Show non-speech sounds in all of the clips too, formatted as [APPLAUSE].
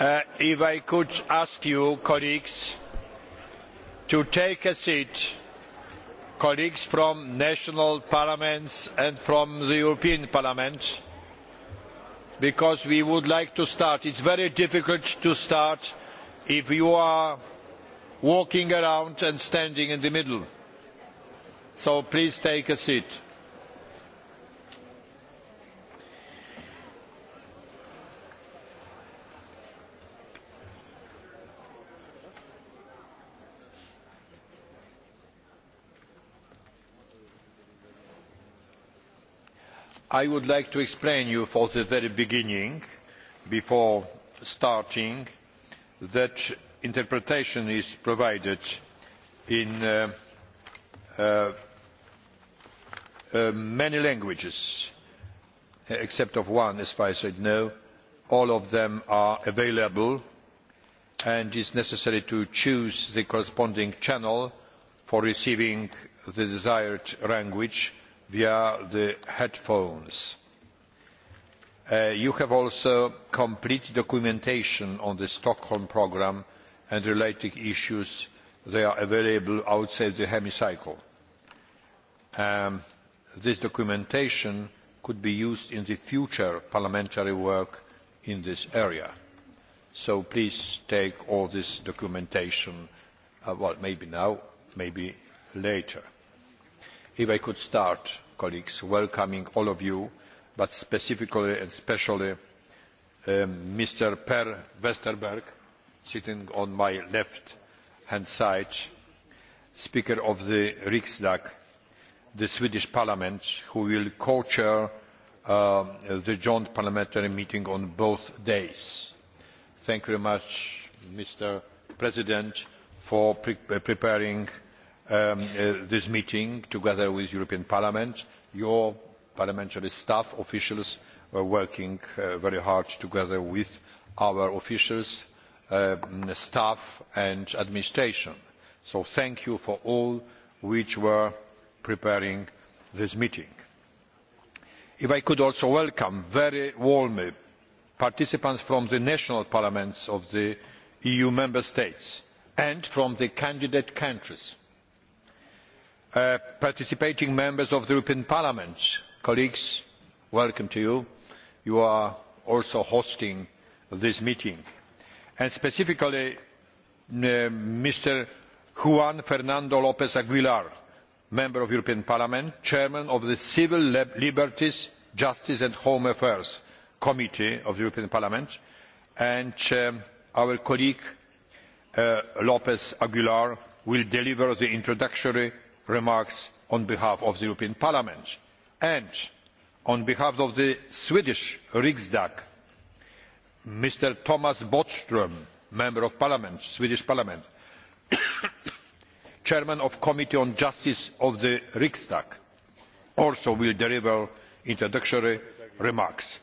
Uh, if I could ask you, colleagues, to take a seat colleagues from national parliaments and from the European Parliament because we would like to start. It is very difficult to start if you are walking around and standing in the middle. So please take a seat. I would like to explain to you from the very beginning, before starting, that interpretation is provided in uh, uh, uh, many languages, except one, as far as I know. All of them are available, and it is necessary to choose the corresponding channel for receiving the desired language via the headphones. Uh, you have also complete documentation on the Stockholm programme and related issues. They are available outside the hemicycle. Um, this documentation could be used in the future parliamentary work in this area. So please take all this documentation, uh, well, maybe now, maybe later. If I could start, colleagues, welcoming all of you, but specifically and especially um, Mr. Per Westerberg, sitting on my left-hand side, Speaker of the Riksdag, the Swedish Parliament, who will co-chair uh, the joint parliamentary meeting on both days. Thank you very much, Mr. President, for pre uh, preparing um, uh, this meeting together with the European Parliament. Your parliamentary staff, officials were working uh, very hard together with our officials, uh, staff and administration. So thank you for all which were preparing this meeting. If I could also welcome very warmly participants from the national parliaments of the EU member states and from the candidate countries. Uh, participating members of the European Parliament, colleagues, welcome to you. You are also hosting this meeting. And specifically, uh, Mr. Juan Fernando Lopez Aguilar, Member of the European Parliament, Chairman of the Civil Liberties, Justice and Home Affairs Committee of the European Parliament, and um, our colleague uh, Lopez Aguilar will deliver the introductory remarks on behalf of the European Parliament and on behalf of the Swedish Riksdag, Mr. Thomas Bodström, Member of Parliament, Swedish Parliament, [COUGHS] Chairman of Committee on Justice of the Riksdag, also will deliver introductory remarks.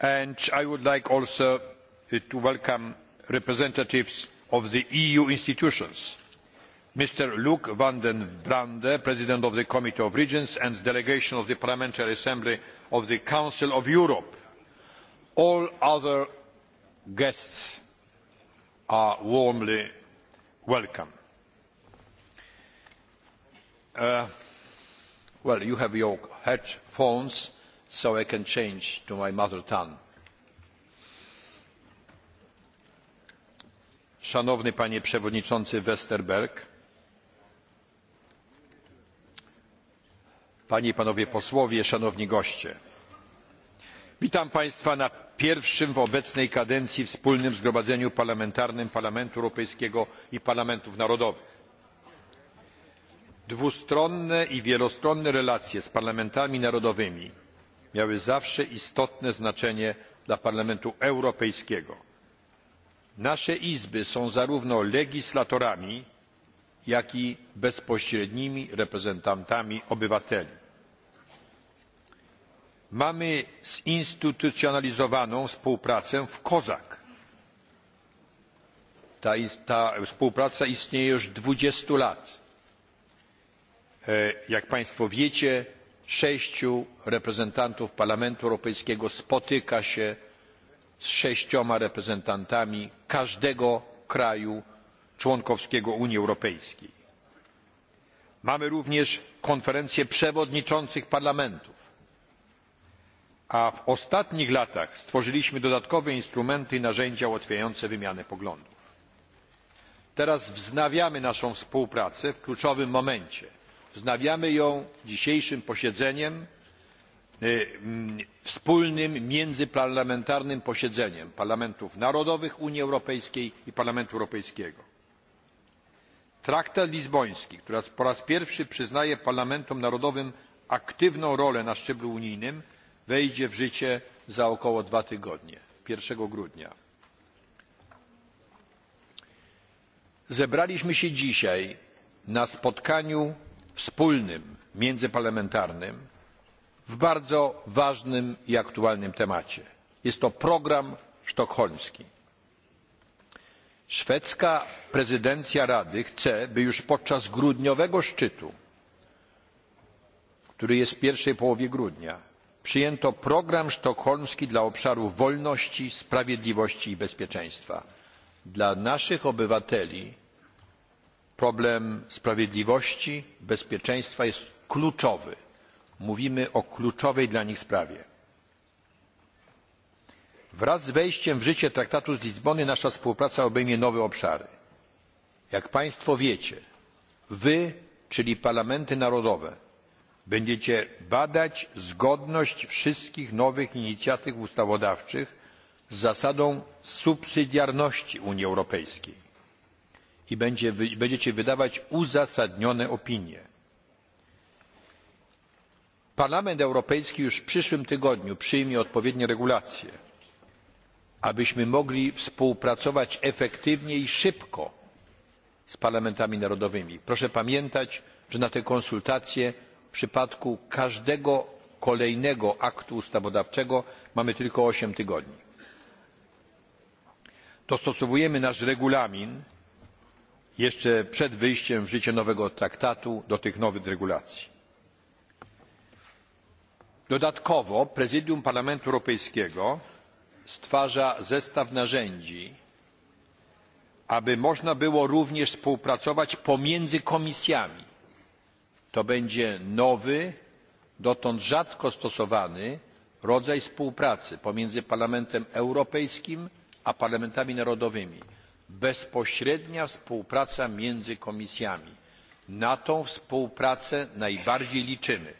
And I would like also to welcome representatives of the EU institutions, Mr. Luc van den Brande, President of the Committee of Regions and Delegation of the Parliamentary Assembly of the Council of Europe. All other guests are warmly welcome. Uh, well, you have your headphones, so I can change to my mother tongue. Szanowny Panie Przewodniczący Westerberg, Panie i Panowie Posłowie, Szanowni Goście. Witam Państwa na pierwszym w obecnej kadencji wspólnym zgromadzeniu parlamentarnym Parlamentu Europejskiego i Parlamentów Narodowych. Dwustronne i wielostronne relacje z parlamentami narodowymi miały zawsze istotne znaczenie dla Parlamentu Europejskiego. Nasze izby są zarówno legislatorami, jak i bezpośrednimi reprezentantami obywateli. Mamy zinstytucjonalizowaną współpracę w COSAC. Ta, ta współpraca istnieje już 20 lat. E, jak Państwo wiecie, sześciu reprezentantów Parlamentu Europejskiego spotyka się z sześcioma reprezentantami każdego kraju członkowskiego Unii Europejskiej. Mamy również konferencję przewodniczących parlamentów, a w ostatnich latach stworzyliśmy dodatkowe instrumenty i narzędzia ułatwiające wymianę poglądów. Teraz wznawiamy naszą współpracę w kluczowym momencie. Wznawiamy ją dzisiejszym posiedzeniem, mm, wspólnym międzyparlamentarnym posiedzeniem parlamentów narodowych Unii Europejskiej i Parlamentu Europejskiego. Traktat lizboński, który po raz pierwszy przyznaje parlamentom narodowym aktywną rolę na szczeblu unijnym, wejdzie w życie za około dwa tygodnie, 1 grudnia. Zebraliśmy się dzisiaj na spotkaniu wspólnym, międzyparlamentarnym, w bardzo ważnym i aktualnym temacie. Jest to program sztokholmski. Szwedzka prezydencja Rady chce, by już podczas grudniowego szczytu, który jest w pierwszej połowie grudnia, przyjęto program sztokholmski dla obszaru wolności, sprawiedliwości i bezpieczeństwa. Dla naszych obywateli problem sprawiedliwości, bezpieczeństwa jest kluczowy. Mówimy o kluczowej dla nich sprawie. Wraz z wejściem w życie traktatu z Lizbony nasza współpraca obejmie nowe obszary. Jak Państwo wiecie, Wy, czyli parlamenty narodowe, będziecie badać zgodność wszystkich nowych inicjatyw ustawodawczych z zasadą subsydiarności Unii Europejskiej i będzie, będziecie wydawać uzasadnione opinie. Parlament Europejski już w przyszłym tygodniu przyjmie odpowiednie regulacje abyśmy mogli współpracować efektywnie i szybko z parlamentami narodowymi. Proszę pamiętać, że na te konsultacje w przypadku każdego kolejnego aktu ustawodawczego mamy tylko osiem tygodni. Dostosowujemy nasz regulamin jeszcze przed wyjściem w życie nowego traktatu do tych nowych regulacji. Dodatkowo prezydium Parlamentu Europejskiego stwarza zestaw narzędzi, aby można było również współpracować pomiędzy komisjami. To będzie nowy, dotąd rzadko stosowany rodzaj współpracy pomiędzy Parlamentem Europejskim a parlamentami narodowymi. Bezpośrednia współpraca między komisjami. Na tą współpracę najbardziej liczymy.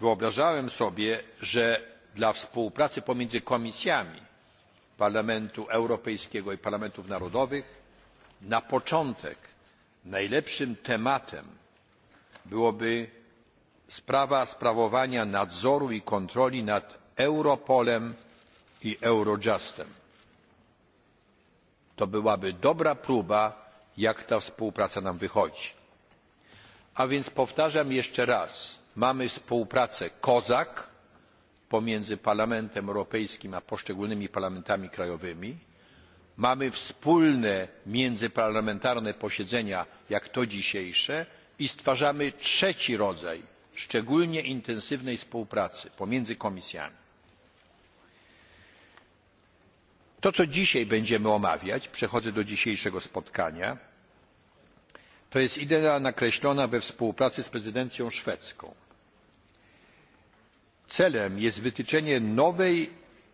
Wyobrażałem sobie, że dla współpracy pomiędzy komisjami Parlamentu Europejskiego i Parlamentów Narodowych na początek najlepszym tematem byłoby sprawa sprawowania nadzoru i kontroli nad Europolem i Eurojustem. To byłaby dobra próba, jak ta współpraca nam wychodzi. A więc powtarzam jeszcze raz, mamy współpracę COSAC, pomiędzy Parlamentem Europejskim a poszczególnymi parlamentami krajowymi. Mamy wspólne międzyparlamentarne posiedzenia, jak to dzisiejsze, i stwarzamy trzeci rodzaj szczególnie intensywnej współpracy pomiędzy komisjami. To, co dzisiaj będziemy omawiać, przechodzę do dzisiejszego spotkania, to jest idea nakreślona we współpracy z prezydencją szwedzką. Celem jest wytyczenie nowej,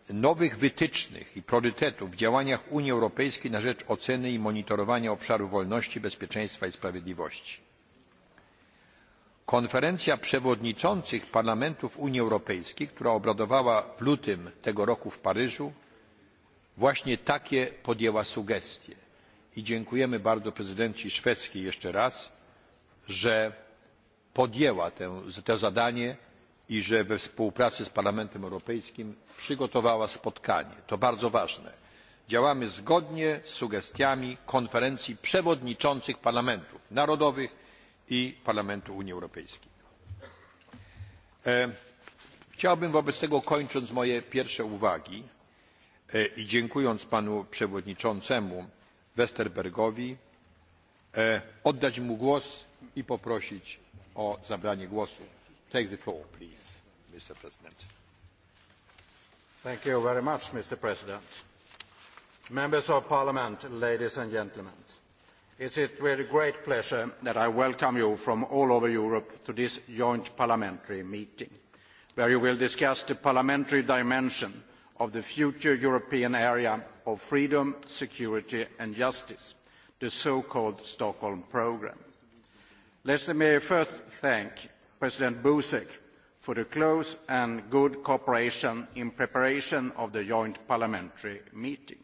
nowych wytycznych i priorytetów w działaniach Unii Europejskiej na rzecz oceny i monitorowania obszaru wolności, bezpieczeństwa i sprawiedliwości. Konferencja przewodniczących parlamentów Unii Europejskiej, która obradowała w lutym tego roku w Paryżu, właśnie takie podjęła sugestie. I dziękujemy bardzo prezydencji szwedzkiej jeszcze raz, że podjęła tę, to zadanie i że we współpracy z Parlamentem Europejskim przygotowała spotkanie. To bardzo ważne. Działamy zgodnie z sugestiami konferencji przewodniczących parlamentów narodowych i Parlamentu Unii Europejskiej. E, chciałbym wobec tego, kończąc moje pierwsze uwagi e, i dziękując panu przewodniczącemu Westerbergowi, e, oddać mu głos i poprosić o zabranie głosu. Take the floor, please, Mr. President. Thank you very much, Mr. President. Members of Parliament, ladies and gentlemen, it is with great pleasure that I welcome you from all over Europe to this joint parliamentary meeting, where you will discuss the parliamentary dimension of the future European area of freedom, security and justice, the so-called Stockholm Programme. Let me first thank President Buzek for the close and good cooperation in preparation of the joint parliamentary meeting.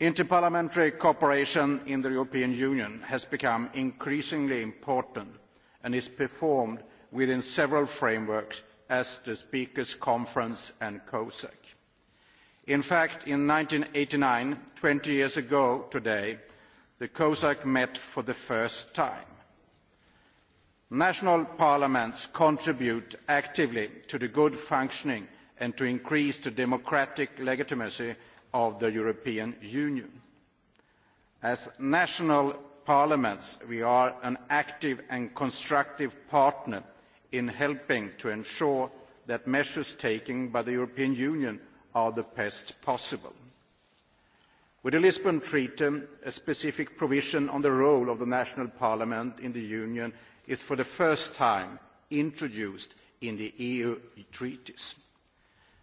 Interparliamentary cooperation in the European Union has become increasingly important and is performed within several frameworks as the Speakers' Conference and COSAC. In fact, in eighty nine, twenty years ago today, the COSAC met for the first time national parliaments contribute actively to the good functioning and to increase the democratic legitimacy of the european union. as national parliaments we are an active and constructive partner in helping to ensure that measures taken by the european union are the best possible. with the lisbon treaty a specific provision on the role of the national parliament in the union is for the first time introduced in the EU treaties.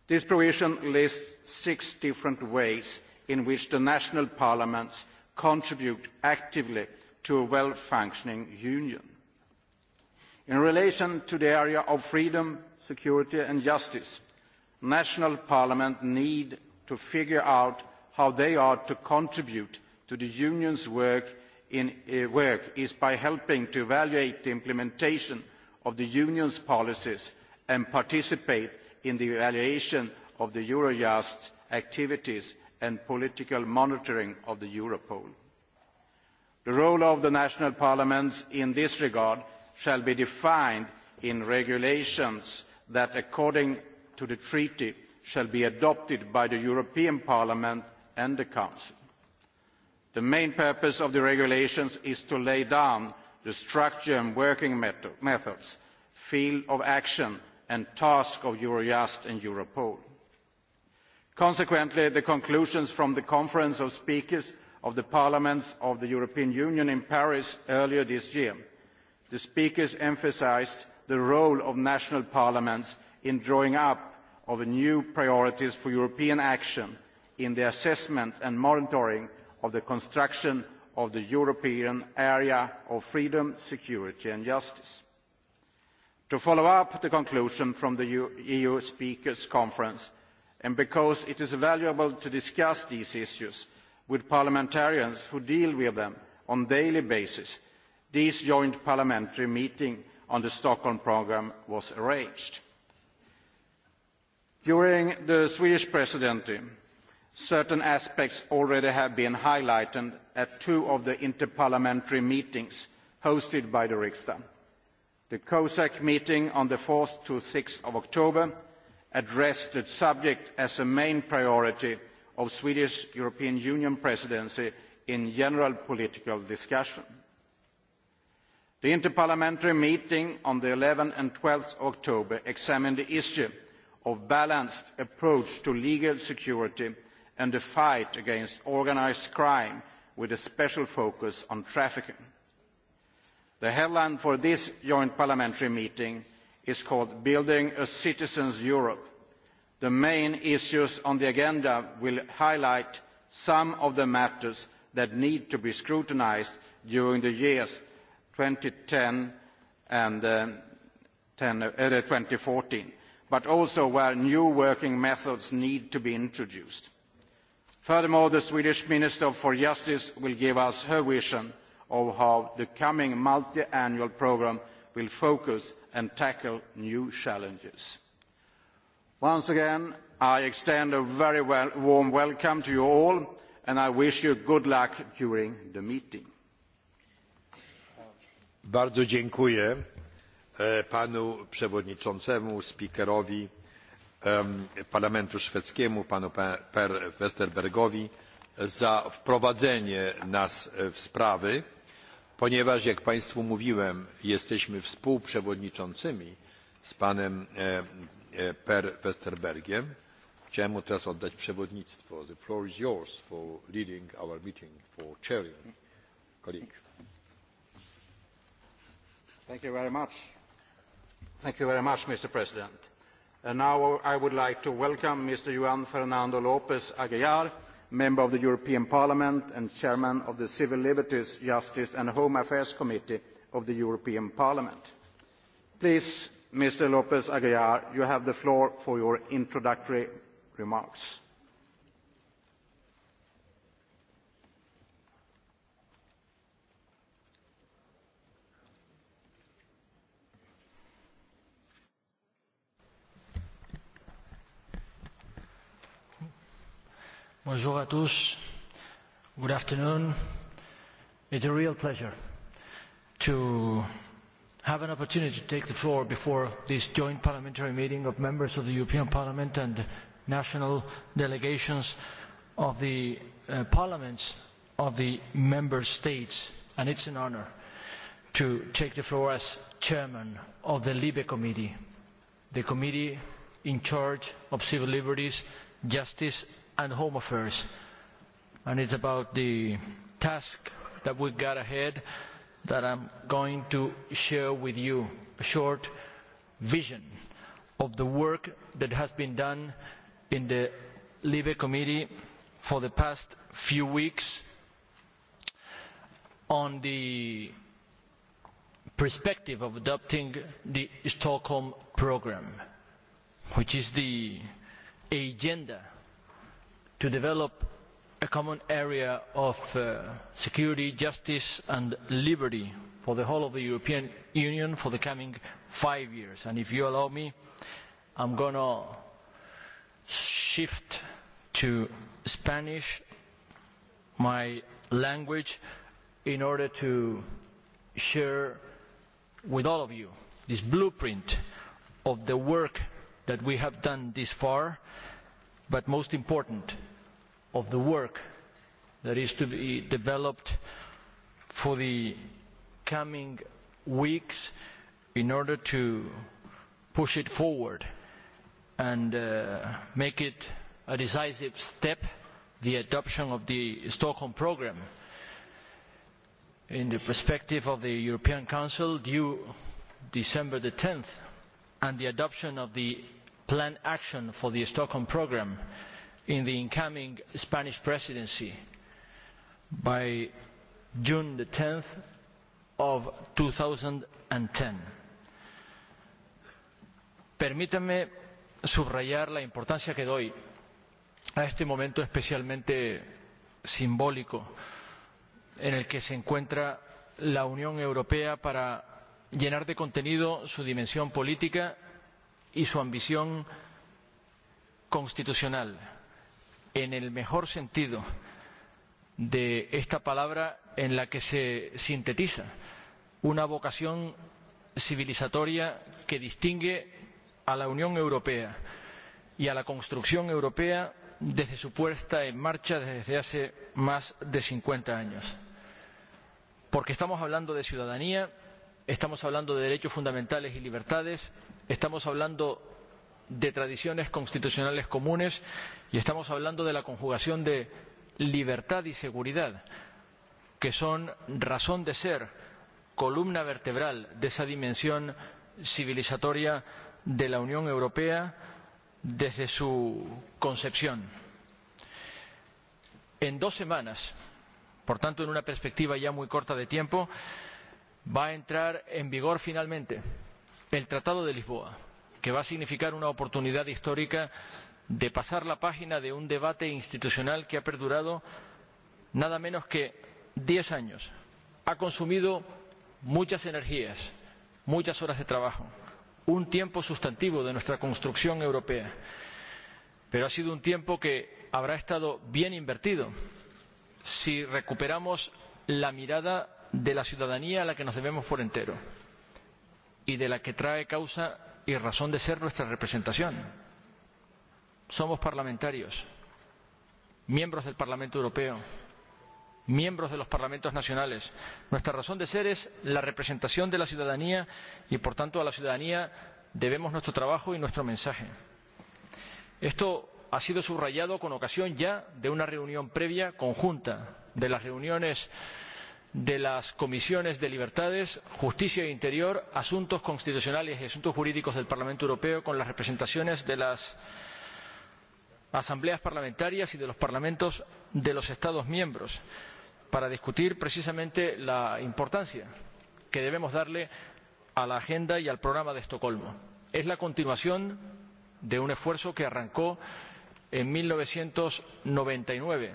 This provision lists six different ways in which the national parliaments contribute actively to a well-functioning union. In relation to the area of freedom, security and justice, national parliaments need to figure out how they are to contribute to the union's work in uh, work is by helping to evaluate the implementation of the union's policies and participate in the evaluation of the eurojust activities and political monitoring of the europol. the role of the national parliaments in this regard shall be defined in regulations that according to the treaty shall be adopted by the european parliament and the council. The main purpose of the regulations is to lay down the structure and working methods, field of action and task of Eurojust and Europol. Consequently, the conclusions from the Conference of Speakers of the Parliaments of the European Union in Paris earlier this year, the speakers emphasised the role of national parliaments in drawing up new priorities for European action in the assessment and monitoring of the construction of the European area of freedom, security and justice. To follow up the conclusion from the EU e Speakers Conference, and because it is valuable to discuss these issues with parliamentarians who deal with them on a daily basis, this joint parliamentary meeting on the Stockholm programme was arranged. During the Swedish presidency, certain aspects already have been highlighted at two of the interparliamentary meetings hosted by the Riksdag. The COSAC meeting on the 4th to 6th of October addressed the subject as a main priority of Swedish European Union presidency in general political discussion. The interparliamentary meeting on the 11 and 12th of October examined the issue of balanced approach to legal security and the fight against organised crime with a special focus on trafficking. The headline for this joint parliamentary meeting is called Building a Citizens' Europe. The main issues on the agenda will highlight some of the matters that need to be scrutinised during the years 2010 and uh, 10, uh, 2014, uh, but also where new working methods need to be introduced. Furthermore, the Swedish Minister for Justice will give us her vision of how the coming multiannual programme will focus and tackle new challenges. Once again, I extend a very well, warm welcome to you all, and I wish you good luck during the meeting. Bardzo dziękuję e, panu przewodniczącemu, speakerowi Parlamentu Szwedzkiemu, panu Per Westerbergowi, za wprowadzenie nas w sprawy, ponieważ, jak Państwu mówiłem, jesteśmy współprzewodniczącymi z panem e, e, Per Westerbergiem. Chciałem mu teraz oddać przewodnictwo. The floor is yours for leading our meeting, for chairing. Colleague. Thank you very much. Thank you very much, Mr. President. And now I would like to welcome Mr. Juan Fernando Lopez Aguilar, Member of the European Parliament and Chairman of the Civil Liberties, Justice and Home Affairs Committee of the European Parliament. Please, Mr. Lopez Aguilar, you have the floor for your introductory remarks. Bonjour à tous. Good afternoon. It's a real pleasure to have an opportunity to take the floor before this joint parliamentary meeting of members of the European Parliament and national delegations of the uh, parliaments of the member states. And it's an honor to take the floor as chairman of the Libe Committee, the committee in charge of civil liberties, justice and Home Affairs. And it's about the task that we got ahead that I'm going to share with you a short vision of the work that has been done in the Libe Committee for the past few weeks on the perspective of adopting the Stockholm Programme, which is the agenda to develop a common area of uh, security, justice and liberty for the whole of the European Union for the coming five years. And if you allow me, I'm going to shift to Spanish, my language, in order to share with all of you this blueprint of the work that we have done this far, but most important, of the work that is to be developed for the coming weeks in order to push it forward and uh, make it a decisive step, the adoption of the Stockholm Programme in the perspective of the European Council due December the 10th and the adoption of the Plan action for the Stockholm Programme in the incoming Spanish presidency by June the 10th of 2010. Permítanme subrayar la importancia que doy a este momento especialmente simbólico en el que se encuentra la Unión Europea para llenar de contenido su dimensión política y su ambición constitucional en el mejor sentido de esta palabra en la que se sintetiza una vocación civilizatoria que distingue a la Unión Europea y a la construcción europea desde su puesta en marcha desde hace más de cincuenta años. Porque estamos hablando de ciudadanía, estamos hablando de derechos fundamentales y libertades, estamos hablando de tradiciones constitucionales comunes y estamos hablando de la conjugación de libertad y seguridad, que son razón de ser, columna vertebral de esa dimensión civilizatoria de la Unión Europea desde su concepción. En dos semanas, por tanto en una perspectiva ya muy corta de tiempo, va a entrar en vigor finalmente el Tratado de Lisboa que va a significar una oportunidad histórica de pasar la página de un debate institucional que ha perdurado nada menos que diez años. Ha consumido muchas energías, muchas horas de trabajo, un tiempo sustantivo de nuestra construcción europea, pero ha sido un tiempo que habrá estado bien invertido si recuperamos la mirada de la ciudadanía a la que nos debemos por entero y de la que trae causa y razón de ser nuestra representación. Somos parlamentarios, miembros del Parlamento Europeo, miembros de los parlamentos nacionales. Nuestra razón de ser es la representación de la ciudadanía y, por tanto, a la ciudadanía debemos nuestro trabajo y nuestro mensaje. Esto ha sido subrayado con ocasión ya de una reunión previa conjunta de las reuniones de las comisiones de libertades, justicia e interior, asuntos constitucionales y asuntos jurídicos del Parlamento Europeo con las representaciones de las asambleas parlamentarias y de los parlamentos de los Estados miembros para discutir precisamente la importancia que debemos darle a la agenda y al programa de Estocolmo. Es la continuación de un esfuerzo que arrancó en mil novecientos noventa y nueve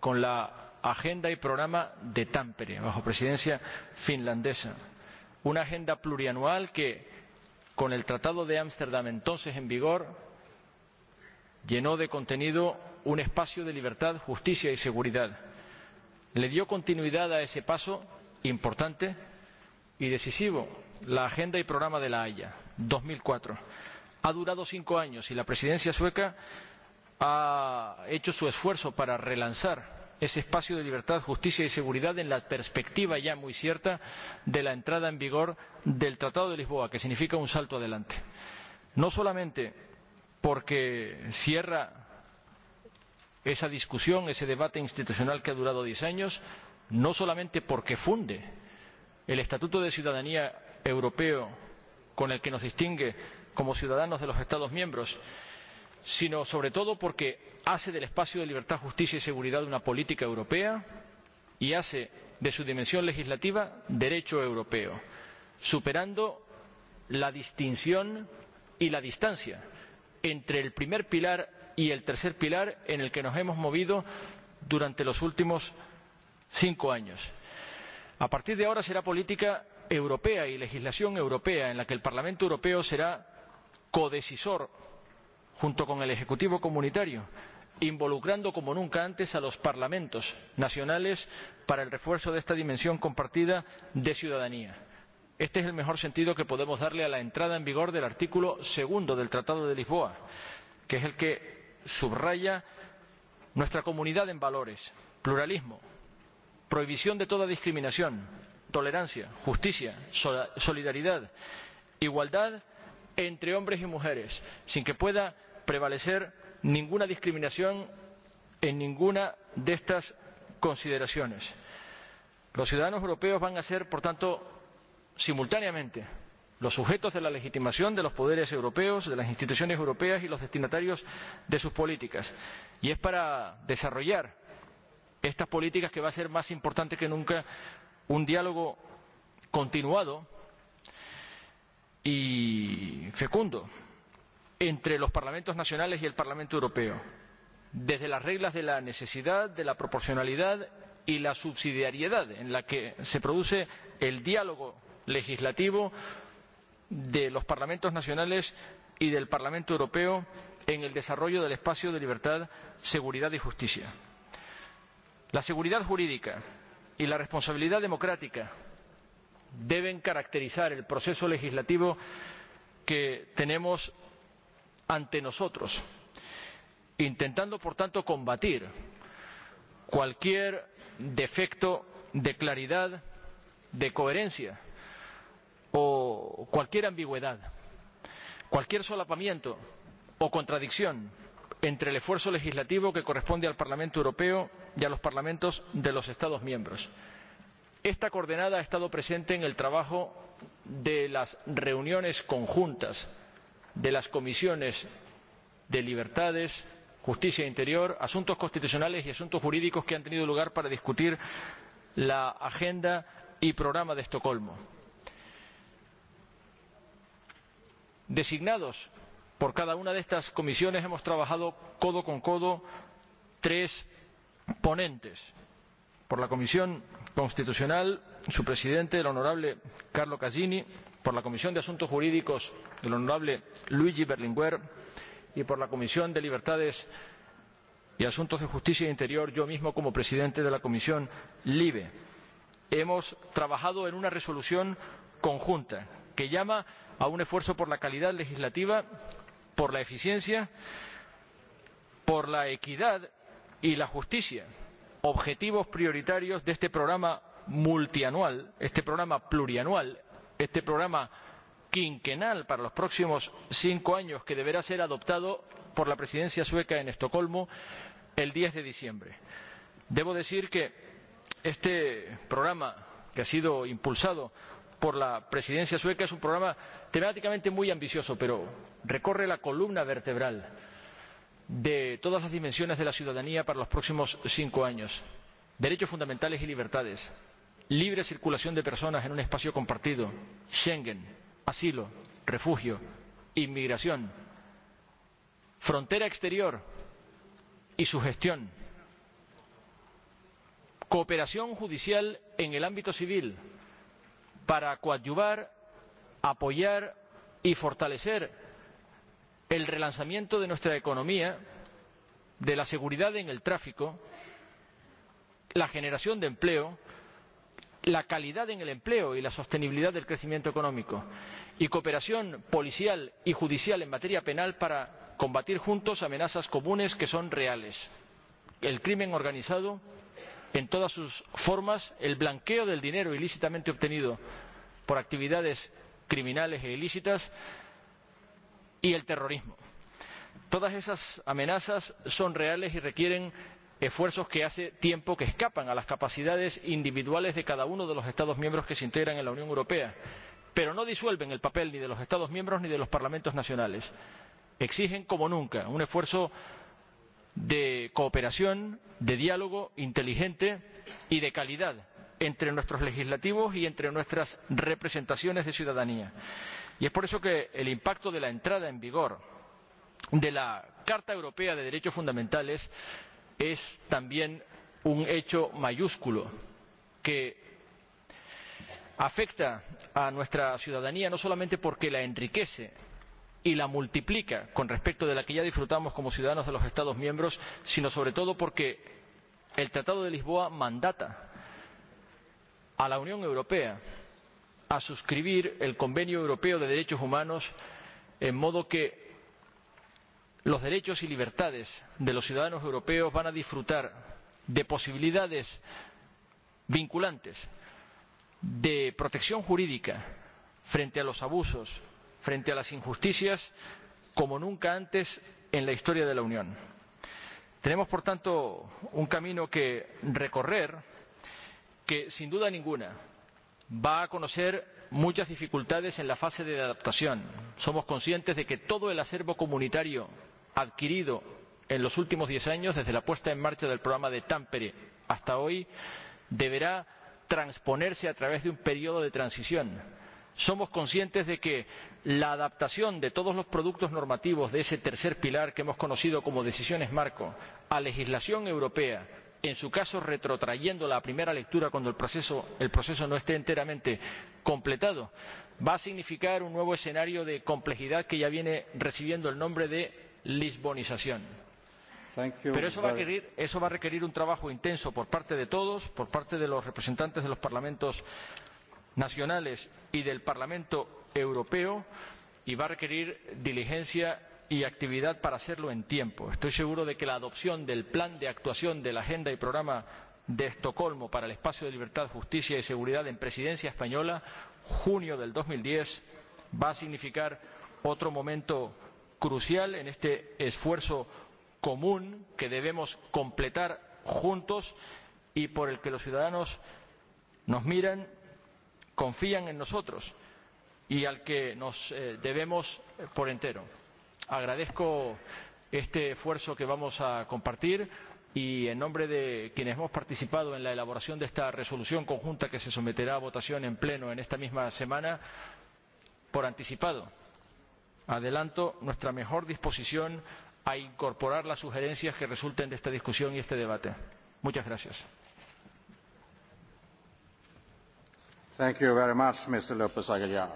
con la agenda y programa de Tampere, bajo presidencia finlandesa. Una agenda plurianual que, con el Tratado de Ámsterdam entonces en vigor, llenó de contenido un espacio de libertad, justicia y seguridad. Le dio continuidad a ese paso importante y decisivo, la agenda y programa de la Haya, dos mil cuatro. Ha durado cinco años y la presidencia sueca ha hecho su esfuerzo para relanzar ese espacio de libertad, justicia y seguridad en la perspectiva ya muy cierta de la entrada en vigor del Tratado de Lisboa, que significa un salto adelante. No solamente porque cierra esa discusión, ese debate institucional que ha durado diez años, no solamente porque funde el Estatuto de Ciudadanía Europeo con el que nos distingue como ciudadanos de los Estados miembros, sino sobre todo porque hace del espacio de libertad, justicia y seguridad una política europea y hace de su dimensión legislativa derecho europeo, superando la distinción y la distancia entre el primer pilar y el tercer pilar en el que nos hemos movido durante los últimos cinco años. A partir de ahora será política europea y legislación europea en la que el Parlamento Europeo será codecisor junto con el Ejecutivo Comunitario, involucrando como nunca antes a los parlamentos nacionales para el refuerzo de esta dimensión compartida de ciudadanía. Este es el mejor sentido que podemos darle a la entrada en vigor del artículo segundo del Tratado de Lisboa, que es el que subraya nuestra comunidad en valores, pluralismo, prohibición de toda discriminación, tolerancia, justicia, solidaridad, igualdad entre hombres y mujeres, sin que pueda prevalecer ninguna discriminación en ninguna de estas consideraciones. Los ciudadanos europeos van a ser, por tanto, simultáneamente los sujetos de la legitimación de los poderes europeos, de las instituciones europeas y los destinatarios de sus políticas. Y es para desarrollar estas políticas que va a ser más importante que nunca un diálogo continuado y fecundo entre los parlamentos nacionales y el Parlamento Europeo, desde las reglas de la necesidad, de la proporcionalidad y la subsidiariedad en la que se produce el diálogo legislativo de los parlamentos nacionales y del Parlamento Europeo en el desarrollo del espacio de libertad, seguridad y justicia. La seguridad jurídica y la responsabilidad democrática deben caracterizar el proceso legislativo que tenemos ante nosotros, intentando, por tanto, combatir cualquier defecto de claridad, de coherencia o cualquier ambigüedad, cualquier solapamiento o contradicción entre el esfuerzo legislativo que corresponde al Parlamento Europeo y a los parlamentos de los Estados miembros. Esta coordenada ha estado presente en el trabajo de las reuniones conjuntas de las comisiones de libertades, justicia e interior, asuntos constitucionales y asuntos jurídicos que han tenido lugar para discutir la agenda y programa de Estocolmo. Designados por cada una de estas comisiones hemos trabajado codo con codo tres ponentes. Por la Comisión Constitucional, su presidente, el honorable Carlo Casini, por la Comisión de Asuntos Jurídicos del honorable Luigi Berlinguer y por la Comisión de Libertades y Asuntos de Justicia e Interior, yo mismo como presidente de la Comisión LIBE. Hemos trabajado en una resolución conjunta que llama a un esfuerzo por la calidad legislativa, por la eficiencia, por la equidad y la justicia, objetivos prioritarios de este programa multianual, este programa plurianual este programa quinquenal para los próximos cinco años que deberá ser adoptado por la presidencia sueca en Estocolmo el diez de diciembre. Debo decir que este programa que ha sido impulsado por la presidencia sueca es un programa temáticamente muy ambicioso, pero recorre la columna vertebral de todas las dimensiones de la ciudadanía para los próximos cinco años. Derechos fundamentales y libertades, libre circulación de personas en un espacio compartido, Schengen, asilo, refugio, inmigración, frontera exterior y su gestión, cooperación judicial en el ámbito civil para coadyuvar, apoyar y fortalecer el relanzamiento de nuestra economía, de la seguridad en el tráfico, la generación de empleo, la calidad en el empleo y la sostenibilidad del crecimiento económico y cooperación policial y judicial en materia penal para combatir juntos amenazas comunes que son reales el crimen organizado en todas sus formas el blanqueo del dinero ilícitamente obtenido por actividades criminales e ilícitas y el terrorismo. Todas esas amenazas son reales y requieren esfuerzos que hace tiempo que escapan a las capacidades individuales de cada uno de los Estados miembros que se integran en la Unión Europea, pero no disuelven el papel ni de los Estados miembros ni de los parlamentos nacionales. Exigen como nunca un esfuerzo de cooperación, de diálogo inteligente y de calidad entre nuestros legislativos y entre nuestras representaciones de ciudadanía. Y es por eso que el impacto de la entrada en vigor de la Carta Europea de Derechos Fundamentales es también un hecho mayúsculo que afecta a nuestra ciudadanía no solamente porque la enriquece y la multiplica con respecto de la que ya disfrutamos como ciudadanos de los Estados miembros, sino sobre todo porque el Tratado de Lisboa mandata a la Unión Europea a suscribir el Convenio Europeo de Derechos Humanos en modo que los derechos y libertades de los ciudadanos europeos van a disfrutar de posibilidades vinculantes de protección jurídica frente a los abusos, frente a las injusticias, como nunca antes en la historia de la Unión. Tenemos, por tanto, un camino que recorrer que, sin duda ninguna, va a conocer muchas dificultades en la fase de adaptación. Somos conscientes de que todo el acervo comunitario adquirido en los últimos diez años, desde la puesta en marcha del programa de Tampere hasta hoy, deberá transponerse a través de un periodo de transición. Somos conscientes de que la adaptación de todos los productos normativos de ese tercer pilar que hemos conocido como decisiones marco a legislación europea en su caso retrotrayendo la primera lectura cuando el proceso, el proceso no esté enteramente completado, va a significar un nuevo escenario de complejidad que ya viene recibiendo el nombre de lisbonización. Pero eso va, a requerir, eso va a requerir un trabajo intenso por parte de todos, por parte de los representantes de los parlamentos nacionales y del Parlamento Europeo, y va a requerir diligencia y actividad para hacerlo en tiempo. Estoy seguro de que la adopción del plan de actuación de la agenda y programa de Estocolmo para el espacio de libertad, justicia y seguridad en presidencia española, junio del dos mil diez, va a significar otro momento crucial en este esfuerzo común que debemos completar juntos y por el que los ciudadanos nos miran, confían en nosotros y al que nos eh, debemos eh, por entero. Agradezco este esfuerzo que vamos a compartir y en nombre de quienes hemos participado en la elaboración de esta resolución conjunta que se someterá a votación en pleno en esta misma semana, por anticipado, adelanto nuestra mejor disposición a incorporar las sugerencias que resulten de esta discusión y este debate. Muchas gracias. Thank you very much, Mr. López Aguilar.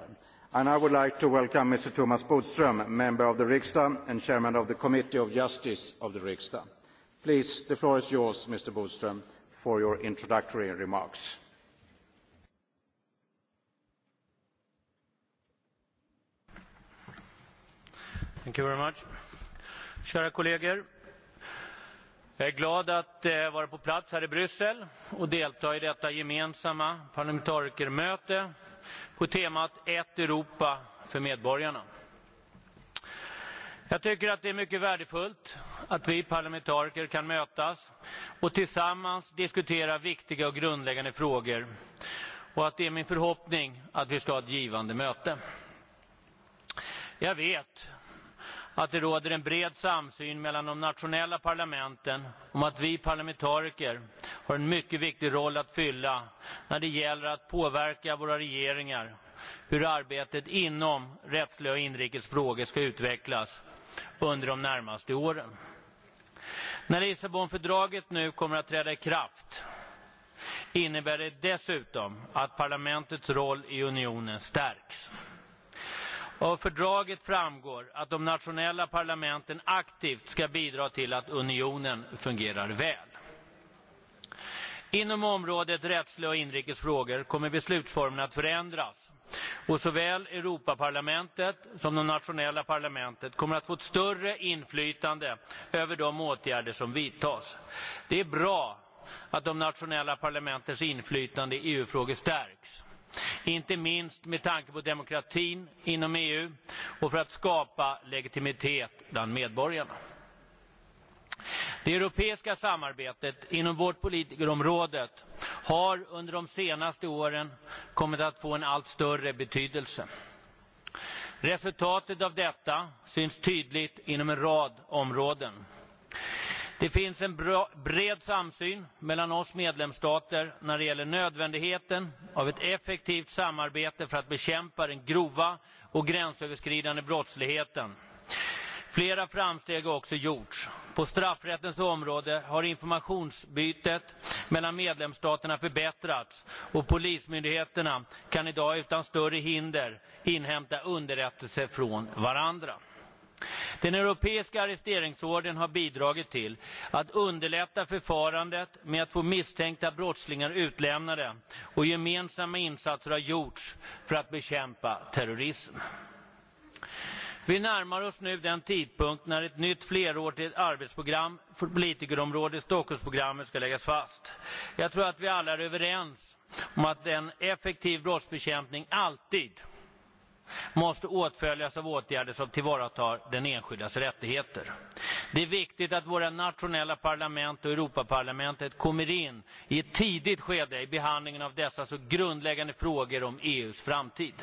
And I would like to welcome Mr. Thomas Bodström, member of the Riksdag and chairman of the Committee of Justice of the Riksdag. Please, the floor is yours, Mr. Bodström, for your introductory remarks. Jag är glad att eh, vara på plats här i Bryssel och delta i detta gemensamma parlamentarikermöte på temat Ett Europa för medborgarna. Jag tycker att det är mycket värdefullt att vi parlamentariker kan mötas och tillsammans diskutera viktiga och grundläggande frågor och att det är min förhoppning att vi ska ha ett givande möte. Jag vet att det råder en bred samsyn mellan de nationella parlamenten om att vi parlamentariker har en mycket viktig roll att fylla när det gäller att påverka våra regeringar hur arbetet inom rättsliga och inrikesfrågor ska utvecklas under de närmaste åren. När Lissabonfördraget nu kommer att träda i kraft innebär det dessutom att parlamentets roll i unionen stärks. Av fördraget framgår att de nationella parlamenten aktivt ska bidra till att unionen fungerar väl. Inom området rättsliga och inrikesfrågor kommer beslutsformen att förändras och såväl Europaparlamentet som de nationella parlamentet kommer att få ett större inflytande över de åtgärder som vidtas. Det är bra att de nationella parlamentens inflytande i EU-frågor stärks inte minst med tanke på demokratin inom EU och för att skapa legitimitet bland medborgarna. Det europeiska samarbetet inom vårt politikerområde har under de senaste åren kommit att få en allt större betydelse. Resultatet av detta syns tydligt inom en rad områden. Det finns en bra, bred samsyn mellan oss medlemsstater när det gäller nödvändigheten av ett effektivt samarbete för att bekämpa den grova och gränsöverskridande brottsligheten. Flera framsteg har också gjorts. På straffrättens område har informationsbytet mellan medlemsstaterna förbättrats och polismyndigheterna kan idag utan större hinder inhämta underrättelse från varandra. Den europeiska arresteringsorden har bidragit till att underlätta förfarandet med att få misstänkta brottslingar utlämnade och gemensamma insatser har gjorts för att bekämpa terrorism. Vi närmar oss nu den tidpunkt när ett nytt flerårigt arbetsprogram för politikerområdet Stockholmsprogrammet ska läggas fast. Jag tror att vi alla är överens om att en effektiv brottsbekämpning alltid måste åtföljas av åtgärder som tillvaratar den enskildas rättigheter. Det är viktigt att våra nationella parlament och Europaparlamentet kommer in i ett tidigt skede i behandlingen av dessa så grundläggande frågor om EUs framtid.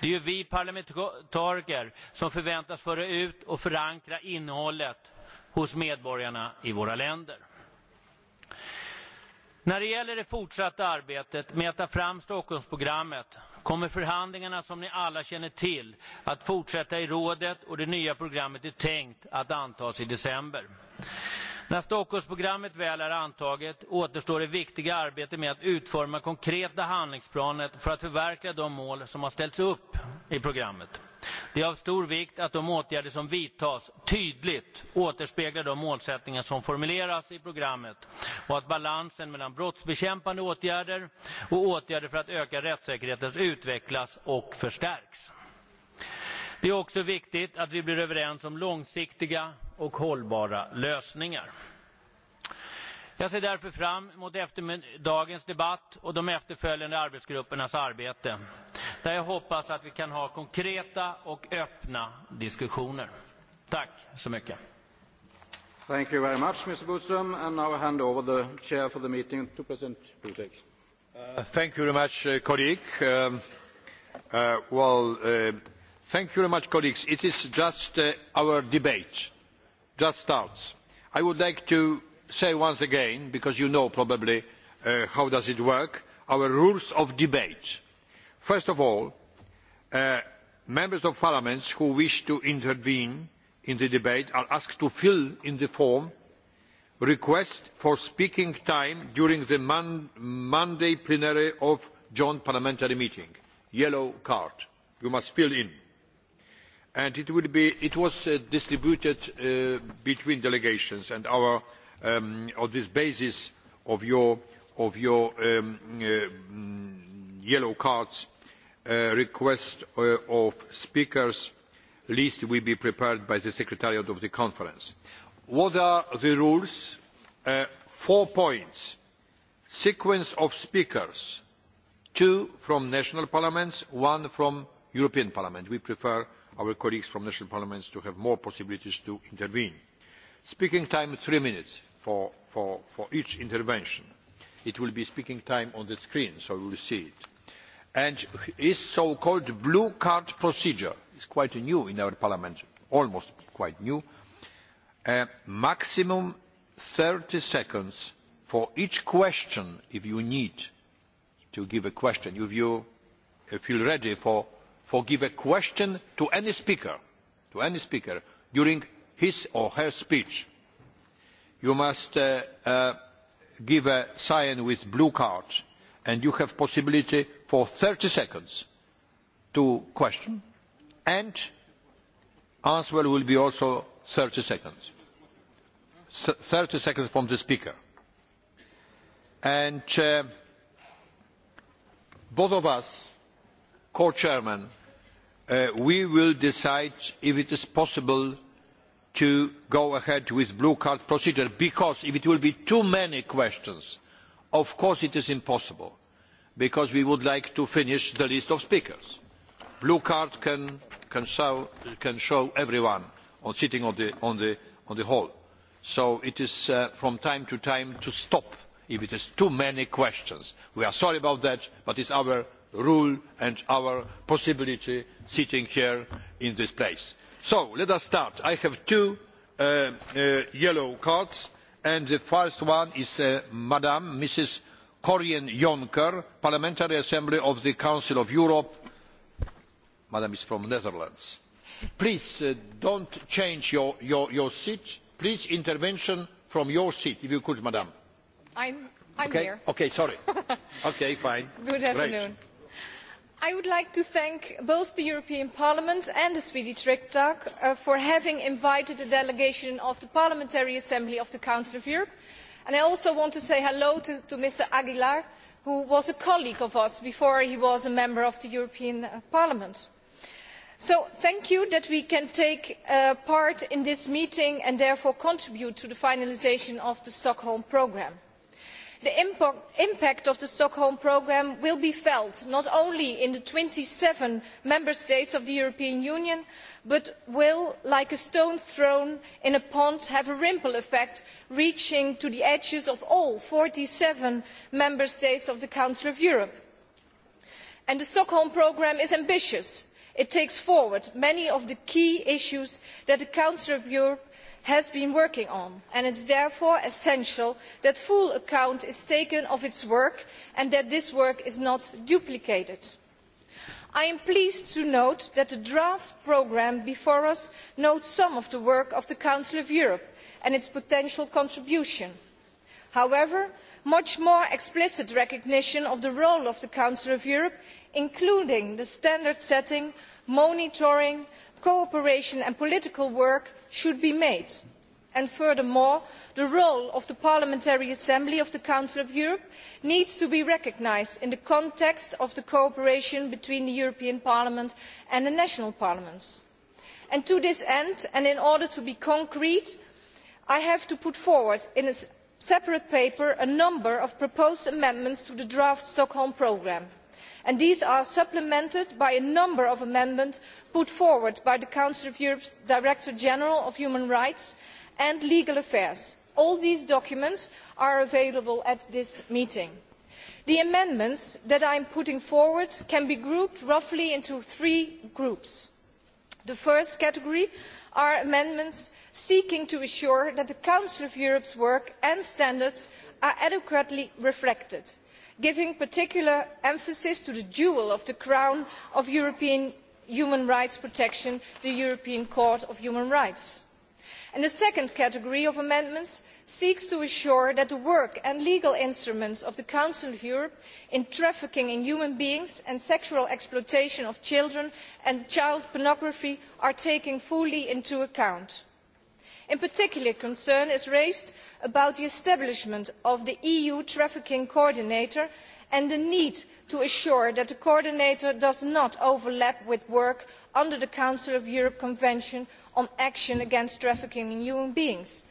Det är ju vi parlamentariker som förväntas föra ut och förankra innehållet hos medborgarna i våra länder. När det gäller det fortsatta arbetet med att ta fram Stockholmsprogrammet kommer förhandlingarna som ni alla känner till att fortsätta i rådet och det nya programmet är tänkt att antas i december. När Stockholmsprogrammet väl är antaget återstår det viktiga arbetet med att utforma konkreta handlingsplaner för att förverkliga de mål som har ställts upp i programmet. Det är av stor vikt att de åtgärder som vidtas tydligt återspeglar de målsättningar som formuleras i programmet och att balansen mellan brottsbekämpande åtgärder och åtgärder för att öka rättssäkerheten utvecklas och förstärks. Det är också viktigt att vi blir överens om långsiktiga och hållbara lösningar. Jag ser därför fram emot eftermiddagens debatt och de efterföljande arbetsgruppernas arbete, där jag hoppas att vi kan ha konkreta och öppna diskussioner. Tack så mycket. Thank you very much, Mr. Boström. And now I hand over the chair for the meeting to President Buzek. Uh, thank you very much, uh, colleague. Um, uh, well, uh, thank you very much, colleagues. It is just uh, our debate just starts. I would like to say once again, because you know probably uh, how does it work, our rules of debate. First of all, uh, members of parliaments who wish to intervene in the debate are asked to fill in the form request for speaking time during the Mon Monday plenary of joint parliamentary meeting. Yellow card. You must fill in. And it, will be, it was uh, distributed uh, between delegations and our um, on this basis of your, of your um, uh, yellow cards uh, request uh, of speakers list will be prepared by the secretariat of the conference. What are the rules? Uh, four points. Sequence of speakers. Two from national parliaments, one from European Parliament. We prefer our colleagues from national parliaments to have more possibilities to intervene. Speaking time, three minutes for, for, for each intervention. It will be speaking time on the screen, so you will see it. And this so-called blue card procedure is quite new in our parliament, almost quite new. Uh, maximum thirty seconds for each question if you need to give a question, if you uh, feel ready for, for give a question to any speaker, to any speaker during his or her speech you must uh, uh, give a sign with blue card and you have possibility for thirty seconds to question and answer will be also thirty seconds. Thirty seconds from the speaker. And uh, both of us, co-chairmen, uh, we will decide if it is possible to go ahead with the blue card procedure because if it will be too many questions, of course it is impossible because we would like to finish the list of speakers. Blue card can, can, show, can show everyone on sitting on the, on the, on the hall. So it is uh, from time to time to stop if it is too many questions. We are sorry about that, but it is our rule and our possibility sitting here in this place. So, let us start. I have two uh, uh, yellow cards, and the first one is uh, Madam, Mrs. Corien Jonker, Parliamentary Assembly of the Council of Europe. Madam is from Netherlands. Please uh, don't change your, your, your seat. Please intervention from your seat, if you could, Madam. I'm, I'm okay? here. Okay, sorry. [LAUGHS] okay, fine. Good afternoon. Great. I would like to thank both the European Parliament and the Swedish Riksdag uh, for having invited a delegation of the Parliamentary Assembly of the Council of Europe. And I also want to say hello to, to Mr. Aguilar, who was a colleague of us before he was a member of the European uh, Parliament. So thank you that we can take uh, part in this meeting and therefore contribute to the finalisation of the Stockholm programme the impact of the stockholm programme will be felt not only in the twenty seven member states of the european union but will like a stone thrown in a pond have a ripple effect reaching to the edges of all forty seven member states of the council of europe. the stockholm programme is ambitious. it takes forward many of the key issues that the council of europe has been working on and it is therefore essential that full account is taken of its work and that this work is not duplicated. i am pleased to note that the draft programme before us notes some of the work of the council of europe and its potential contribution. however much more explicit recognition of the role of the council of europe including the standard setting monitoring cooperation and political work should be made and furthermore the role of the parliamentary assembly of the council of europe needs to be recognised in the context of the cooperation between the european parliament and the national parliaments. to this end and in order to be concrete i have to put forward in a separate paper a number of proposed amendments to the draft stockholm programme and these are supplemented by a number of amendments put forward by the council of europe's director general of human rights and legal affairs. all these documents are available at this meeting. the amendments that i am putting forward can be grouped roughly into three groups. the first category are amendments seeking to ensure that the council of europe's work and standards are adequately reflected giving particular emphasis to the jewel of the crown of european human rights protection the european court of human rights. the second category of amendments seeks to ensure that the work and legal instruments of the council of europe in trafficking in human beings and sexual exploitation of children and child pornography are taken fully into account. in particular concern is raised about the establishment of the eu trafficking coordinator and the need to ensure that the coordinator does not overlap with work under the council of europe convention on action against trafficking in human beings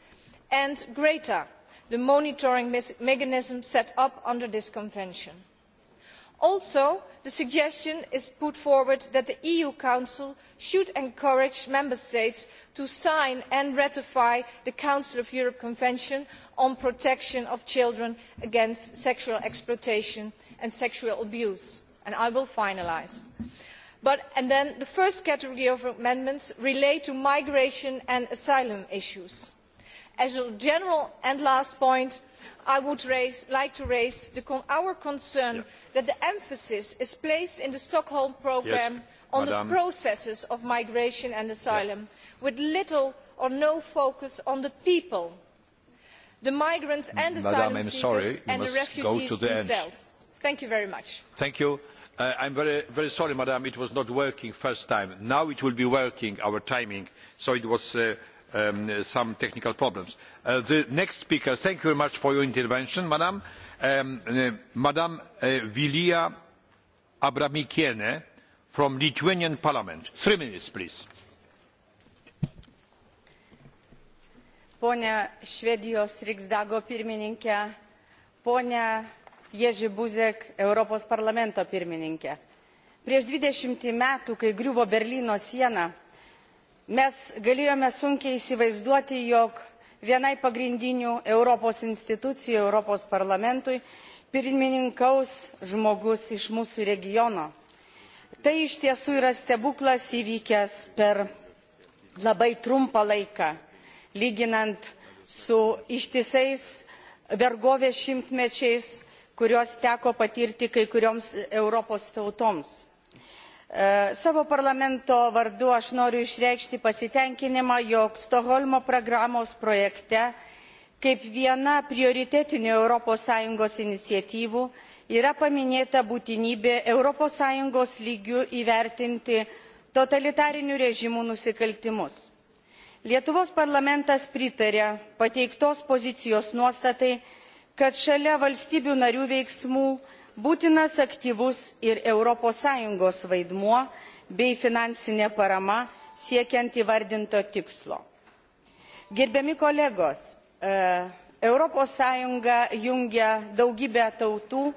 and greta the monitoring mechanism set up under this convention. also the suggestion is put forward that the eu council should encourage member states to sign and ratify the council of europe convention on the protection of children against sexual exploitation and sexual abuse. i will finalise the first category of amendments relate to migration and asylum issues. as a general and last point i would like to raise our concern that the emphasis is placed in the stockholm programme on the processes of migration and asylum, with little or no focus on the people, the migrants and Madame, asylum seekers sorry, and the refugees the themselves. End. Thank you very much. Thank you. Uh, I'm very, very sorry, Madam, it was not working first time. Now it will be working, our timing, so it was uh, um, some technical problems. Uh, the next speaker, thank you very much for your intervention, Madam. Um, uh, Madam uh, Vilia Abramikiene from Lithuanian Parliament. Three minutes, please. Pone Švedijos Riksdago pirmininkė, pone Ježi Buzek, Europos parlamento pirmininkė. Prieš 20 metų, kai griuvo Berlyno siena, mes galėjome sunkiai įsivaizduoti, jog vienai pagrindinių Europos institucijų, Europos parlamentui, pirmininkaus žmogus iš mūsų regiono Tai iš tiesų yra stebuklas įvykęs per labai trumpą laiką, lyginant su ištisais vergovės šimtmečiais, kuriuos teko patirti kai kurioms Europos tautoms. E, savo parlamento vardu aš noriu išreikšti pasitenkinimą, jog Stokholmo programos projekte kaip viena prioritetinių europos sąjungos iniciatyvų yra paminėta būtinybė europos sąjungos lygiu įvertinti totalitarinių režimų nusikaltimus. lietuvos parlamentas pritarė pateiktos pozicijos nuostatai kad šalia valstybių narių veiksmų būtinas aktyvus ir europos sąjungos vaidmuo bei finansinė parama siekiant įvardinto tikslo. gerbiami kolegos E, Europos Sąjunga jungia daugybę tautų,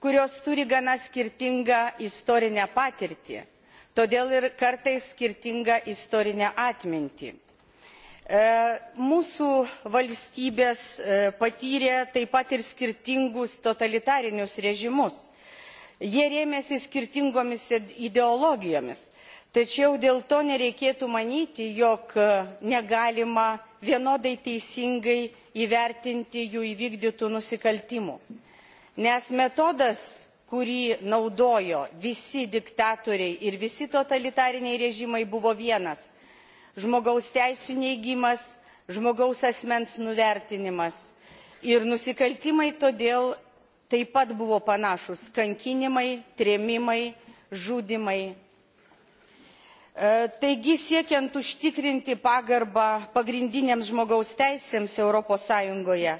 kurios turi gana skirtingą istorinę patirtį, todėl ir kartais skirtingą istorinę atmintį. E, mūsų valstybės e, patyrė taip pat ir skirtingus totalitarinius režimus. Jie rėmėsi skirtingomis ideologijomis, tačiau dėl to nereikėtų manyti, jog negalima vienodai teisingai įvertinti jų įvykdytų nusikaltimų. Nes metodas, kurį naudojo visi diktatoriai ir visi totalitariniai režimai buvo vienas – žmogaus teisų neigimas, žmogaus asmens nuvertinimas. Ir nusikaltimai todėl taip pat buvo panašus – kankinimai, trėmimai, žudimai, E, taigi siekiant užtikrinti pagarbą pagrindinėms žmogaus teisėms Europos Sąjungoje,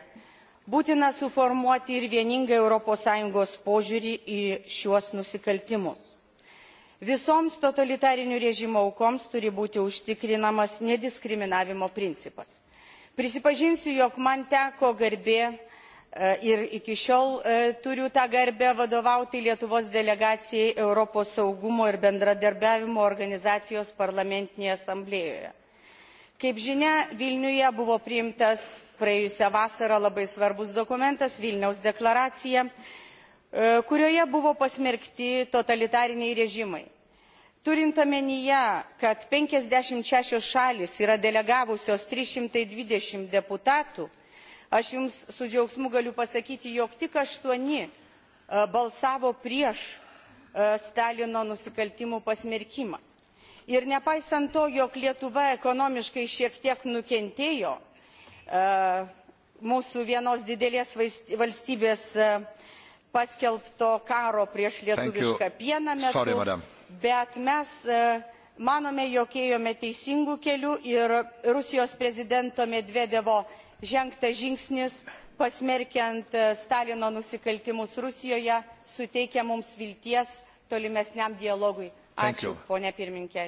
būtina suformuoti ir vieningą Europos Sąjungos požiūrį į šiuos nusikaltimus. Visoms totalitarinių režimų aukoms turi būti užtikrinamas nediskriminavimo principas. Prisipažinsiu, jog man teko garbė E, ir iki šiol e, turiu tą garbę vadovauti Lietuvos delegacijai Europos saugumo ir bendradarbiavimo organizacijos parlamentinėje asamblėjoje. Kaip žinia, Vilniuje buvo priimtas praėjusią vasarą labai svarbus dokumentas Vilniaus deklaracija, e, kurioje buvo pasmerkti totalitariniai režimai. Turint omenyje, kad 56 šalis yra delegavusios 320 deputatų, Aš Jums su džiaugsmu galiu pasakyti, jog tik aštuoni e, balsavo prieš e, Stalino nusikaltimų pasmerkimą. Ir nepaisant to, jog Lietuva ekonomiškai šiek tiek nukentėjo e, mūsų vienos didelės valstybės paskelbto karo prieš lietuvišką pieną metu, Sorry, bet mes manome, jog ėjome teisingų kelių ir Rusijos prezidento Medvedevo žengtas žingsnis pasmerkiant e, Stalino nusikaltimus Rusijoje suteikia mums vilties tolimesniam dialogui. Ačiū,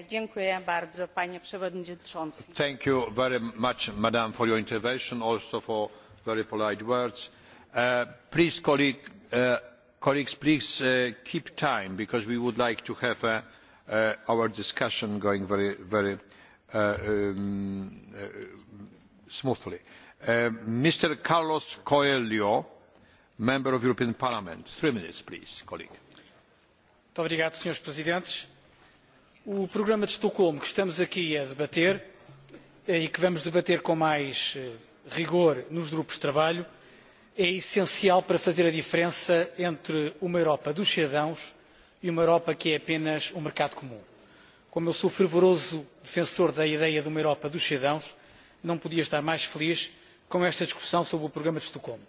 Dziękuję bardzo, panie przewodniczący. Thank you very much, madam, for your intervention, also for very polite words. Uh, please, colleague, uh, colleagues, please uh, keep time because we would like to have uh, uh, our discussion going very, very uh, um, uh, smoothly. Uh, Uh, Mr. Carlos Coelho, Member of European Parliament. Three minutes, please, colleague. Muito obrigado, Srs. Presidentes. O programa de Estocolmo que estamos aqui a debater eh, e que vamos debater com mais eh, rigor nos grupos de trabalho é essencial para fazer a diferença entre uma Europa dos cidadãos e uma Europa que é apenas um mercado comum. Como eu sou fervoroso defensor da ideia de uma Europa dos cidadãos, não podia estar mais feliz com esta discussão sobre o programa de Estocolmo.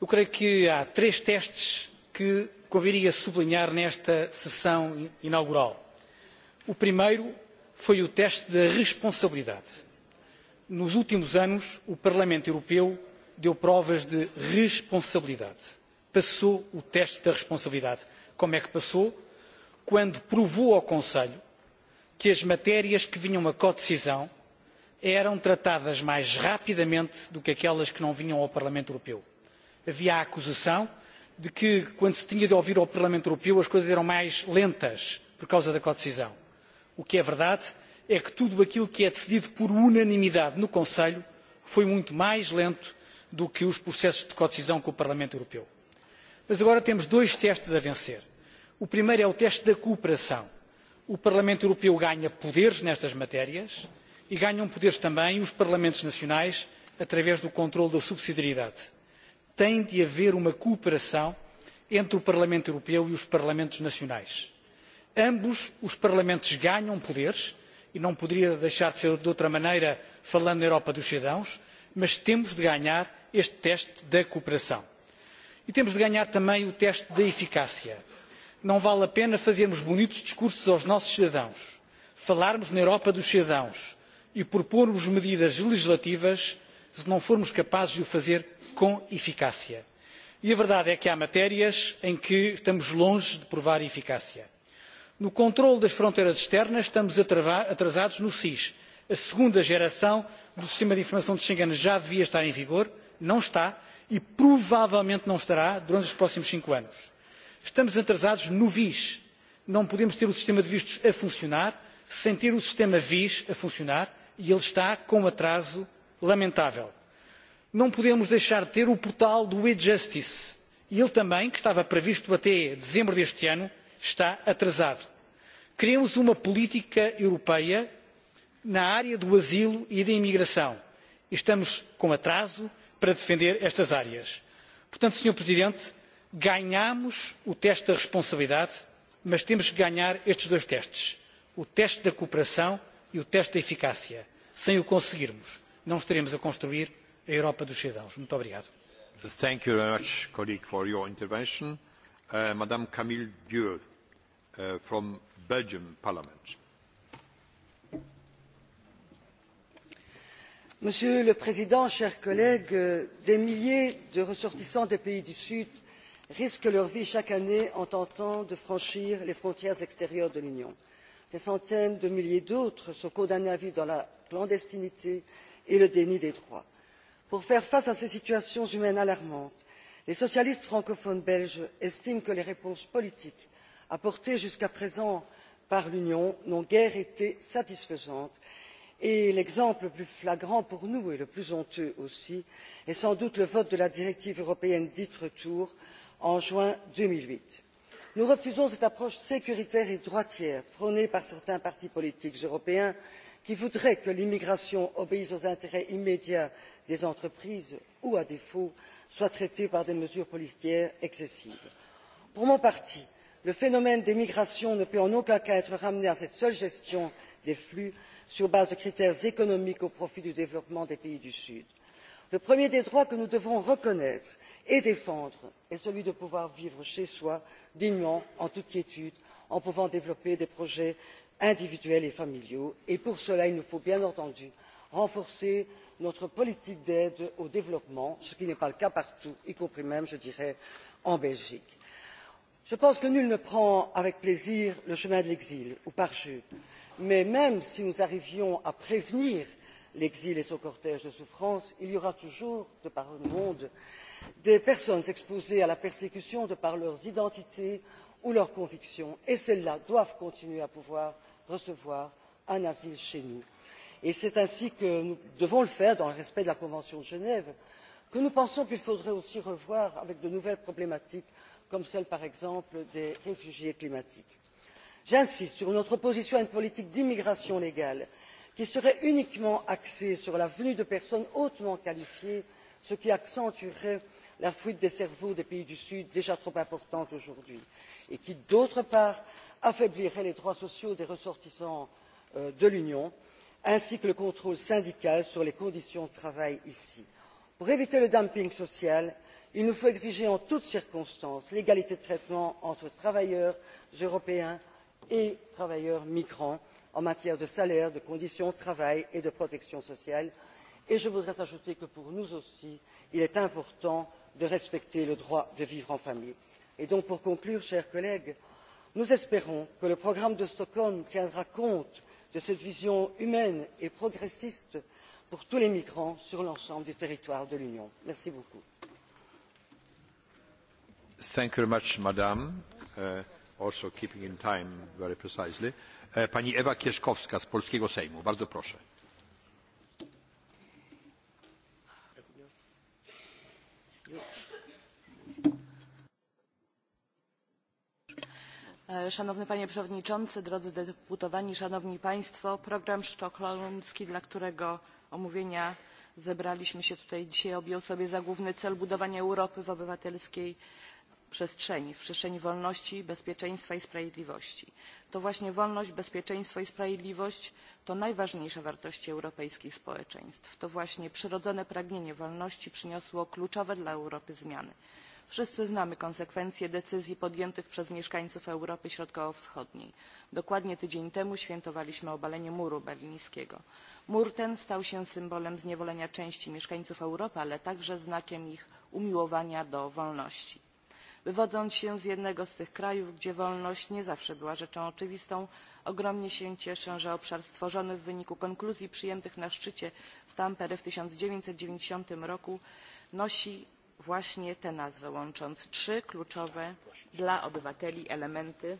Eu creio que há três testes que conviria sublinhar nesta sessão inaugural. O primeiro foi o teste da responsabilidade. Nos últimos anos, o Parlamento Europeu deu provas de responsabilidade. Passou o teste da responsabilidade. Como é que passou? Quando provou ao Conselho que as matérias que vinham a codecisão eram tratadas mais rapidamente do que aquelas que não vinham ao Parlamento Europeu. Havia a acusação de que, quando se tinha de ouvir ao Parlamento Europeu, as coisas eram mais lentas por causa da codecisão. O que é verdade é que tudo aquilo que é decidido por unanimidade no Conselho foi muito mais lento do que os processos de codecisão com o Parlamento Europeu. Mas agora temos dois testes a vencer. O primeiro é o teste da cooperação. O Parlamento Europeu ganha poderes nestas matérias e ganham poderes também os parlamentos nacionais através do controle da subsidiariedade. Tem de haver uma cooperação entre o Parlamento Europeu e os parlamentos nacionais. Ambos os parlamentos ganham poderes, e não poderia deixar de ser de outra maneira falando na Europa dos cidadãos, mas temos de ganhar este teste da cooperação. E temos de ganhar também o teste da eficácia. Não vale a pena fazermos bonitos discursos aos nossos cidadãos, falarmos na Europa dos cidadãos, e propormos medidas legislativas se não formos capazes de o fazer com eficácia. E a verdade é que há matérias em que estamos longe de provar eficácia. No controle das fronteiras externas, estamos atrasados no SIS. A segunda geração do sistema de informação de Schengen já devia estar em vigor, não está e provavelmente não estará durante os próximos cinco anos. Estamos atrasados no VIS. Não podemos ter o sistema de vistos a funcionar sem ter o sistema VIS a funcionar e ele está com um atraso lamentável. Não podemos deixar de ter o portal do e-Justice. e Ele também, que estava previsto até dezembro deste ano, está atrasado. Queremos uma política europeia na área do asilo e da imigração. Estamos com atraso para defender estas áreas. Portanto, Sr. Presidente, ganhamos o teste da responsabilidade, mas temos que ganhar estes dois testes. O teste da cooperação e o teste da eficácia. Sem o conseguirmos, não estaremos a construir a Europa dos cidadãos. Muito obrigado. Thank you very much, colleague, for your intervention. Uh, Madame Camille Dieu, uh, from Belgium Parliament. Monsieur le Président, chers collègues, euh, des milliers de ressortissants des pays du Sud risquent leur vie chaque année en tentant de franchir les frontières extérieures de l'Union des centaines de milliers d'autres sont condamnés à vivre dans la clandestinité et le déni des droits. pour faire face à ces situations humaines alarmantes les socialistes francophones belges estiment que les réponses politiques apportées jusqu'à présent par l'union n'ont guère été satisfaisantes et l'exemple le plus flagrant pour nous et le plus honteux aussi est sans doute le vote de la directive européenne dite retour en juin deux mille huit nous refusons cette approche sécuritaire et droitière prônée par certains partis politiques européens qui voudraient que l'immigration obéisse aux intérêts immédiats des entreprises ou à défaut soit traitée par des mesures policières excessives. pour mon parti le phénomène des migrations ne peut en aucun cas être ramené à cette seule gestion des flux sur base de critères économiques au profit du développement des pays du sud. le premier des droits que nous devons reconnaître et défendre est celui de pouvoir vivre chez soi dignement en toute quiétude en pouvant développer des projets individuels et familiaux et pour cela il nous faut bien entendu renforcer notre politique d'aide au développement ce qui n'est pas le cas partout y compris même je dirais en belgique. je pense que nul ne prend avec plaisir le chemin de l'exil ou par jeu mais même si nous arrivions à prévenir l'exil et son cortège de souffrances, il y aura toujours, de par le monde, des personnes exposées à la persécution de par leurs identités ou leurs convictions, et celles-là doivent continuer à pouvoir recevoir un asile chez nous. Et c'est ainsi que nous devons le faire dans le respect de la Convention de Genève, que nous pensons qu'il faudrait aussi revoir avec de nouvelles problématiques, comme celle par exemple des réfugiés climatiques. J'insiste sur notre opposition à une politique d'immigration légale qui serait uniquement axée sur la venue de personnes hautement qualifiées ce qui accentuerait la fuite des cerveaux des pays du sud déjà trop importante aujourd'hui et qui d'autre part affaiblirait les droits sociaux des ressortissants euh, de l'union ainsi que le contrôle syndical sur les conditions de travail ici. pour éviter le dumping social il nous faut exiger en toutes circonstances l'égalité de traitement entre travailleurs européens et travailleurs migrants en matière de salaire, de conditions de travail et de protection sociale. Et je voudrais ajouter que pour nous aussi, il est important de respecter le droit de vivre en famille. Et donc, pour conclure, chers collègues, nous espérons que le programme de Stockholm tiendra compte de cette vision humaine et progressiste pour tous les migrants sur l'ensemble du territoire de l'Union. Merci beaucoup. Thank you very much, Madame. Uh, also keeping in time very precisely. Uh, pani Ewa Kieszkowska z Polskiego Sejmu. Bardzo proszę. E, szanowny Panie Przewodniczący, drodzy deputowani, Szanowni Państwo, program sztokholmski, dla którego omówienia zebraliśmy się tutaj dzisiaj, objął sobie za główny cel budowanie Europy w obywatelskiej przestrzeni, w przestrzeni wolności, bezpieczeństwa i sprawiedliwości. To właśnie wolność, bezpieczeństwo i sprawiedliwość to najważniejsze wartości europejskich społeczeństw. To właśnie przyrodzone pragnienie wolności przyniosło kluczowe dla Europy zmiany. Wszyscy znamy konsekwencje decyzji podjętych przez mieszkańców Europy Środkowo-Wschodniej. Dokładnie tydzień temu świętowaliśmy obalenie muru berlińskiego. Mur ten stał się symbolem zniewolenia części mieszkańców Europy, ale także znakiem ich umiłowania do wolności. Wywodząc się z jednego z tych krajów, gdzie wolność nie zawsze była rzeczą oczywistą, ogromnie się cieszę, że obszar stworzony w wyniku konkluzji przyjętych na szczycie w Tampere w 1990 roku nosi właśnie tę nazwę, łącząc trzy kluczowe dla obywateli elementy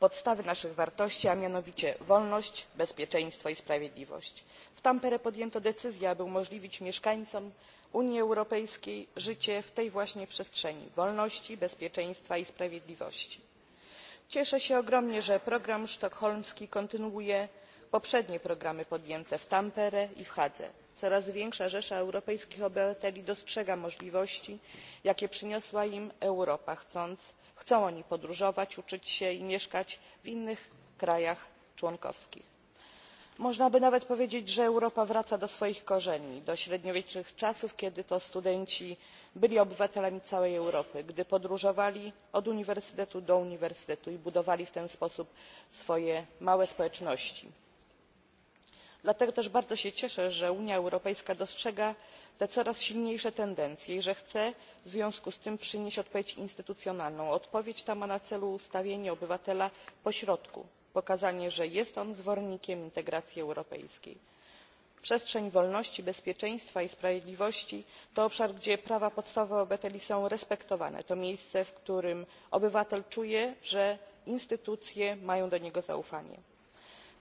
podstawy naszych wartości a mianowicie wolność bezpieczeństwo i sprawiedliwość. w tampere podjęto decyzję aby umożliwić mieszkańcom unii europejskiej życie w tej właśnie przestrzeni wolności bezpieczeństwa i sprawiedliwości. cieszę się ogromnie że program sztokholmski kontynuuje poprzednie programy podjęte w tampere i w hadze. coraz większa rzesza europejskich obywateli dostrzega możliwości jakie przyniosła im europa chcąc chcą oni podróżować uczyć się i mieszkać w innych krajach członkowskich. można by nawet powiedzieć że europa wraca do swoich korzeni do średniowiecznych czasów kiedy to studenci byli obywatelami całej europy gdy podróżowali od uniwersytetu do uniwersytetu i budowali w ten sposób swoje małe społeczności. dlatego też bardzo się cieszę że unia europejska dostrzega te coraz silniejsze tendencje i że chce w związku z tym przynieść odpowiedź instytucjonalną. odpowiedź ta ma na celu ustawienie obywatela pośrodku pokazanie że jest on zwolennikiem integracji europejskiej. przestrzeń wolności bezpieczeństwa i sprawiedliwości to obszar gdzie prawa podstawowe obywateli są respektowane to miejsce w którym obywatel czuje że instytucje mają do niego zaufanie.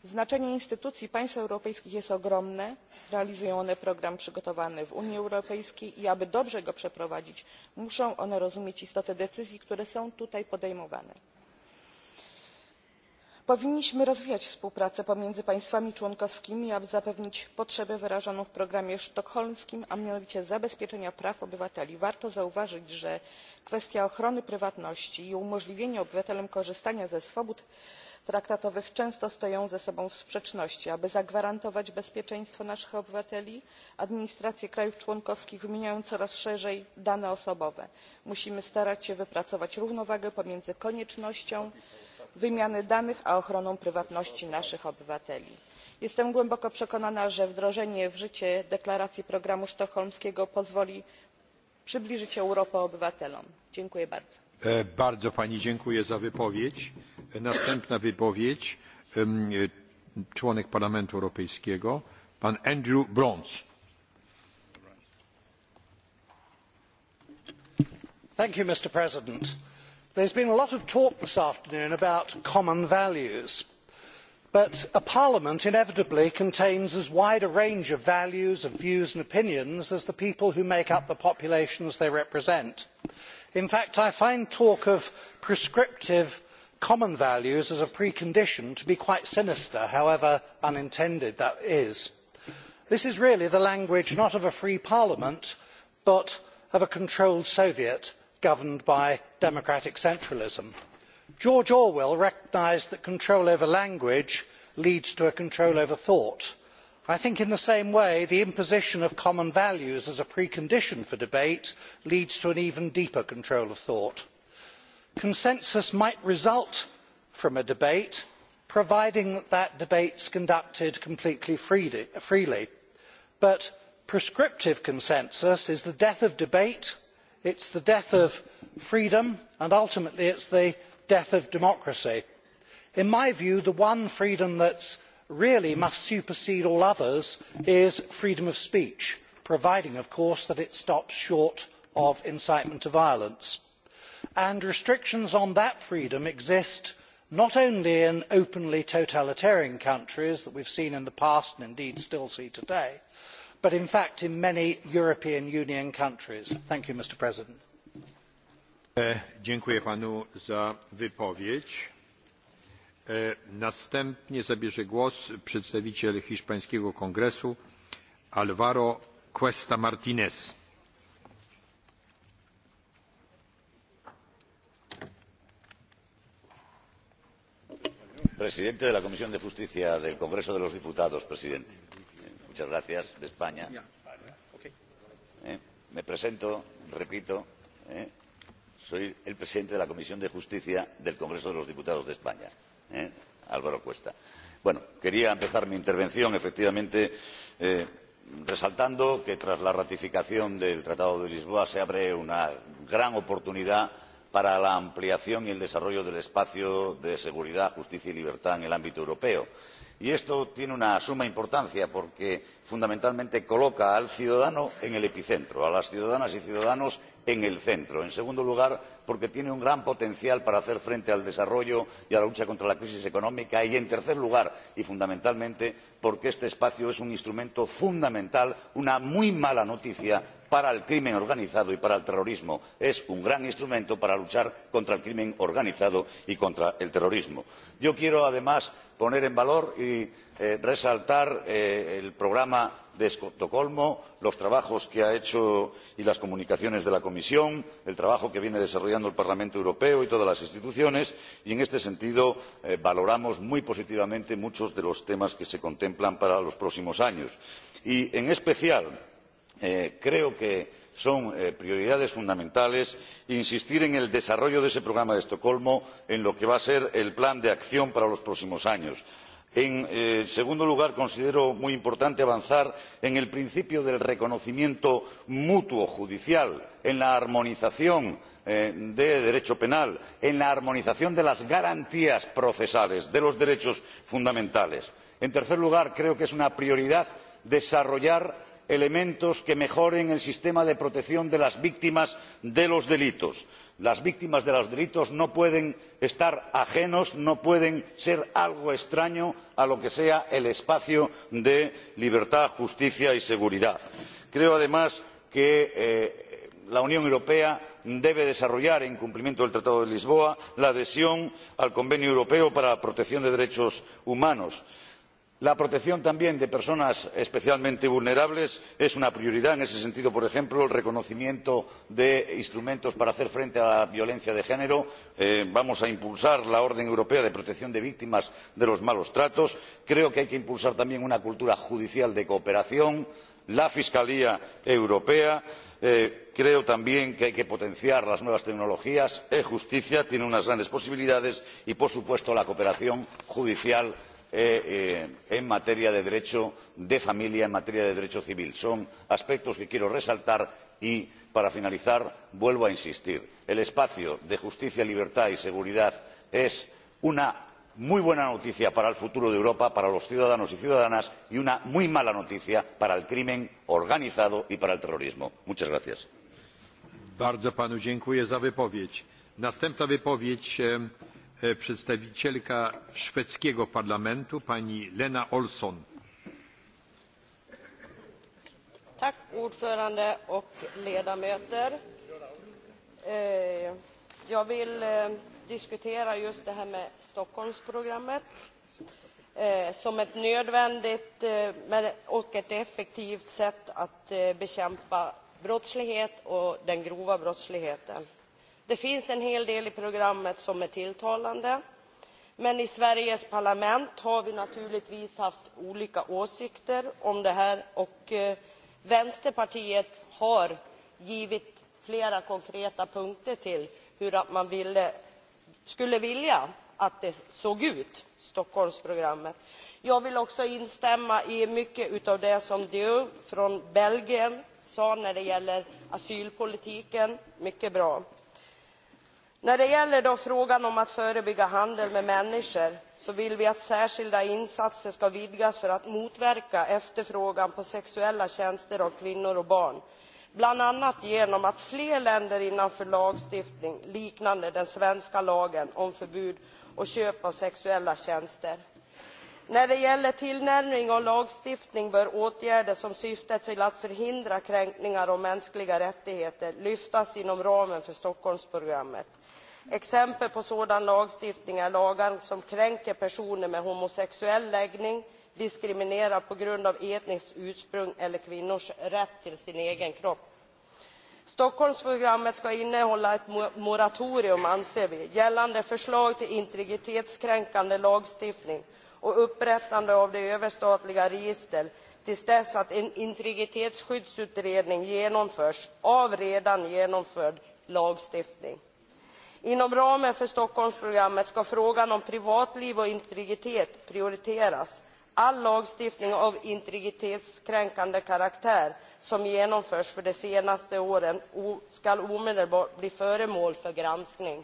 Znaczenie instytucji państw europejskich jest ogromne, realizują one program przygotowany w Unii Europejskiej i aby dobrze go przeprowadzić, muszą one rozumieć istotę decyzji, które są tutaj podejmowane. Powinniśmy rozwijać współpracę pomiędzy państwami członkowskimi, aby zapewnić potrzebę wyrażoną w programie sztokholmskim, a mianowicie zabezpieczenia praw obywateli. Warto zauważyć, że kwestia ochrony prywatności i umożliwienia obywatelom korzystania ze swobód traktatowych często stoją ze sobą w sprzeczności. aby zagwarantować bezpieczeństwo naszych obywateli administracje krajów członkowskich wymieniają coraz szerzej dane osobowe. musimy starać się wypracować równowagę pomiędzy koniecznością wymiany danych a ochroną prywatności naszych obywateli. jestem głęboko przekonana że wdrożenie w życie deklaracji programu sztokholmskiego pozwoli przybliżyć europę obywatelom. dziękuję bardzo. E, bardzo pani dziękuję za wypowiedź. E, następna wypowiedź e, członek Parlamentu Europejskiego, pan Andrew Brons. You, Mr President. There has been a lot of talk this afternoon about common values. But a parliament inevitably contains as wide a range of values of views and opinions as the people who make up the populations they represent. In fact, I find talk of prescriptive common values as a precondition to be quite sinister however unintended that is. this is really the language not of a free parliament but of a controlled soviet governed by democratic centralism. george orwell recognised that control over language leads to a control over thought. i think in the same way the imposition of common values as a precondition for debate leads to an even deeper control of thought consensus might result from a debate providing that that debate is conducted completely freely but prescriptive consensus is the death of debate it is the death of freedom and ultimately it is the death of democracy. in my view the one freedom that really must supersede all others is freedom of speech providing of course that it stops short of incitement to violence and restrictions on that freedom exist not only in openly totalitarian countries that we have seen in the past and indeed still see today but in fact in many european union countries. mr president e, za wypowiedź. E, następnie zabierze głos przedstawiciel hiszpańskiego kongresu alvaro Presidente de la Comisión de Justicia del Congreso de los Diputados, presidente. Muchas gracias, de España. Eh, me presento, repito, eh, soy el presidente de la Comisión de Justicia del Congreso de los Diputados de España, eh, Álvaro Cuesta. Bueno, quería empezar mi intervención, efectivamente, eh, resaltando que tras la ratificación del Tratado de Lisboa se abre una gran oportunidad para la ampliación y el desarrollo del espacio de seguridad, justicia y libertad en el ámbito europeo. Y esto tiene una suma importancia porque fundamentalmente coloca al ciudadano en el epicentro, a las ciudadanas y ciudadanos en el centro. En segundo lugar, porque tiene un gran potencial para hacer frente al desarrollo y a la lucha contra la crisis económica. Y en tercer lugar, y fundamentalmente, porque este espacio es un instrumento fundamental, una muy mala noticia para el crimen organizado y para el terrorismo. Es un gran instrumento para luchar contra el crimen organizado y contra el terrorismo. Yo quiero, además, poner en valor y eh, resaltar eh, el programa de Estocolmo, los trabajos que ha hecho y las comunicaciones de la Comisión, el trabajo que viene desarrollando el Parlamento Europeo y todas las instituciones, y en este sentido eh, valoramos muy positivamente muchos de los temas que se contemplan para los próximos años. Y en especial, Eh, creo que son eh, prioridades fundamentales insistir en el desarrollo de ese programa de estocolmo en lo que va a ser el plan de acción para los próximos años. en eh, segundo lugar considero muy importante avanzar en el principio del reconocimiento mutuo judicial en la armonización de derecho penal en la armonización de las garantías procesales de los derechos fundamentales. en tercer lugar creo que es una prioridad desarrollar elementos que mejoren el sistema de protección de las víctimas de los delitos. las víctimas de los delitos no pueden estar ajenas no pueden ser algo extraño a lo que sea el espacio de libertad justicia y seguridad. creo además que eh, la unión europea debe desarrollar en cumplimiento del tratado de lisboa la adhesión al convenio europeo para la protección de los derechos humanos la protección también de personas especialmente vulnerables es una prioridad en ese sentido por ejemplo el reconocimiento de instrumentos para hacer frente a la violencia de género eh, vamos a impulsar la orden europea de protección de víctimas de los malos tratos creo que hay que impulsar también una cultura judicial de cooperación la fiscalía europea eh, creo también que hay que potenciar las nuevas tecnologías e justicia tiene unas grandes posibilidades y por supuesto la cooperación judicial europea eh, eh, en materia de derecho de familia, en materia de derecho civil. Son aspectos que quiero resaltar y, para finalizar, vuelvo a insistir. El espacio de justicia, libertad y seguridad es una muy buena noticia para el futuro de Europa, para los ciudadanos y ciudadanas, y una muy mala noticia para el crimen organizado y para el terrorismo. Muchas gracias. Bardzo panu dziękuję za wypowiedź. Następna wypowiedź E, przedstawicielka szwedzkiego parlamentu pani Lena Olsson. Tack ordförande och ledamöter. E, jag vill e, diskutera just det här med Stockholmsprogrammet som ett nödvändigt och ett effektivt sätt att bekämpa brottslighet och den grova brottsligheten. Det finns en hel del i programmet som är tilltalande. Men i Sveriges parlament har vi naturligtvis haft olika åsikter om det här och eh, Vänsterpartiet har givit flera konkreta punkter till hur att man ville, skulle vilja att det såg ut, Stockholmsprogrammet. Jag vill också instämma i mycket av det som du från Belgien sa när det gäller asylpolitiken. Mycket bra. När det gäller då frågan om att förebygga handel med människor så vill vi att särskilda insatser ska vidgas för att motverka efterfrågan på sexuella tjänster av kvinnor och barn. Bland annat genom att fler länder innanför lagstiftning liknande den svenska lagen om förbud och köp av sexuella tjänster. När det gäller tillnärmning och lagstiftning bör åtgärder som syftar till att förhindra kränkningar av mänskliga rättigheter lyftas inom ramen för Stockholmsprogrammet. Exempel på sådan lagstiftning är lagar som kränker personer med homosexuell läggning, diskriminerar på grund av etniskt ursprung eller kvinnors rätt till sin egen kropp. Stockholmsprogrammet ska innehålla ett moratorium, anser vi, gällande förslag till integritetskränkande lagstiftning och upprättande av det överstatliga register tills dess att en integritetsskyddsutredning genomförs av redan genomförd lagstiftning. Inom ramen för Stockholmsprogrammet ska frågan om privatliv och integritet prioriteras. All lagstiftning av integritetskränkande karaktär som genomförs för de senaste åren ska omedelbart bli föremål för granskning.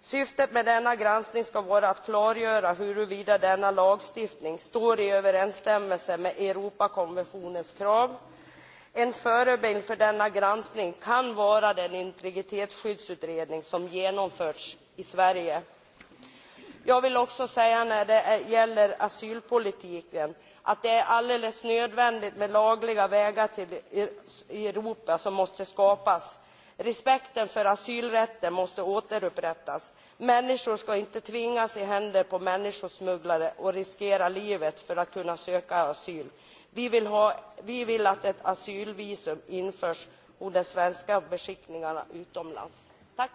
Syftet med denna granskning ska vara att klargöra huruvida denna lagstiftning står i överensstämmelse med Europakonventionens krav En förebild för denna granskning kan vara den integritetsskyddsutredning som genomförts i Sverige. Jag vill också säga när det gäller asylpolitiken att det är alldeles nödvändigt med lagliga vägar till e- Europa som måste skapas. Respekten för asylrätten måste återupprättas. Människor ska inte tvingas i händer på människosmugglare och riskera livet för att kunna söka asyl. Vi vill, ha, vi vill att ett asylvisum införs under de svenska beskickningarna utomlands. Tack.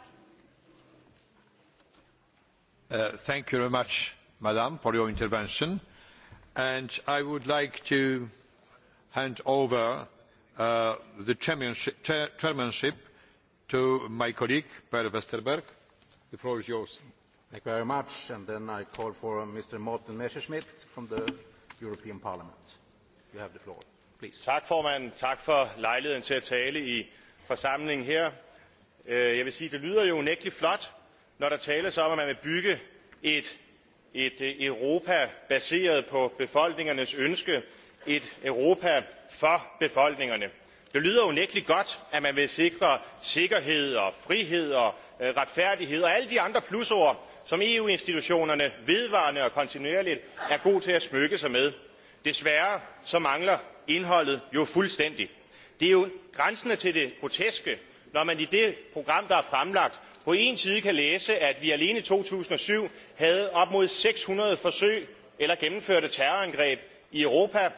Uh, thank you very much, Madam, for your intervention. And I would like to hand over uh, the chairmanship, chair, chairmanship to my colleague, Per Westerberg. The floor is yours. Thank you very much. And then I call for uh, Mr. Morten Messerschmidt from the European Parliament. You have the floor. Please. Tak formand, tak for lejligheden til at tale i forsamlingen her. Øh, jeg vil sige, det lyder jo unægteligt flot, når der tales om, at man vil bygge et, et øh, Europa baseret på befolkningernes ønske, et Europa for befolkningerne. Det lyder unægteligt godt, at man vil sikre sikkerhed og frihed og øh, retfærdighed og alle de andre plusord, som EU-institutionerne vedvarende og kontinuerligt er gode til at smykke sig med. Desværre så mangler indholdet jo fuldstændig. Det er jo grænsende til det groteske, når man i det program, der er fremlagt, på en side kan læse, at vi alene i 2007 havde op mod 600 forsøg eller gennemførte terrorangreb i Europa,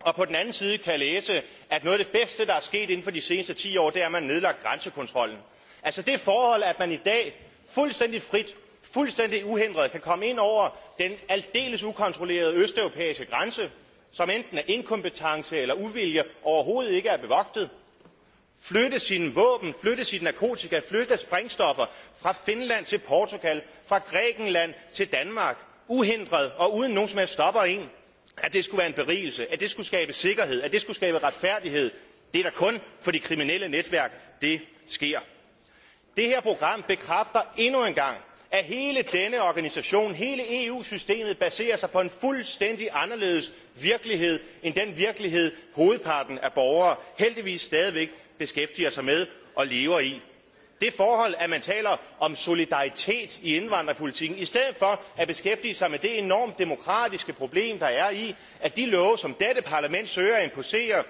og på den anden side kan læse, at noget af det bedste, der er sket inden for de seneste 10 år, det er, at man har nedlagt grænsekontrollen. Altså det forhold, at man i dag fuldstændig frit fuldstændig uhindret kan komme ind over den aldeles ukontrollerede østeuropæiske grænse som enten af er inkompetence eller uvilje overhovedet ikke er bevogtet flytte sine våben flytte sit narkotika flytte sprængstoffer fra finland til portugal fra grækenland til danmark uhindret og uden nogen som helst stopper en at det skulle være en berigelse at det skulle skabe sikkerhed at det skulle skabe retfærdighed det er da kun for de kriminelle netværk det sker. det her program bekræfter endnu en gang at hele denne organisation, hele EU-systemet baserer sig på en fuldstændig anderledes virkelighed end den virkelighed, hovedparten af borgere heldigvis stadigvæk beskæftiger sig med og lever i. Det forhold, at man taler om solidaritet i indvandrerpolitikken, i stedet for at beskæftige sig med det enormt demokratiske problem, der er i, at de love, som dette parlament søger at imposere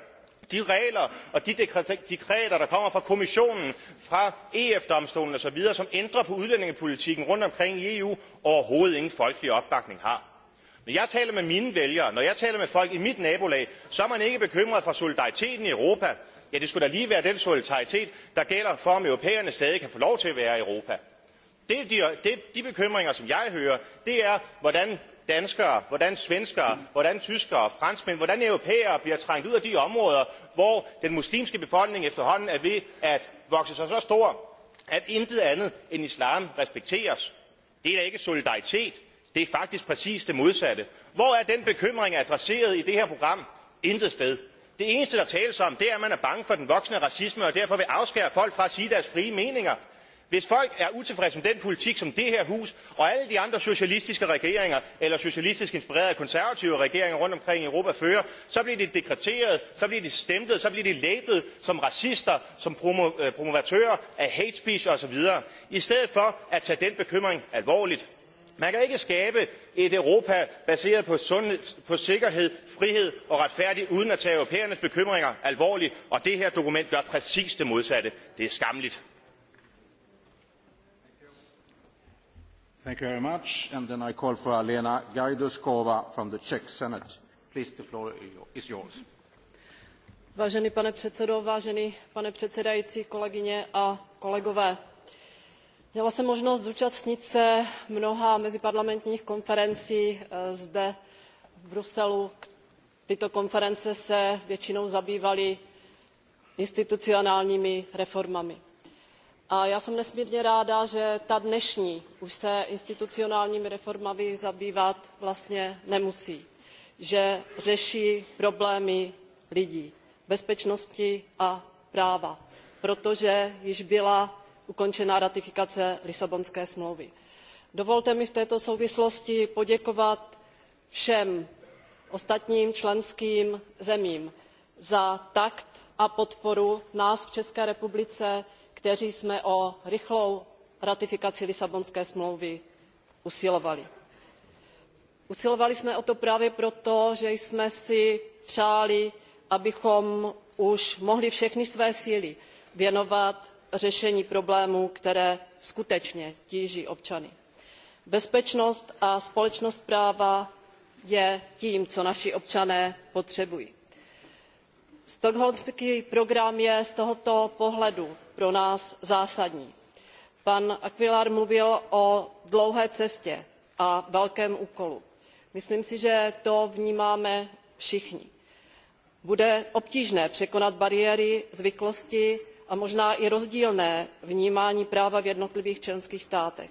de regler og de dekreter der kommer fra kommissionen fra ef domstolen osv som ændrer på udlændingepolitikken rundtomkring i eu overhovedet ingen folkelig opbakning har. når jeg taler med mine vælgere når jeg taler med folk i mit nabolag så er man ikke bekymret for solidariteten i europa ja det skulle da lige være den solidaritet der gælder for om europæerne stadig kan få lov til at være i europa. Er de bekymringer som jeg hører er hvordan danskere, hvordan svenskere, hvordan tyskere, franskmænd, hvordan europæere bliver trængt ud af de områder, hvor den muslimske befolkning efterhånden er ved at vokse sig så stor, at intet andet end islam respekteres. Det er da ikke solidaritet, det er faktisk præcis det modsatte. Hvor er den bekymring adresseret i det her program? Intet sted. Det eneste, der tales om, det er, at man er bange for den voksende racisme og derfor vil afskære folk fra at sige deres frie meninger hvis folk er utilfredse med den politik som det her hus og alle de andre socialistiske regeringer eller socialistisk inspirerede konservative regeringer rundt omkring i europa fører så bliver de dekreteret så bliver de stemplet så bliver de labet som racister som øh, promovatører af hate speech og så videre i stedet for at tage den bekymring alvorligt. man kan ikke skabe et europa baseret på, sundhed, på sikkerhed frihed og retfærdighed uden at tage europæernes bekymringer alvorligt og det her dokument gør præcis det modsatte det er skammeligt. Thank you very much. And then I call for Alena Gajduskova from the Czech Senate. Please, the floor is yours. Vážený pane předsedo, vážený pane předsedající, kolegyně a kolegové. Měla jsem možnost zúčastnit se mnoha meziparlamentních konferencí eh, zde v Bruselu. Tyto konference se většinou zabývaly institucionálními reformami. A já jsem nesmírně ráda, že ta dnešní už se institucionálními reformami zabývat vlastně nemusí, že řeší problémy lidí, bezpečnosti a práva, protože již byla ukončena ratifikace Lisabonské smlouvy. Dovolte mi v této souvislosti poděkovat všem ostatním členským zemím za takt a podporu nás v České republice kteří jsme o rychlou ratifikaci Lisabonské smlouvy usilovali. Usilovali jsme o to právě proto, že jsme si přáli, abychom už mohli všechny své síly věnovat řešení problémů, které skutečně tíží občany. Bezpečnost a společnost práva je tím, co naši občané potřebují stockholmský program je z tohoto pohledu pro nás zásadní. pan aguilar mluvil o dlouhé cestě a velkém úkolu. myslím si že to vnímáme všichni. bude obtížné překonat bariéry zvyklosti a možná i rozdílné vnímání práva v jednotlivých členských státech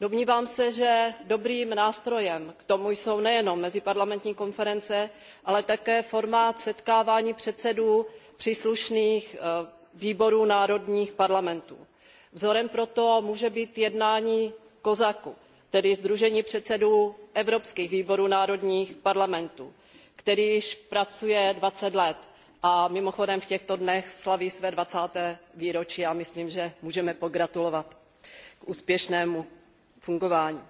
Domnívám se, že dobrým nástrojem k tomu jsou nejenom meziparlamentní konference, ale také formát setkávání předsedů příslušných eh, výborů národních parlamentů. Vzorem proto může být jednání Kozaku, tedy Sdružení předsedů Evropských výborů národních parlamentů, který již pracuje 20 let a mimochodem v těchto dnech slaví své 20. výročí a myslím, že můžeme pogratulovat k úspěšnému fungování.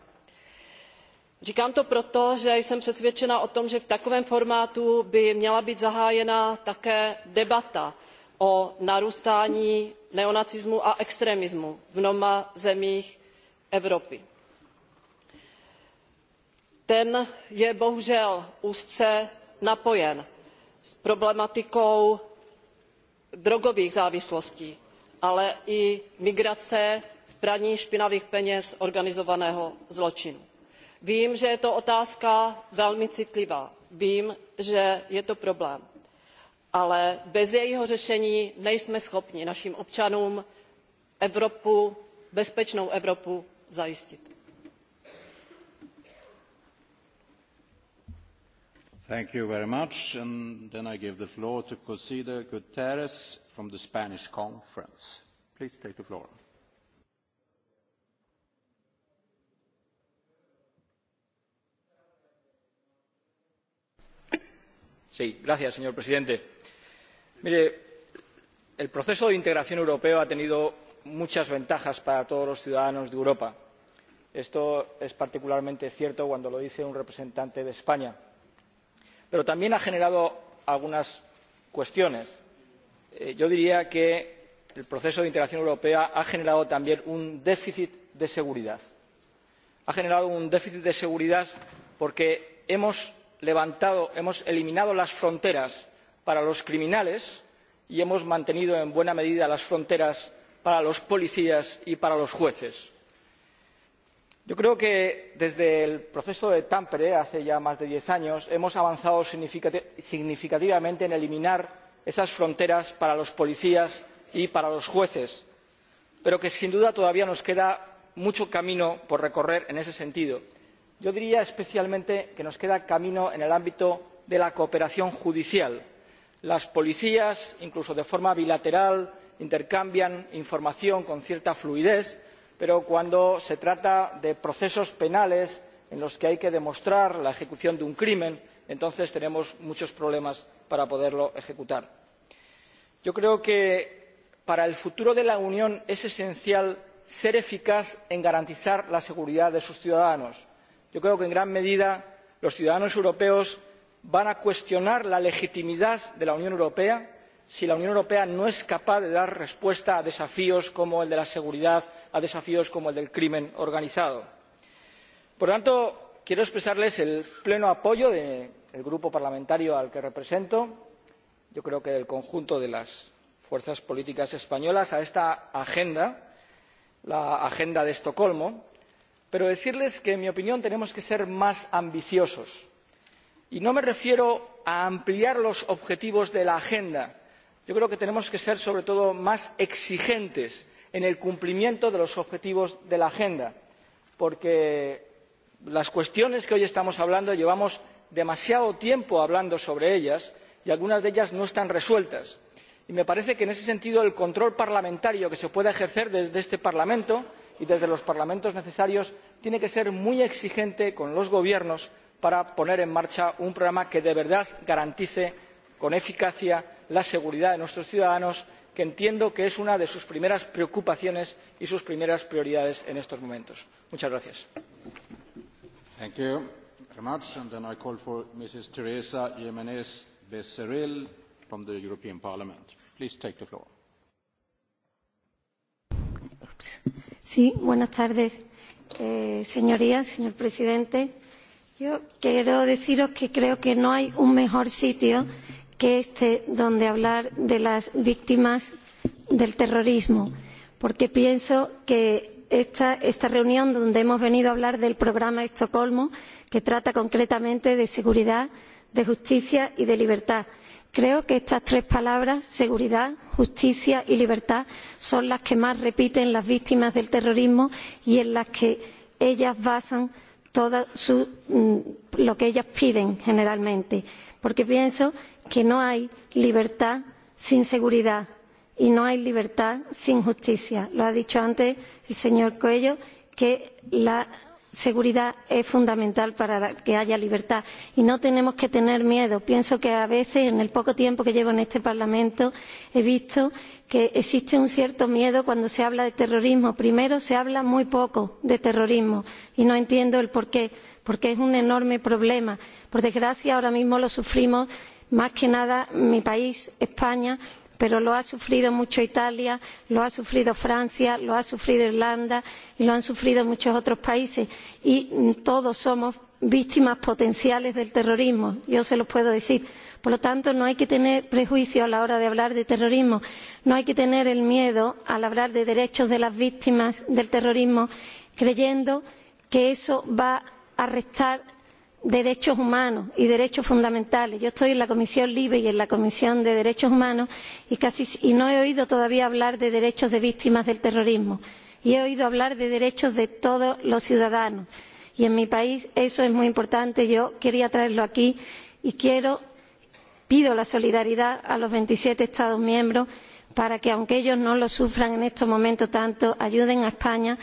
Říkám to proto, že jsem přesvědčena o tom, že v takovém formátu by měla být zahájena také debata o narůstání neonacismu a extremismu v mnoha zemích Evropy. Ten je bohužel úzce napojen s problematikou drogových závislostí, ale i migrace praní špinavých peněz organizovaného zločinu. Vím, že je to otázka velmi citlivá, vím, že je to problém, ale bez jejího řešení nejsme schopni našim občanům Evropu, bezpečnou Evropu zajistit. Thank you very much. And then I give the floor to Cosida Guterres from the Spanish conference. Please take the floor. Sí, gracias, señor presidente. Mire, el proceso de integración europeo ha tenido muchas ventajas para todos los ciudadanos de Europa. Esto es particularmente cierto cuando lo dice un representante de España. Pero también ha generado algunas cuestiones. Eh, yo diría que el proceso de integración europea ha generado también un déficit de seguridad. Ha generado un déficit de seguridad porque hemos hemos eliminado las fronteras para los criminales y hemos mantenido en buena medida las fronteras para los policías y para los jueces. yo creo que desde el proceso de tampere hace ya más de diez años hemos avanzado significativamente en eliminar esas fronteras para los policías y para los jueces pero que sin duda todavía nos queda mucho camino por recorrer en ese sentido Yo diría especialmente que nos queda camino en el ámbito de la cooperación judicial. Las policías, incluso de forma bilateral, intercambian información con cierta fluidez, pero cuando se trata de procesos penales en los que hay que demostrar la ejecución de un crimen, entonces tenemos muchos problemas para poderlo ejecutar. Yo creo que para el futuro de la Unión es esencial ser eficaz en garantizar la seguridad de sus ciudadanos yo creo que en gran medida los ciudadanos europeos van a cuestionar la legitimidad de la Unión Europea si la Unión Europea no es capaz de dar respuesta a desafíos como el de la seguridad, a desafíos como el del crimen organizado. Por tanto, quiero expresarles el pleno apoyo del de grupo parlamentario al que represento, yo creo que del conjunto de las fuerzas políticas españolas, a esta agenda, la Agenda de Estocolmo, pero decirles que en mi opinión tenemos que ser más ambiciosos y no me refiero a ampliar los objetivos de la agenda yo creo que tenemos que ser sobre todo más exigentes en el cumplimiento de los objetivos de la agenda porque las cuestiones que hoy estamos hablando llevamos demasiado tiempo hablando sobre ellas y algunas de ellas no están resueltas y me parece que en ese sentido el control parlamentario que se pueda ejercer desde este parlamento y desde los parlamentos necesarios tiene que ser muy exigente con los gobiernos para poner en marcha un programa que de verdad garantice con eficacia la seguridad de nuestros ciudadanos que entiendo que es una de sus primeras preocupaciones y sus primeras prioridades en estos momentos. muchas gracias from the European Parliament. Please take the floor. Sí, buenas tardes, eh, señorías, señor presidente. Yo quiero deciros que creo que no hay un mejor sitio que este donde hablar de las víctimas del terrorismo, porque pienso que esta, esta reunión donde hemos venido a hablar del programa Estocolmo, que trata concretamente de seguridad, de justicia y de libertad, Creo que estas tres palabras, seguridad, justicia y libertad, son las que más repiten las víctimas del terrorismo y en las que ellas basan todo su, mm, lo que ellas piden generalmente. Porque pienso que no hay libertad sin seguridad y no hay libertad sin justicia. Lo ha dicho antes el señor Coelho, que la seguridad es fundamental para que haya libertad y no tenemos que tener miedo. Pienso que a veces, en el poco tiempo que llevo en este Parlamento, he visto que existe un cierto miedo cuando se habla de terrorismo. Primero, se habla muy poco de terrorismo y no entiendo el porqué, porque es un enorme problema. Por desgracia, ahora mismo lo sufrimos más que nada mi país, España, pero lo ha sufrido mucho Italia, lo ha sufrido Francia, lo ha sufrido Irlanda y lo han sufrido muchos otros países. Y mm, todos somos víctimas potenciales del terrorismo, yo se lo puedo decir. Por lo tanto, no hay que tener prejuicio a la hora de hablar de terrorismo, no hay que tener el miedo al hablar de derechos de las víctimas del terrorismo, creyendo que eso va a restar derechos humanos y derechos fundamentales. Yo estoy en la Comisión LIBE y en la Comisión de Derechos Humanos y, casi, y no he oído todavía hablar de derechos de víctimas del terrorismo. Y he oído hablar de derechos de todos los ciudadanos. Y en mi país eso es muy importante. Yo quería traerlo aquí y quiero, pido la solidaridad a los veintisiete Estados miembros para que, aunque ellos no lo sufran en estos momentos tanto, ayuden a España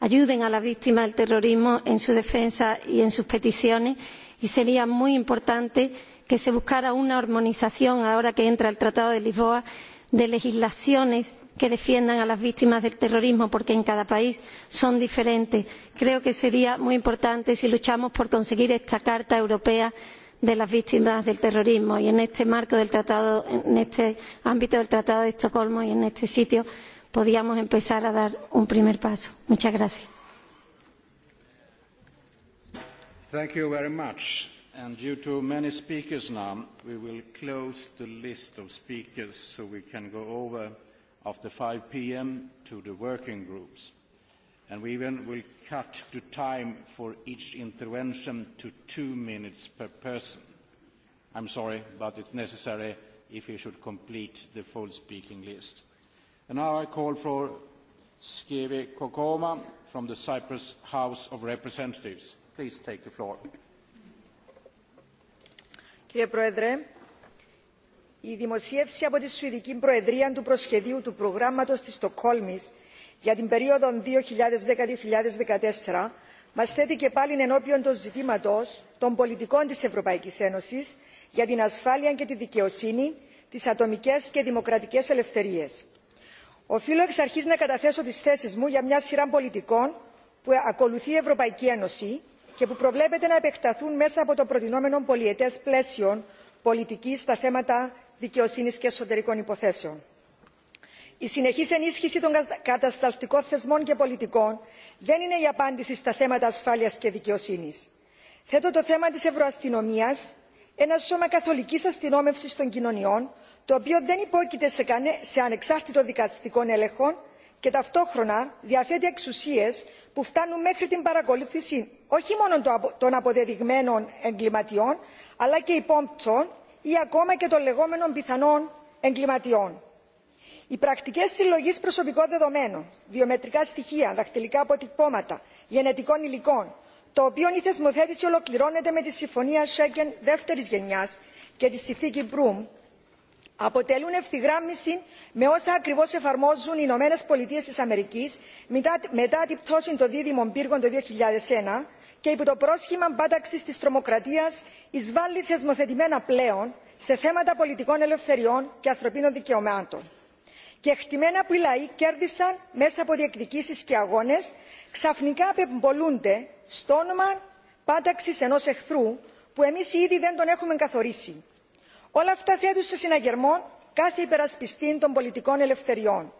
ayuden a la víctima del terrorismo en su defensa y en sus peticiones y sería muy importante que se buscara una armonización ahora que entra el Tratado de Lisboa de legislaciones que defiendan a las víctimas del terrorismo porque en cada país son diferentes. Creo que sería muy importante si luchamos por conseguir esta Carta Europea de las víctimas del terrorismo y en este marco del tratado, en este ámbito del Tratado de Estocolmo y en este sitio podíamos empezar a dar un primer paso. Muchas gracias. Thank you very much. And due to many speakers now, we will close the list of speakers so we can go over after 5 p.m. to the working groups. And we even will cut the time for each intervention to two minutes per person. I'm sorry, but it's necessary if we should complete the full speaking list. And now I call for Skivi Kokoma from the Cyprus House of Representatives. Please take the floor. Κύριε Πρόεδρε, η δημοσίευση από τη Σουηδική Προεδρία του προσχεδίου του προγράμματος της Στοκόλμης για την περίοδο 2010-2014 μας θέτει και πάλι ενώπιον των ζητήματος των πολιτικών της Ευρωπαϊκής Ένωσης για την ασφάλεια και τη δικαιοσύνη, τις ατομικές και δημοκρατικές ελευθερίες οφείλω εξ αρχής να καταθέσω τις θέσεις μου για μια σειρά πολιτικών που ακολουθεί η Ευρωπαϊκή Ένωση και που προβλέπεται να επεκταθούν μέσα από το προτινόμενο πολιετές πλαίσιο πολιτικής στα θέματα δικαιοσύνης και εσωτερικών υποθέσεων. Η συνεχής ενίσχυση των κατασταλτικών θεσμών και πολιτικών δεν είναι η απάντηση στα θέματα ασφάλειας και δικαιοσύνης. Θέτω το θέμα της ευρωαστυνομίας, ένα σώμα καθολικής αστυνόμευσης των κοινωνιών το οποίο δεν υπόκειται σε, κανέ, σε ανεξάρτητο δικαστικό έλεγχο και ταυτόχρονα διαθέτει εξουσίες που φτάνουν μέχρι την παρακολούθηση όχι μόνο των αποδεδειγμένων εγκληματιών αλλά και υπόπτων ή ακόμα και των λεγόμενων πιθανών εγκληματιών. Οι πρακτικέ συλλογή προσωπικών δεδομένων, βιομετρικά στοιχεία, δαχτυλικά αποτυπώματα, γενετικών υλικών, το οποίο η θεσμοθέτηση ολοκληρώνεται με τη Συμφωνία Σέγγεν δεύτερη γενιά και τη συνθήκη Μπρουμ, αποτελούν ευθυγράμμιση με όσα ακριβώ εφαρμόζουν οι Ηνωμένε Πολιτείε τη Αμερική μετά, μετά την πτώση των δίδυμων πύργων το 2001 και υπό το πρόσχημα μπάταξη τη τρομοκρατία εισβάλλει θεσμοθετημένα πλέον σε θέματα πολιτικών ελευθεριών και ανθρωπίνων δικαιωμάτων. Και χτυμένα που οι λαοί κέρδισαν μέσα από διεκδικήσει και αγώνε, ξαφνικά απεμπολούνται στο όνομα πάταξη ενό εχθρού που εμεί ήδη δεν τον έχουμε καθορίσει Όλα αυτά θέτουν σε συναγερμό κάθε υπερασπιστή των πολιτικών ελευθεριών.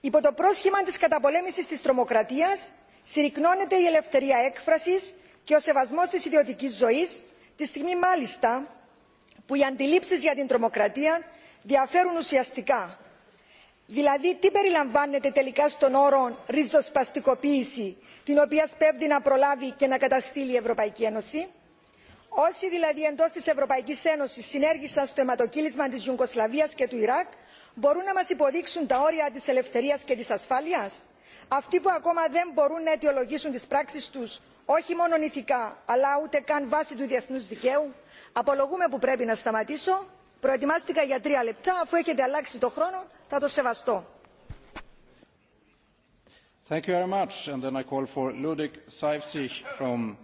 Υπό το πρόσχημα της καταπολέμησης της τρομοκρατίας συρρυκνώνεται η ελευθερία έκφρασης και ο σεβασμός της ιδιωτικής ζωής, τη στιγμή μάλιστα που οι αντιλήψεις για την τρομοκρατία διαφέρουν ουσιαστικά. Δηλαδή, τι περιλαμβάνεται τελικά στον όρο ριζοσπαστικοποίηση, την οποία σπέβδει να προλάβει και να καταστήλει η Ευρωπαϊκή Ένωση. Όσοι δηλαδή εντό τη Ευρωπαϊκή Ένωση συνέργησαν στο αιματοκύλισμα τη Ιουγκοσλαβία και του Ιράκ, μπορούν να μα υποδείξουν τα όρια τη ελευθερία και τη ασφάλεια. Αυτοί που ακόμα δεν μπορούν να αιτιολογήσουν τι πράξει του, όχι μόνο ηθικά, αλλά ούτε καν βάσει του διεθνού δικαίου, απολογούμε που πρέπει να σταματήσω. Προετοιμάστηκα για τρία λεπτά. Αφού έχετε αλλάξει το χρόνο, θα το σεβαστώ. Thank you very much. And then I call for Ludwig Seifzig from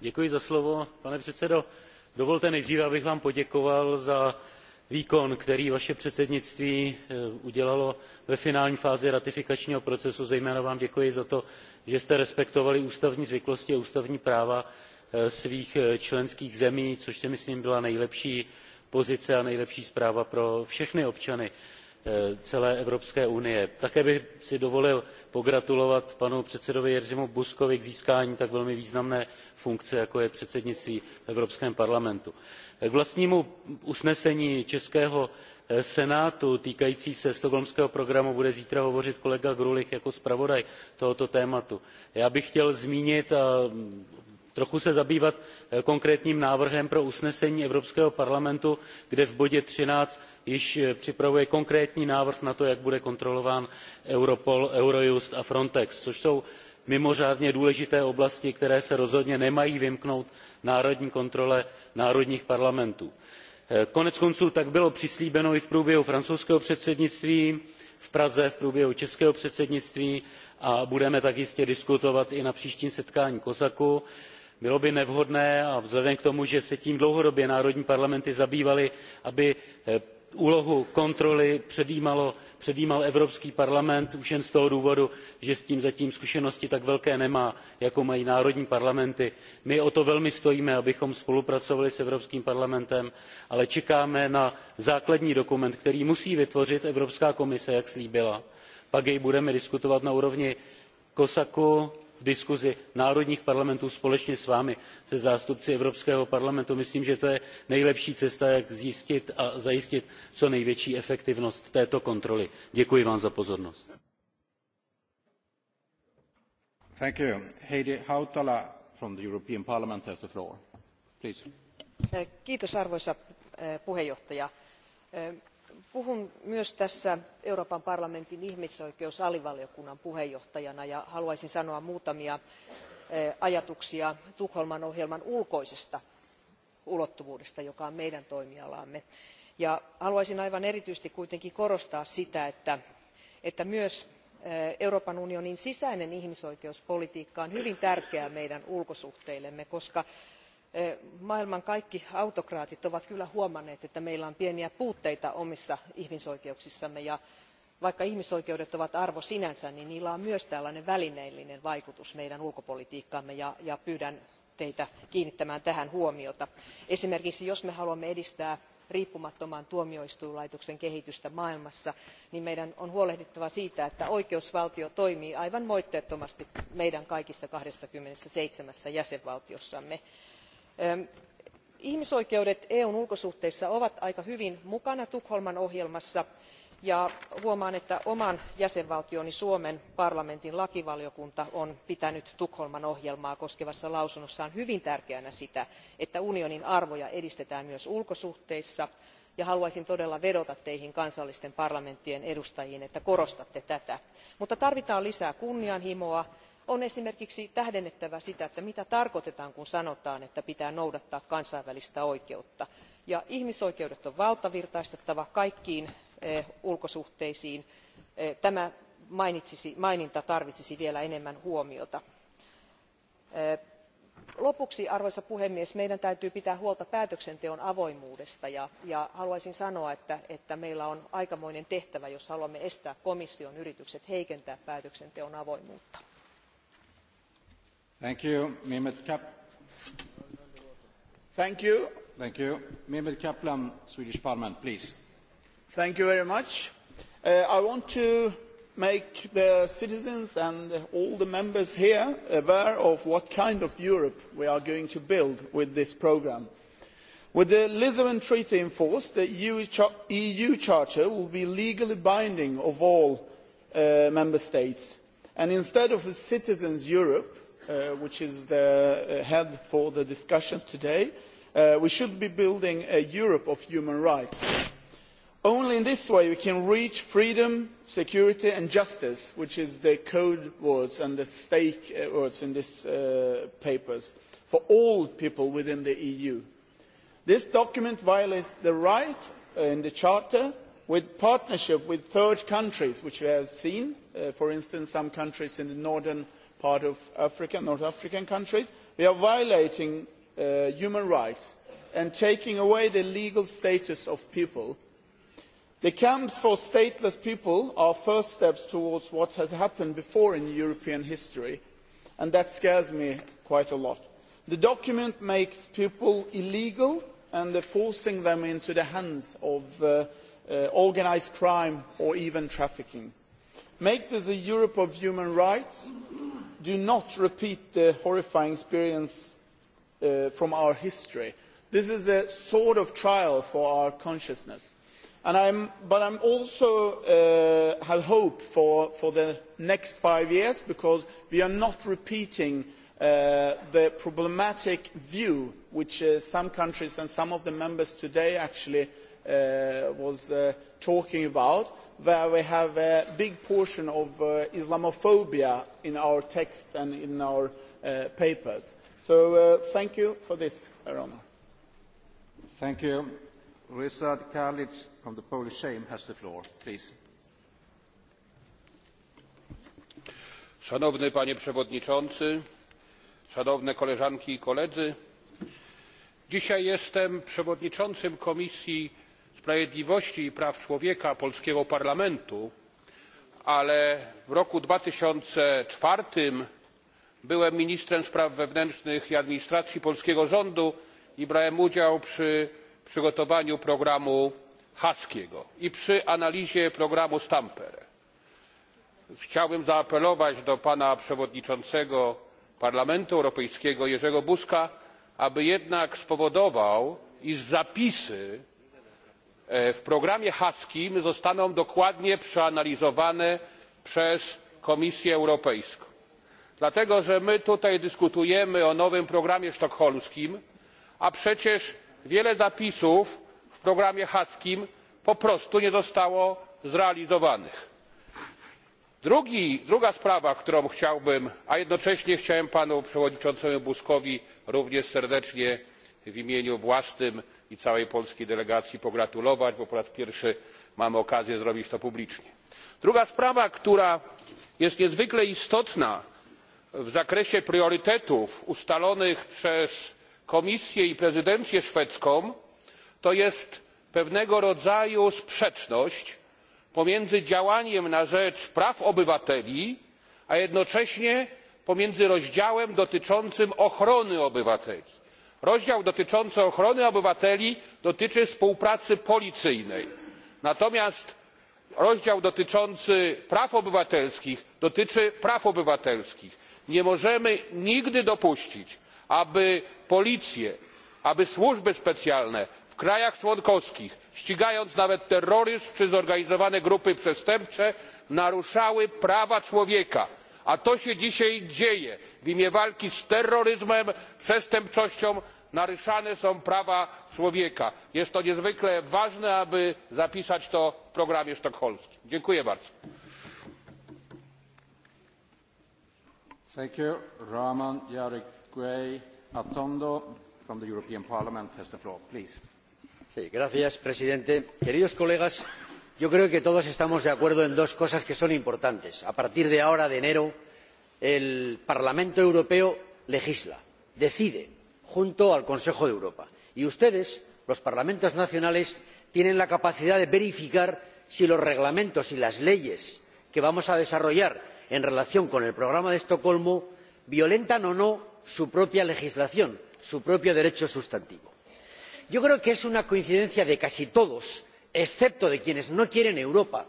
Děkuji za slovo, pane předsedo. Dovolte nejdříve, abych vám poděkoval za výkon, který vaše předsednictví eh, udělalo ve finální fázi ratifikačního procesu. Zejména vám děkuji za to, že jste respektovali ústavní zvyklosti a ústavní práva eh, svých eh, členských zemí, což si myslím byla nejlepší pozice a nejlepší zpráva pro všechny občany. Eh, celé Evropské unie. Také bych si dovolil pogratulovat panu předsedovi Jerzymu Buzkovi k získání tak velmi významné funkce, jako je předsednictví v Evropském parlamentu. Eh, k vlastnímu usnesení Českého eh, senátu týkající se stockholmského programu bude zítra hovořit kolega grulich jako zpravodaj tohoto tématu. já bych chtěl zmínit a trochu se zabývat eh, konkrétním návrhem pro usnesení evropského parlamentu kde v bodě thirteen již eh, připravuje konkrétní návrh na to jak bude kontrolován europol eurojust a frontex což jsou mimořádně důležité oblasti které se rozhodně nemají vymknout národní kontrole národních parlamentů. Eh, koneckonců tak bylo přislíbeno i v průběhu francouzského předsednictví v praze v průběhu českého předsednictví a budeme tak jistě diskutovat i na příštím setkání cosacu bylo by nevhodné a vzhledem k tomu že se tím dlouhodobě národní parlamenty zabývaly aby eh, úlohu kontroly předjímal evropský parlament už jen z toho důvodu že s tím zatím zkušenosti tak velké nemá jako mají národní parlamenty. my o to velmi stojíme abychom spolupracovali s evropským parlamentem ale čekáme na základní dokument který musí vytvořit evropská komise jak slíbila pak jej budeme diskutovat na úrovni cosacu v diskuzi národních parlamentů společně s vámi se zástupci evropského parlamentu myslím že to je nejlepší cesta jak zjistit a zajistit co největší efektivnost této kontroly. děkuji vám za pozornost. arvoisa eh, puhun myös tässä euroopan parlamentin ihmisoikeusalivaliokunnan puheenjohtajana ja haluaisin sanoa muutamia e, ajatuksia tukholman ohjelman ulkoisesta ulottuvuudesta joka on meidän toimialaamme. Ja haluaisin aivan erityisesti kuitenkin korostaa sitä että, että myös e, euroopan unionin sisäinen ihmisoikeuspolitiikka on hyvin tärkeää meidän ulkosuhteillemme koska Eh, maailman kaikki autokraatit ovat kyllä huomanneet että meillä on pieniä puutteita omissa ihmisoikeuksissamme ja vaikka ihmisoikeudet ovat arvo sinänsä niin niillä on myös tällainen välineellinen vaikutus meidän ulkopolitiikkaamme ja, pyydän teitä kiinnittämään tähän huomiota. esimerkiksi jos me haluamme edistää riippumattoman tuomioistuinlaitoksen kehitystä maailmassa niin meidän on huolehdittava siitä että oikeusvaltio toimii aivan moitteettomasti meidän kaikissa kaksikymmentäseitsemän jäsenvaltiossamme ihmisoikeudet eun ulkosuhteissa ovat aika hyvin mukana tukholman ohjelmassa ja huomaan että oman jäsenvaltioni suomen parlamentin lakivaliokunta on pitänyt tukholman ohjelmaa koskevassa lausunnossaan hyvin tärkeänä sitä että unionin arvoja edistetään myös ulkosuhteissa ja haluaisin todella vedota teihin kansallisten parlamenttien edustajiin että korostatte tätä. mutta tarvitaan lisää kunnianhimoa on esimerkiksi tähdennettävä sitä että mitä tarkoitetaan kun sanotaan että pitää noudattaa kansainvälistä oikeutta ja ihmisoikeudet on valtavirtaistettava kaikkiin eh, ulkosuhteisiin. Eh, tämä maininta tarvitsisi vielä enemmän huomiota. Eh, lopuksi arvoisa puhemies meidän täytyy pitää huolta päätöksenteon avoimuudesta ja, haluaisin sanoa että meillä on aikamoinen tehtävä jos haluamme estää komission yritykset heikentää päätöksenteon avoimuutta. Thank you. very much. Uh, I want to make the citizens and all the members here aware of what kind of Europe we are going to build with this programme. With the Lisbon Treaty in force, the EU, e Charter will be legally binding of all uh, member states. And instead of a citizens' Europe, Uh, which is the uh, head for the discussions today uh, we should be building a europe of human rights. only in this way can we reach freedom security and justice which are the code words and the stake words in these papers for all people within the eu. this document violates the right in the charter with partnership with third countries which we have seen for instance some countries in the northern part of Africa, North African countries. We are violating uh, human rights and taking away the legal status of people. The camps for stateless people are first steps towards what has happened before in European history, and that scares me quite a lot. The document makes people illegal and they're forcing them into the hands of uh, uh, organised crime or even trafficking. Make this a Europe of human rights do not repeat the horrifying experience uh, from our history. This is a sort of trial for our consciousness. And I'm, but I also uh, have hope for, for the next five years because we are not repeating uh, the problematic view which uh, some countries and some of the members today actually Uh, was uh, talking about, where we have a big portion of uh, Islamophobia in our text and in our papers. So thank you for this, Arona. Thank you. Ryszard Karlitz from the Polish Shame has the floor, please. Szanowny panie przewodniczący, szanowne koleżanki i koledzy. Dzisiaj jestem przewodniczącym Komisji sprawiedliwości i praw człowieka polskiego parlamentu ale w roku dwa tysiące cztery byłem ministrem spraw wewnętrznych i administracji polskiego rządu i brałem udział przy przygotowaniu programu haskiego i przy analizie programu stampere. chciałbym zaapelować do pana przewodniczącego parlamentu europejskiego jerzego buzka aby jednak spowodował iż zapisy E, w programie haskim zostaną dokładnie przeanalizowane przez komisję europejską dlatego że my tutaj dyskutujemy o nowym programie sztokholmskim a przecież wiele zapisów w programie haskim po prostu nie zostało zrealizowanych. druga sprawa którą chciałbym a jednocześnie chciałem panu przewodniczącemu buzkowi również serdecznie w imieniu własnym i całej polskiej delegacji pogratulować bo po raz pierwszy mamy okazję zrobić to publicznie. druga sprawa która jest niezwykle istotna w zakresie priorytetów ustalonych przez komisję i prezydencję szwedzką to jest pewnego rodzaju sprzeczność pomiędzy działaniem na rzecz praw obywateli a jednocześnie pomiędzy rozdziałem dotyczącym ochrony obywateli rozdział dotyczący ochrony obywateli dotyczy współpracy policyjnej natomiast rozdział dotyczący praw obywatelskich dotyczy praw obywatelskich. nie możemy nigdy dopuścić aby policje aby służby specjalne w krajach członkowskich ścigając nawet terroryzm czy zorganizowane grupy przestępcze naruszały prawa człowieka A to się dzisiaj dzieje. W imię walki z terroryzmem, przestępczością naruszane są prawa człowieka. Jest to niezwykle ważne, aby zapisać to w programie sztokholmskim. Dziękuję bardzo. Thank you. Atondo from the European Parliament has the floor, please. Sí, gracias, presidente. Queridos colegas, yo creo que todos estamos de acuerdo en dos cosas que son importantes a partir de ahora de enero el parlamento europeo legisla decide junto al consejo de europa y ustedes los parlamentos nacionales tienen la capacidad de verificar si los reglamentos y las leyes que vamos a desarrollar en relación con el programa de estocolmo violentan o no su propia legislación su propio derecho sustantivo. yo creo que es una coincidencia de casi todos excepto de quienes no quieren Europa,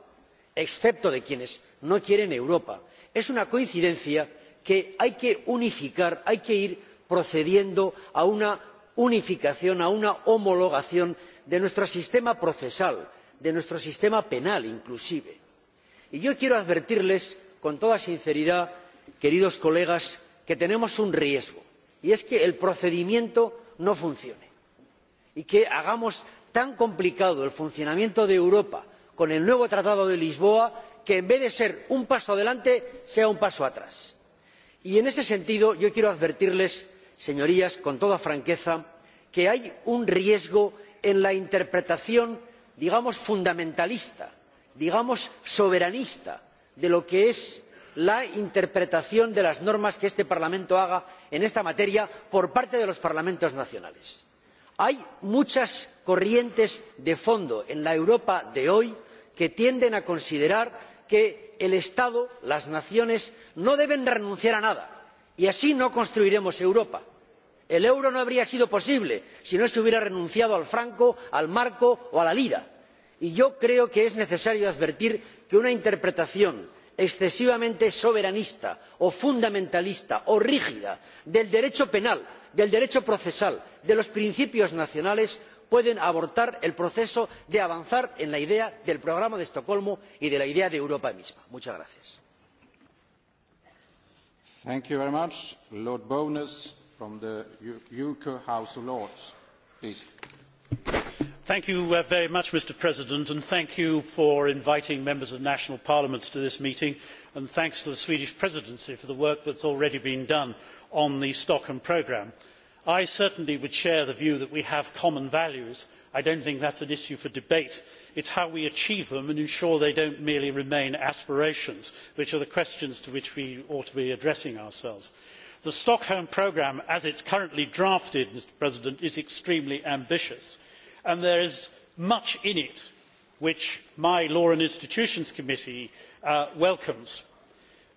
excepto de quienes no quieren Europa. Es una coincidencia que hay que unificar, hay que ir procediendo a una unificación, a una homologación de nuestro sistema procesal, de nuestro sistema penal inclusive. Y yo quiero advertirles con toda sinceridad, queridos colegas, que tenemos un riesgo, y es que el procedimiento no funcione y que hagamos tan complicado el funcionamiento de europa con el nuevo tratado de lisboa que en vez de ser un paso adelante sea un paso atrás. y en ese sentido yo quiero advertirles señorías con toda franqueza que hay un riesgo en la interpretación digamos fundamentalista digamos soberanista de lo que es la interpretación de las normas que este parlamento haga en esta materia por parte de los parlamentos nacionales. hay muchas corrientes de fondo en la europa de hoy que tienden a considerar que el estado las naciones no deben renunciar a nada y así no construiremos europa. el euro no habría sido posible si no se hubiera renunciado al franco al marco o a la lira y yo creo que es necesario advertir que una interpretación excesivamente soberanista o fundamentalista o rígida del derecho penal del derecho procesal de los principios nacionales pueden abortar el proceso de avanzar en la idea del programa de estocolmo y de la idea de europa misma. Lord Bonus from the UK House of Lords, uh, very much, Mr. President, and thank you for inviting members of national parliaments to this meeting, and thanks to the Swedish presidency for the work that has already been done on the Stockholm programme i certainly would share the view that we have common values. i do not think that is an issue for debate. it is how we achieve them and ensure they do not merely remain aspirations which are the questions to which we ought to be addressing ourselves. the stockholm programme as it is currently drafted is extremely ambitious and there is much in it which my law and institutions committee uh, welcomes.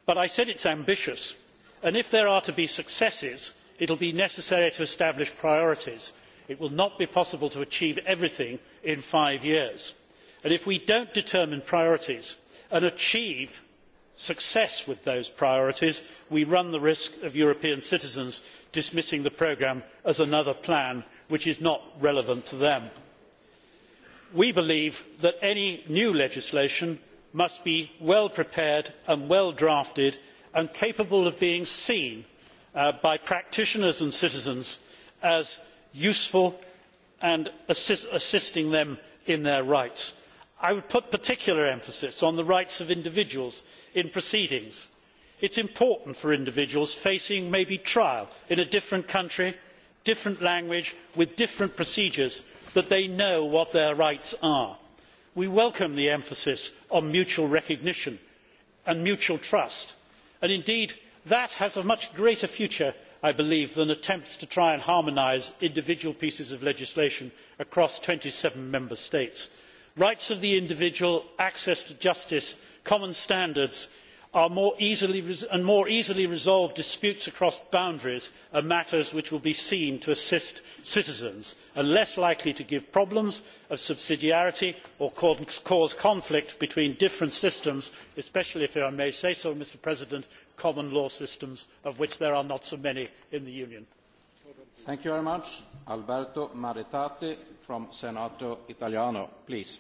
but i said it is ambitious and if there are to be successes it will be necessary to establish priorities. it will not be possible to achieve everything in five years and if we do not determine priorities and achieve success with those priorities we run the risk of european citizens dismissing the programme as another plan which is not relevant to them. we believe that any new legislation must be well prepared and well drafted and capable of being seen Uh, by practitioners and citizens as useful and assisting them in their rights. i would put particular emphasis on the rights of individuals in proceedings. it is important for individuals facing maybe trial in a different country different language with different procedures that they know what their rights are. we welcome the emphasis on mutual recognition and mutual trust and indeed that has a much greater future i believe than attempts to try and harmonise individual pieces of legislation across twenty seven member states. rights of the individual access to justice common standards more and more easily resolved disputes across boundaries are matters which will be seen to assist citizens and less likely to give problems of subsidiarity or cause conflict between different systems especially if i may say so mr president common law systems of which there are not so many in the union. Thank you very much. Alberto Maritati from Senato Italiano, please.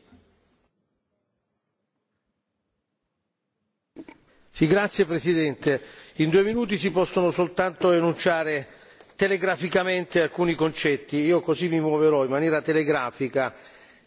Sì, grazie Presidente. In due minuti si possono soltanto enunciare telegraficamente alcuni concetti. Io così mi muoverò in maniera telegrafica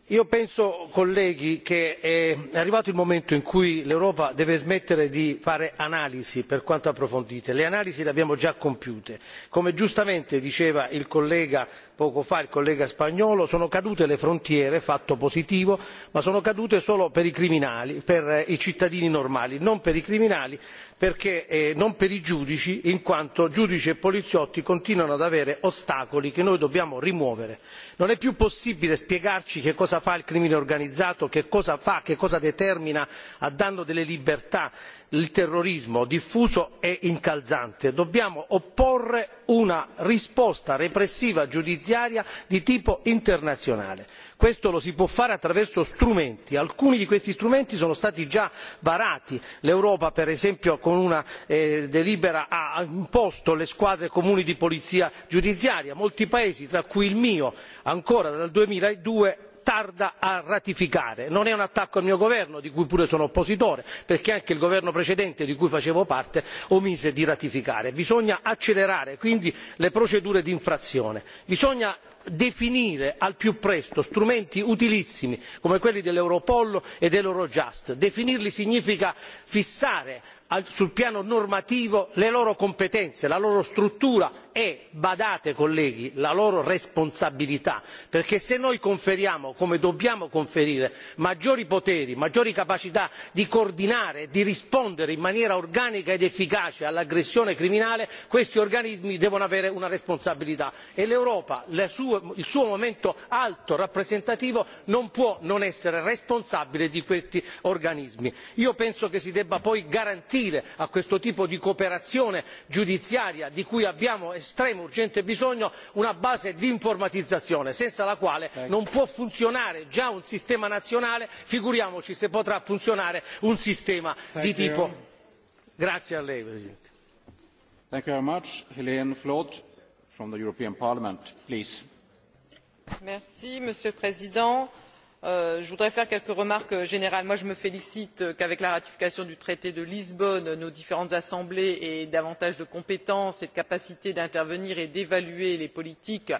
io penso colleghi che eh, è arrivato il momento in cui l'europa deve smettere di fare analisi per quanto approfondite le analisi le abbiamo già compiute come giustamente diceva il collega poco fa il collega spagnolo sono cadute le frontiere fatto positivo ma sono cadute solo per i criminali per eh, i cittadini normali non per i criminali perché eh, non per i giudici in quanto giudici e poliziotti continuano ad avere ostacoli che noi dobbiamo rimuovere. non è più possibile spiegarci che cosa fa il crimine organizzato che cosa fa che cosa determina a danno delle libertà il terrorismo diffuso e incalzante dobbiamo opporre una risposta repressiva giudiziaria di tipo internazionale. questo lo si può fare attraverso strumenti alcuni di questi strumenti sono stati già varati l'europa per esempio con una eh, delibera ha imposto le squadre comuni di polizia giudiziaria molti paesi tra cui il mio ancora dal duemiladue tarda a ratificare. Non è un attacco al mio governo, di cui pure sono oppositore, perché anche il governo precedente di cui facevo parte omise di ratificare. Bisogna accelerare quindi le procedure di infrazione. Bisogna definire al più presto strumenti utilissimi come quelli dell'Europol e dell'Eurojust. Definirli significa fissare sul piano normativo le loro competenze la loro struttura e badate colleghi la loro responsabilità perché se noi conferiamo come dobbiamo conferire maggiori poteri maggiori capacità di coordinare e di rispondere in maniera organica ed efficace all'aggressione criminale questi organismi devono avere una responsabilità e l'europa il suo momento alto rappresentativo non può non essere responsabile di questi organismi. io penso che si debba poi garantire effettive a questo tipo di cooperazione giudiziaria di cui abbiamo estremo e urgente bisogno una base di informatizzazione senza la quale non può funzionare già un sistema nazionale figuriamoci se potrà funzionare un sistema di tipo. Euh, je voudrais faire quelques remarques générales. je me félicite qu'avec la ratification du traité de lisbonne nos différentes assemblées aient davantage de compétences et de capacités d'intervenir et d'évaluer les politiques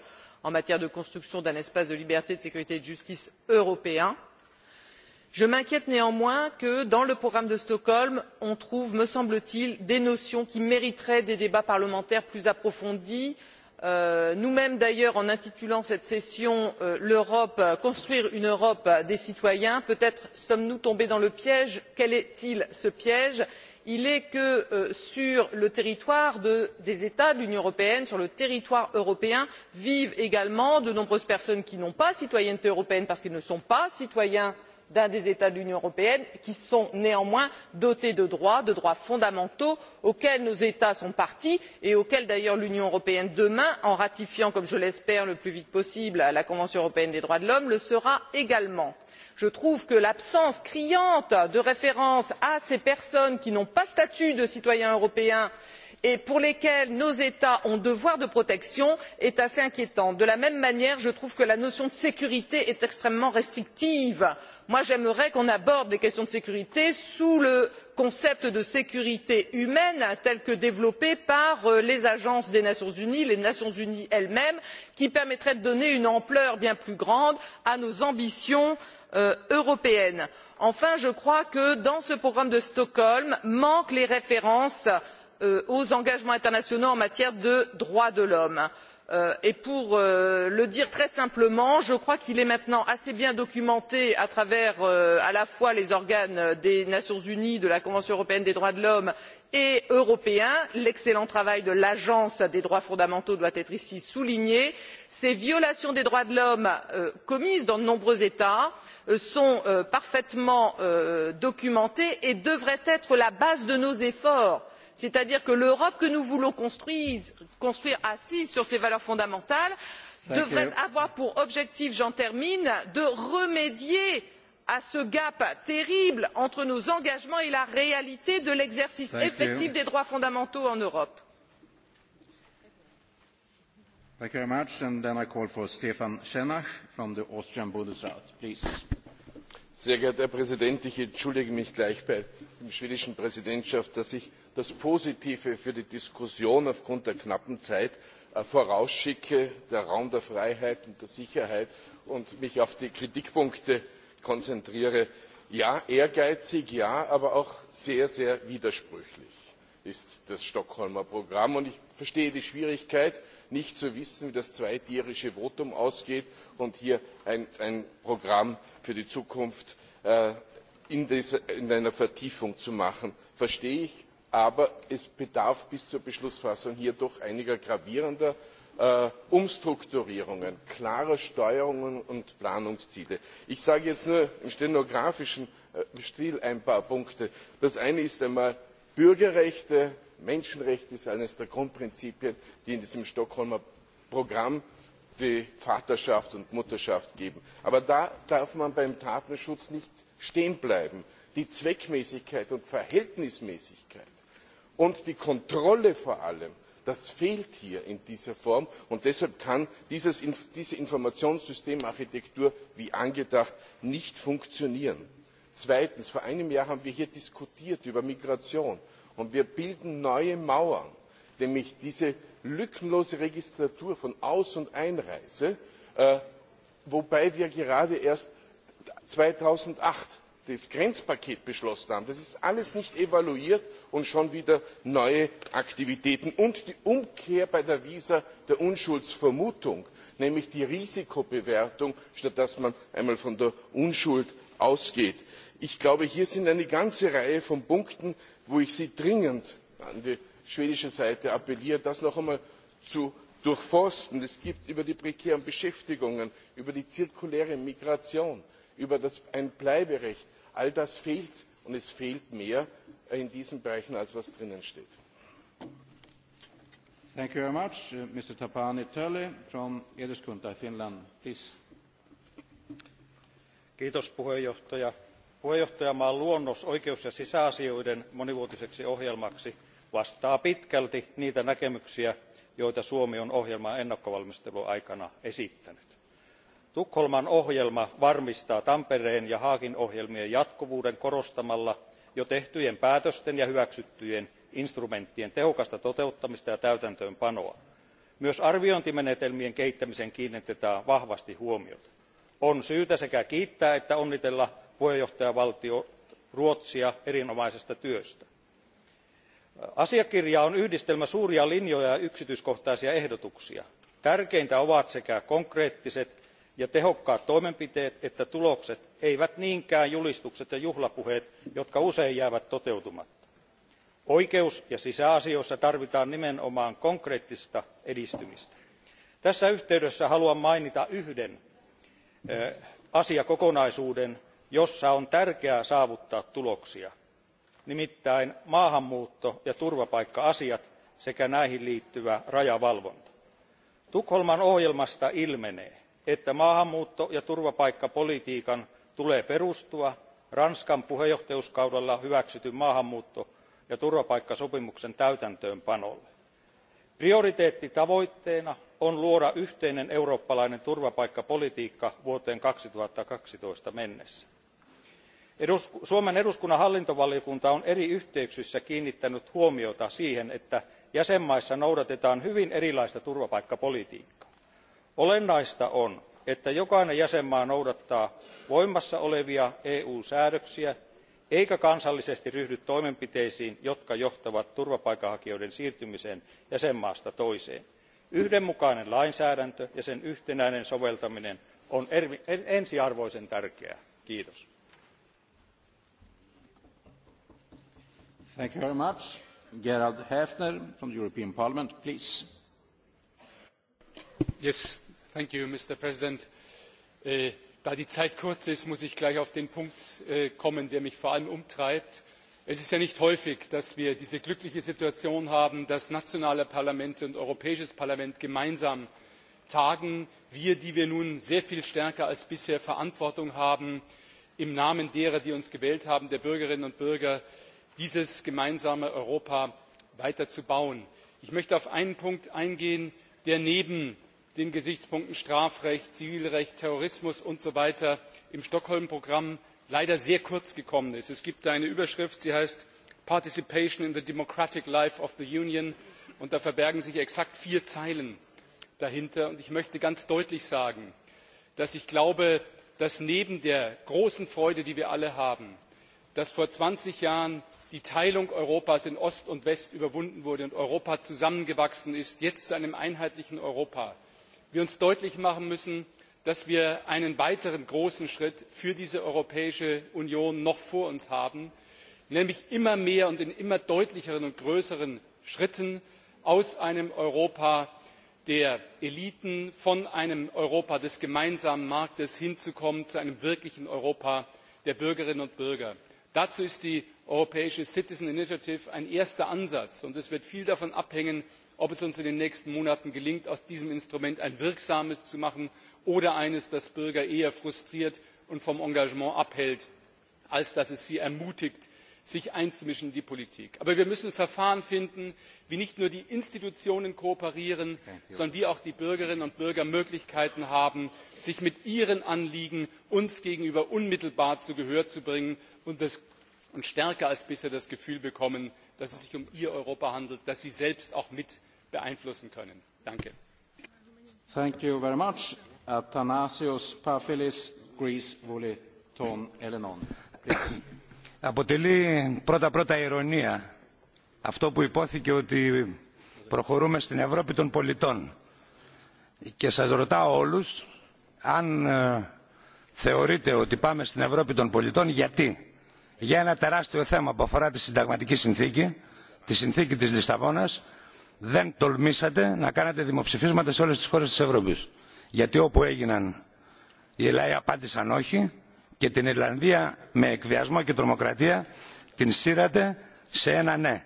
en matière de construction d'un espace de liberté de sécurité et de justice européen. je m'inquiète néanmoins que dans le programme de stockholm on trouve me semble t il des notions qui mériteraient des débats parlementaires plus approfondis Euh, nous mêmes d'ailleurs en intitulant cette session euh, euh, construire une europe des citoyens peut être sommes nous tombés dans le piège. quel est il ce piège? il est que sur le territoire des états de l'union européenne sur le territoire européen vivent également de nombreuses personnes qui n'ont pas de citoyenneté européenne parce qu'elles ne sont pas citoyens d'un des états de l'union européenne qui sont néanmoins dotés de droits de droits fondamentaux auxquels nos états sont parties et auxquels d'ailleurs l'union européenne demain en ratifiant comme je l'espère le plus vite possible la convention européenne des droits de l'homme le sera également. je trouve que l'absence criante de référence à ces personnes qui n'ont pas statut de citoyen européen et pour lesquels nos états ont devoir de protection est assez inquiétante. de la même manière je trouve que la notion de sécurité est extrêmement restrictive. j'aimerais qu'on aborde les questions de sécurité sous le concept de sécurité humaine tel que développé par euh, les agences des nations unies les nations unies elles mêmes qui permettrait de donner une ampleur bien plus grande à nos ambitions euh, européennes. enfin je crois que dans ce programme de stockholm manquent les références Euh, aux engagements internationaux en matière de droits de l'homme. Euh, et pour euh, le dire très simplement je crois qu'il est maintenant assez bien documenté à travers à la fois les organes des nations unies de la convention européenne des droits de l'homme et européen l'excellent travail de l'agence des droits fondamentaux doit être ici souligné ces violations des droits de l'homme commises dans de nombreux états sont parfaitement documentées et devraient être la base de nos efforts c'est à dire que l'europe que nous voulons construire, construire assise sur ces valeurs fondamentales devrait avoir pour objectif j'en termine de remédier à ce gap terrible entre nos engagements et la réalité de l'exercice effectif des droits fondamentaux en europe. sehr geehrter herr präsident! ich entschuldige mich gleich bei der schwedischen präsidentschaft dass ich das Positive für die Diskussion aufgrund der knappen Zeit äh, vorausschicke, der Raum der Freiheit und der Sicherheit und mich auf die Kritikpunkte konzentriere. Ja, ehrgeizig, ja, aber auch sehr, sehr widersprüchlich ist das Stockholmer Programm. Und ich verstehe die Schwierigkeit, nicht zu wissen, wie das zweitjährige Votum ausgeht und hier ein, ein Programm für die Zukunft äh, in, dieser, in einer Vertiefung zu machen. Verstehe ich aber es bedarf bis zur Beschlussfassung hier doch einiger gravierender äh, Umstrukturierungen, klarer Steuerungen und Planungsziele. Ich sage jetzt nur im stenografischen äh, Stil ein paar Punkte. Das eine ist einmal Bürgerrechte, Menschenrechte sind eines der Grundprinzipien, die in diesem Stockholmer Programm die Vaterschaft und Mutterschaft geben. Aber da darf man beim Datenschutz nicht stehen bleiben. Die Zweckmäßigkeit und Verhältnismäßigkeit und die kontrolle vor allem das fehlt hier in dieser form und deshalb kann dieses, diese informationssystemarchitektur wie angedacht nicht funktionieren. zweitens vor einem jahr haben wir hier diskutiert über migration und wir bilden neue mauern nämlich diese lückenlose registratur von aus und einreise äh, wobei wir gerade erst zweitausendacht das grenzpaket beschlossen haben. das ist alles nicht evaluiert und schon wieder neue aktivitäten und die umkehr bei der visa der unschuldsvermutung nämlich die risikobewertung statt dass man einmal von der unschuld ausgeht. ich glaube hier sind eine ganze reihe von punkten wo ich sie dringend an die schwedische seite appelliere das noch einmal zu durchforsten. es gibt über die prekären beschäftigungen über die zirkuläre migration über das einbleiberecht all das fehlt und es fehlt mehr in diesen bereichen als was drinnen steht. Thank you very much, uh, Mr. Tapani Tölle from Eduskunta, Finland. Please. Kiitos puheenjohtaja. Puheenjohtajamaan luonnos oikeus- ja sisäasioiden monivuotiseksi ohjelmaksi vastaa pitkälti niitä näkemyksiä, joita Suomi on ohjelman ennakkovalmistelun aikana esittänyt tukholman ohjelma varmistaa tampereen ja haagin ohjelmien jatkuvuuden korostamalla jo tehtyjen päätösten ja hyväksyttyjen instrumenttien tehokasta toteuttamista ja täytäntöönpanoa. myös arviointimenetelmien kehittämiseen kiinnitetään vahvasti huomiota. on syytä sekä kiittää että onnitella puheenjohtajavaltio ruotsia erinomaisesta työstä. asiakirja on yhdistelmä suuria linjoja ja yksityiskohtaisia ehdotuksia. tärkeintä ovat sekä konkreettiset ja tehokkaat toimenpiteet että tulokset eivät niinkään julistukset ja juhlapuheet jotka usein jäävät toteutumatta. oikeus ja sisäasioissa tarvitaan nimenomaan konkreettista edistymistä. tässä yhteydessä haluan mainita yhden asiakokonaisuuden jossa on tärkeää saavuttaa tuloksia nimittäin maahanmuutto ja turvapaikka asiat sekä näihin liittyvä rajavalvonta. tukholman ohjelmasta ilmenee että maahanmuutto ja turvapaikkapolitiikan tulee perustua ranskan puheenjohtajuuskaudella hyväksytyn maahanmuutto ja turvapaikkasopimuksen täytäntöönpanolle. prioriteettitavoitteena on luoda yhteinen eurooppalainen turvapaikkapolitiikka vuoteen kaksituhatta kaksitoista mennessä. suomen eduskunnan hallintovaliokunta on eri yhteyksissä kiinnittänyt huomiota siihen että jäsenmaissa noudatetaan hyvin erilaista turvapaikkapolitiikkaa olennaista on että jokainen jäsenmaa noudattaa voimassa olevia eu säädöksiä eikä kansallisesti ryhdy toimenpiteisiin jotka johtavat turvapaikanhakijoiden siirtymiseen jäsenmaasta toiseen. yhdenmukainen lainsäädäntö ja sen yhtenäinen soveltaminen on ensiarvoisen tärkeää. kiitos. Herr Mr. President. Äh, da die Zeit kurz ist, muss ich gleich auf den Punkt äh, kommen, der mich vor allem umtreibt. Es ist ja nicht häufig, dass wir diese glückliche Situation haben, dass nationale Parlamente und Europäisches Parlament gemeinsam tagen. Wir, die wir nun sehr viel stärker als bisher Verantwortung haben, im Namen derer, die uns gewählt haben, der Bürgerinnen und Bürger, dieses gemeinsame Europa weiterzubauen. Ich möchte auf einen Punkt eingehen, der neben den gesichtspunkten strafrecht zivilrecht terrorismus und so weiter im stockholm programm leider sehr kurz gekommen ist. es gibt eine überschrift die heißt participation in the democratic life of the union und da verbergen sich exakt vier zeilen dahinter. ich möchte ganz deutlich sagen dass ich glaube dass neben der großen freude die wir alle haben dass vor zwanzig jahren die teilung europas in ost und west überwunden wurde und europa zusammengewachsen ist jetzt zu einem einheitlichen europa wir uns deutlich machen müssen dass wir einen weiteren großen schritt für diese europäische union noch vor uns haben nämlich immer mehr und in immer deutlicheren und größeren schritten aus einem europa der eliten von einem europa des gemeinsamen marktes hinzukommen zu einem wirklichen europa der bürgerinnen und bürger. dazu ist die europäische citizen initiative ein erster ansatz und es wird viel davon abhängen ob es uns in den nächsten monaten gelingt aus diesem instrument ein wirksames zu machen oder eines das bürger eher frustriert und vom engagement abhält als dass es sie ermutigt sich einzumischen in die politik. aber wir müssen verfahren finden wie nicht nur die institutionen kooperieren sondern wie auch die bürgerinnen und bürger möglichkeiten haben sich mit ihren anliegen uns gegenüber unmittelbar zu gehör zu bringen und, und stärker als bisher das gefühl bekommen dass es sich um ihr europa handelt dass sie selbst auch mit beeinflussen können. Danke. Thank you very much. Athanasios Greece, [COUGHS] Αποτελεί πρώτα-πρώτα ηρωνία αυτό που υπόθηκε ότι προχωρούμε στην Ευρώπη των πολιτών. Και σας ρωτάω όλους αν θεωρείτε ότι πάμε στην Ευρώπη των πολιτών γιατί. Για ένα τεράστιο θέμα που αφορά τη συνταγματική συνθήκη, τη συνθήκη της Λισαβόνας, δεν τολμήσατε να κάνετε δημοψηφίσματα σε όλες τις χώρες της Ευρώπης. Γιατί όπου έγιναν οι Ελλάδοι απάντησαν όχι και την Ιρλανδία με εκβιασμό και τρομοκρατία την σύρατε σε ένα ναι.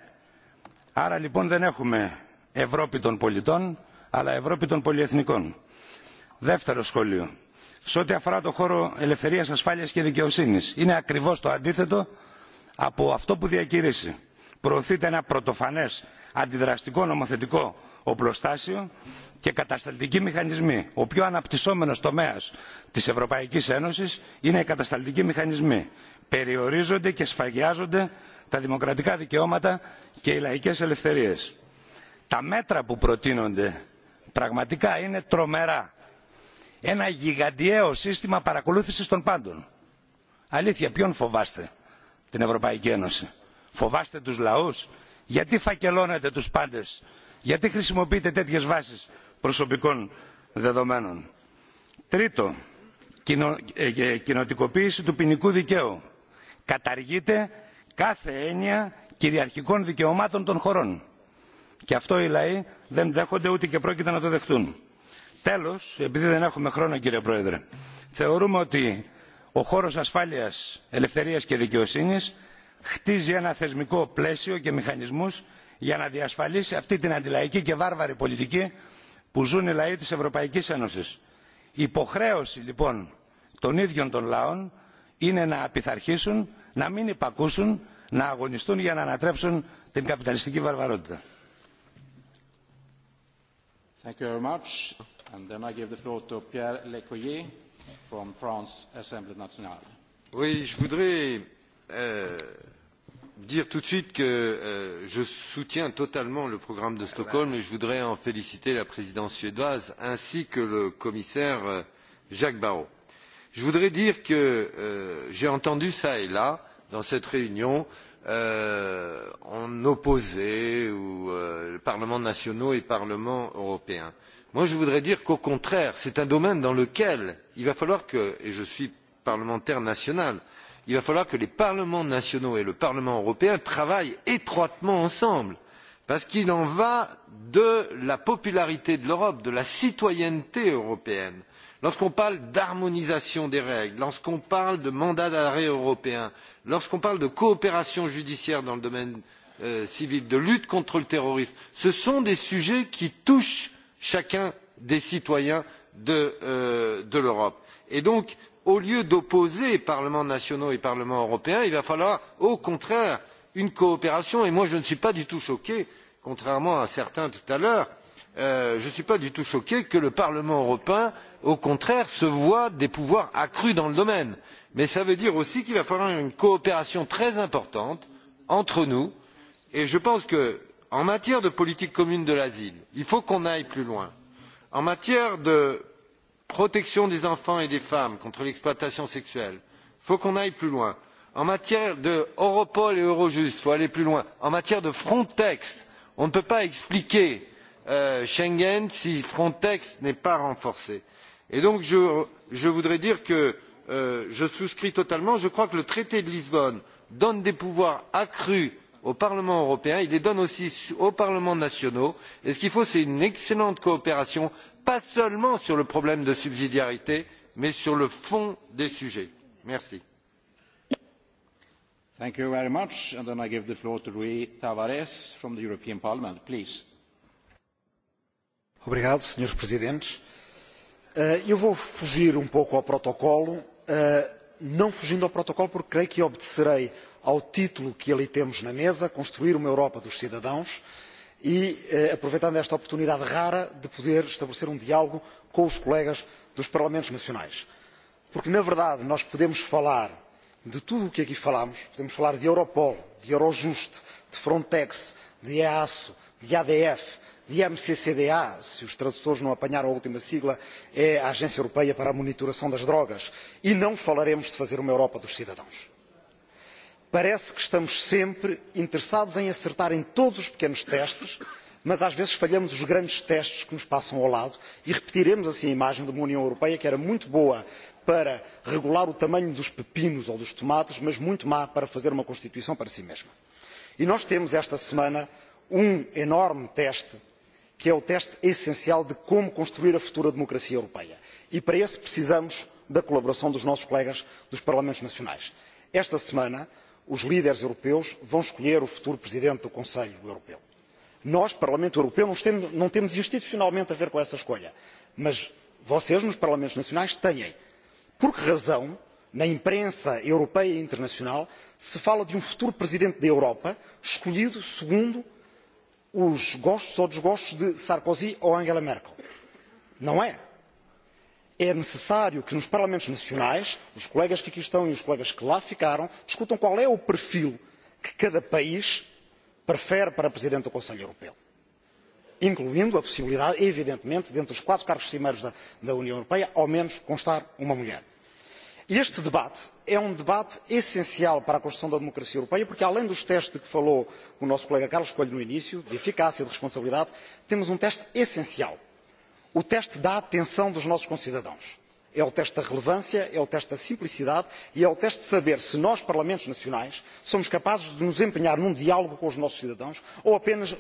Άρα λοιπόν δεν έχουμε Ευρώπη των πολιτών, αλλά Ευρώπη των πολιεθνικών. Δεύτερο σχόλιο. Σε ό,τι αφορά το χώρο ελευθερίας, ασφάλειας και δικαιοσύνης, είναι ακριβώς το αντίθετο από αυτό που διακηρύσει. Προωθείται ένα πρωτοφανές αντιδραστικό νομοθετικό οπλοστάσιο και κατασταλτικοί μηχανισμοί. Ο πιο αναπτυσσόμενος τομέας της Ευρωπαϊκής Ένωσης είναι οι κατασταλτικοί μηχανισμοί. Περιορίζονται και σφαγιάζονται τα δημοκρατικά δικαιώματα και οι λαϊκές ελευθερίες. Τα μέτρα που προτείνονται πραγματικά είναι τρομερά. Ένα γιγαντιαίο σύστημα παρακολούθησης των πάντων. Αλήθεια, ποιον φοβάστε την Ευρωπαϊκή Ένωση. Φοβάστε τους λαούς, Γιατί φακελώνετε τους πάντες. Γιατί χρησιμοποιείτε τέτοιες βάσεις προσωπικών δεδομένων. Τρίτο, κοινο, ε, κοινοτικοποίηση του ποινικού δικαίου. Καταργείται κάθε έννοια κυριαρχικών δικαιωμάτων των χωρών. Και αυτό οι λαοί δεν δέχονται ούτε και πρόκειται να το δεχτούν. Τέλος, επειδή δεν έχουμε χρόνο κύριε Πρόεδρε, θεωρούμε ότι ο χώρος ασφάλειας, ελευθερίας και δικαιοσύνης χτίζει ένα θεσμικό πλαίσιο και μηχανισμούς για να διασφαλίσει αυτή την αντιλαϊκή και βάρβαρη πολιτική που ζουν οι λαοί της Ευρωπαϊκής Ένωσης. Η υποχρέωση λοιπόν των ίδιων των λαών είναι να απειθαρχήσουν, να μην υπακούσουν, να αγωνιστούν για να ανατρέψουν την καπιταλιστική βαρβαρότητα. Thank you very much. And then I give the floor to Pierre Lecoyer from France Assembly Nationale. Oui, je voudrais Euh, dire tout de suite que euh, je soutiens totalement le programme de Stockholm et je voudrais en féliciter la présidence suédoise ainsi que le commissaire euh, Jacques Barrot. Je voudrais dire que euh, j'ai entendu ça et là, dans cette réunion, euh, on opposait ou, euh, parlements nationaux et parlements européens. Moi, je voudrais dire qu'au contraire, c'est un domaine dans lequel il va falloir que, et je suis parlementaire national, euh, il va falloir que les parlements nationaux et le Parlement européen travaillent étroitement ensemble, parce qu'il en va de la popularité de l'Europe, de la citoyenneté européenne. Lorsqu'on parle d'harmonisation des règles, lorsqu'on parle de mandat d'arrêt européen, lorsqu'on parle de coopération judiciaire dans le domaine euh, civil, de lutte contre le terrorisme, ce sont des sujets qui touchent chacun des citoyens de, euh, de l'Europe. Et donc, au lieu d'opposer parlements nationaux et parlement européen, il va falloir au contraire une coopération. Et moi, je ne suis pas du tout choqué, contrairement à certains tout à l'heure, euh, je ne suis pas du tout choqué que le Parlement européen, au contraire, se voie des pouvoirs accrus dans le domaine. Mais cela veut dire aussi qu'il va falloir une coopération très importante entre nous. Et je pense que, en matière de politique commune de l'asile, il faut qu'on aille plus loin. En matière de protection des enfants et des femmes contre l'exploitation sexuelle. Il faut qu'on aille plus loin. En matière d'Europol et Eurojust, il faut aller plus loin. En matière de Frontex, on ne peut pas expliquer euh, Schengen si Frontex n'est pas renforcé. Et donc je, je voudrais dire que euh, je souscris totalement. Je crois que le traité de Lisbonne donne des pouvoirs accrus au Parlement européen, il les donne aussi aux parlements nationaux. Et ce qu'il faut, c'est une excellente coopération pas seulement sur le problème de subsidiarité, mais sur le fond des sujets. Merci. Thank you very much. And then I give the floor to Rui Tavares from the European Parliament, please. Obrigado, Sr. Eh, eu vou fugir um pouco ao protocolo, eh, não fugindo ao protocolo porque creio que obedecerei ao título que ali temos na mesa, Construir uma Europa dos Cidadãos, uh, e, eh, aproveitando esta oportunidade rara de poder estabelecer um diálogo com os colegas dos Parlamentos Nacionais. Porque, na verdade, nós podemos falar de tudo o que aqui falamos, podemos falar de Europol, de Eurojust, de Frontex, de EASO, de ADF, de MCCDA, se os tradutores não apanharam a última sigla, é a Agência Europeia para a Monitoração das Drogas, e não falaremos de fazer uma Europa dos Cidadãos. Parece que estamos sempre interessados em acertar em todos os pequenos testes, mas às vezes falhamos os grandes testes que nos passam ao lado e repetiremos assim a imagem de uma União Europeia que era muito boa para regular o tamanho dos pepinos ou dos tomates, mas muito má para fazer uma Constituição para si mesma. E nós temos esta semana um enorme teste, que é o teste essencial de como construir a futura democracia europeia. E para isso precisamos da colaboração dos nossos colegas dos Parlamentos Nacionais. Esta semana, os líderes europeus vão escolher o futuro presidente do Conselho Europeu. Nós, Parlamento Europeu, não temos institucionalmente a ver com essa escolha, mas vocês nos Parlamentos Nacionais têm. Por que razão, na imprensa europeia e internacional, se fala de um futuro presidente da Europa escolhido segundo os gostos ou desgostos de Sarkozy ou Angela Merkel? Não é é necessário que nos Parlamentos Nacionais, os colegas que aqui estão e os colegas que lá ficaram, discutam qual é o perfil que cada país prefere para Presidente do Conselho Europeu. Incluindo a possibilidade, evidentemente, dentre os quatro cargos cimeiros da, da União Europeia, ao menos constar uma mulher. E este debate é um debate essencial para a construção da democracia europeia, porque além dos testes de que falou o nosso colega Carlos Coelho no início, de eficácia e de responsabilidade, temos um teste essencial O teste da atenção dos nossos concidadãos. É o teste da relevância, é o teste da simplicidade e é o teste de saber se nós, Parlamentos Nacionais, somos capazes de nos empenhar num diálogo com os nossos cidadãos ou apenas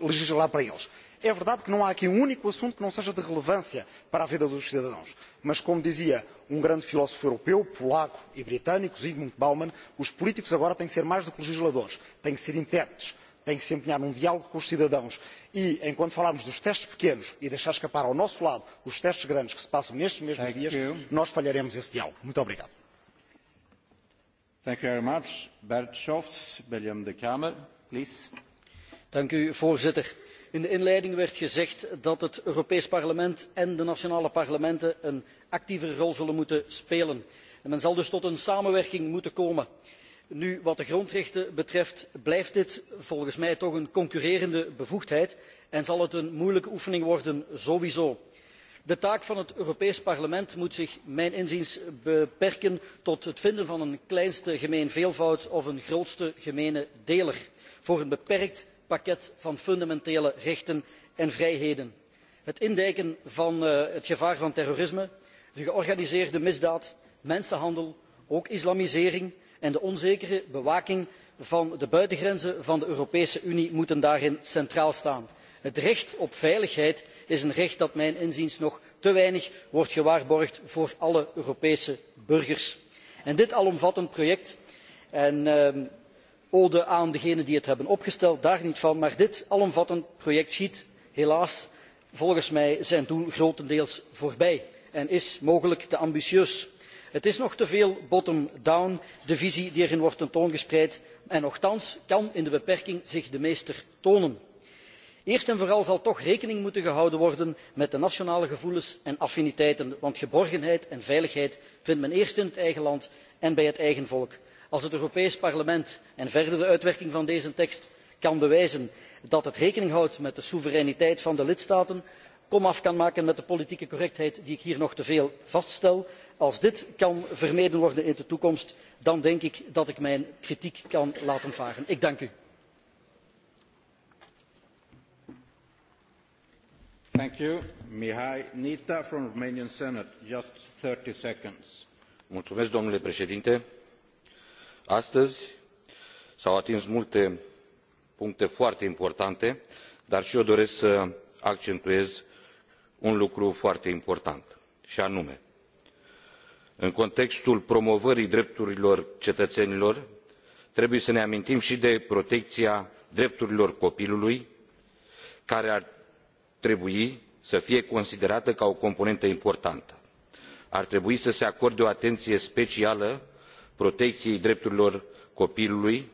legislar para eles. É verdade que não há aqui um único assunto que não seja de relevância para a vida dos cidadãos. Mas, como dizia um grande filósofo europeu, polaco e britânico, Zygmunt Bauman, os políticos agora têm que ser mais do que legisladores, têm que ser intérpretes tem que se empenhar num diálogo com os cidadãos. E, enquanto falarmos dos testes pequenos e deixar escapar ao nosso lado os testes grandes que se passam nestes mesmos Thank dias, you. nós falharemos esse diálogo. Muito obrigado. Thank you very much. Bert Schofs, William de Kamer, please. Dank u, voorzitter. In de inleiding werd gezegd dat het Europees Parlement en de nationale parlementen een actievere rol zullen moeten spelen. En men zal dus tot een samenwerking moeten komen. Nu, wat de grondrechten betreft blijft dit volgens mij toch een concurrerende bevoegdheid en zal het een moeilijke oefening worden sowieso. De taak van het Europees Parlement moet zich, mijn inziens, beperken tot het vinden van een kleinste gemeen veelvoud of een grootste gemene deler voor een beperkt pakket van fundamentele rechten en vrijheden. Het indijken van eh, het gevaar van terrorisme, de georganiseerde misdaad, mensenhandel, ook islamisering en de onzekere bewaking van de buitengrenzen van de Europese Unie moeten daarin centraal staan. Het recht op veiligheid is een recht dat mijn inziens nog te weinig wordt gewaarborgd voor alle Europese burgers. En dit alomvattend project en ehm, ode aan degenen die het hebben opgesteld, daar niet van, maar dit alomvattend project schiet helaas volgens mij zijn doel grotendeels voorbij en is mogelijk te ambitieus het is nog te veel bottom down de visie die erin wordt tentoongespreid en nochtans kan in de beperking zich de meester tonen. eerst en vooral zal toch rekening moeten gehouden worden met de nationale gevoelens en affiniteiten want geborgenheid en veiligheid vindt men eerst in het eigen land en bij het eigen volk. als het europees parlement en verder de uitwerking van deze tekst kan bewijzen dat het rekening houdt met de soevereiniteit van de lidstaten komaf kan maken met de politieke correctheid die ik hier nog te veel vaststel als dit kan vermeden worden in de toekomst dan denk ik dat ik mijn kritiek kan laten varen. ik dank u. domnule președinte. Astăzi s-au atins multe puncte foarte importante, dar și eu doresc să accentuez un lucru foarte important, și anume În contextul promovării drepturilor cetățenilor, trebuie să ne amintim și de protecția drepturilor copilului, care ar trebui să fie considerată ca o componentă importantă. Ar trebui să se acorde o atenție specială protecției drepturilor copilului,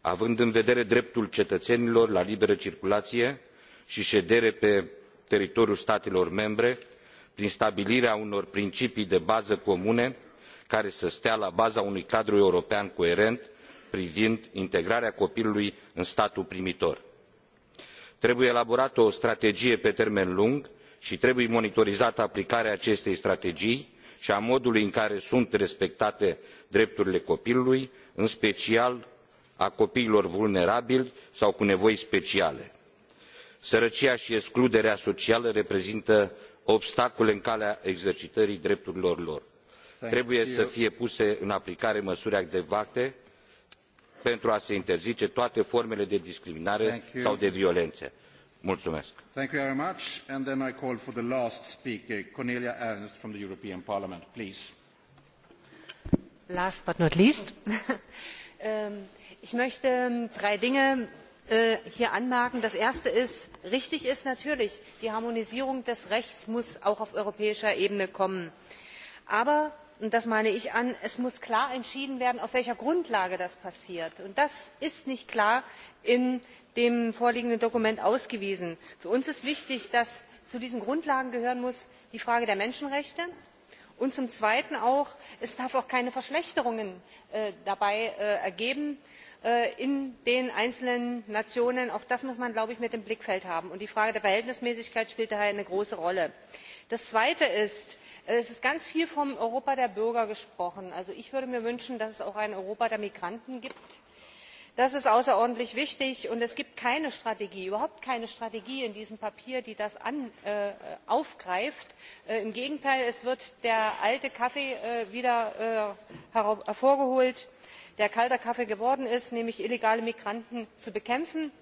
având în vedere dreptul cetățenilor la liberă circulație și ședere pe teritoriul statelor membre, prin stabilirea unor principii de bază comune care să stea la baza unui cadru european coerent privind integrarea copilului în statul primitor. trebuie elaborată o strategie pe termen lung i trebuie monitorizată aplicarea acestei strategii i a modului în care sunt respectate drepturile copilului în special a copiilor vulnerabili sau cu nevoi speciale. sărăcia i excluderea socială reprezintă obstacole în calea exercitării drepturilor lor. Trebuie să fie puse în aplicare măsuri adecvate pentru a se interzice toate formele de discriminare sau de violențe. Mulțumesc. Thank you very much. And then I call for the last speaker, Cornelia Ernst from the European Parliament, please. Last but not least. [LAUGHS] Um, ich möchte um, drei Dinge Äh, hier anmerken. Das erste ist, richtig ist natürlich, die Harmonisierung des Rechts muss auch auf europäischer Ebene kommen. Aber, und das meine ich an, es muss klar entschieden werden, auf welcher Grundlage das passiert. Und das ist nicht klar in dem vorliegenden Dokument ausgewiesen. Für uns ist wichtig, dass zu diesen Grundlagen gehören muss die Frage der Menschenrechte, Und zum Zweiten auch, es darf auch keine Verschlechterungen äh, dabei äh, ergeben. Äh, in den einzelnen nationen auch das muss man glaube ich mit im blickfeld haben und die frage der verhältnismäßigkeit spielt daher eine große rolle. das zweite ist äh, es ist ganz viel vom europa der bürger gesprochen. also ich würde mir wünschen dass es auch ein europa der migranten gibt. das ist außerordentlich wichtig und es gibt keine strategie überhaupt keine strategie in diesem papier die das äh, aufgreift. im gegenteil es wird der alte kaffee wieder hervorgeholt der kalter kaffee geworden ist nämlich illegale migranten zu bekämpfen.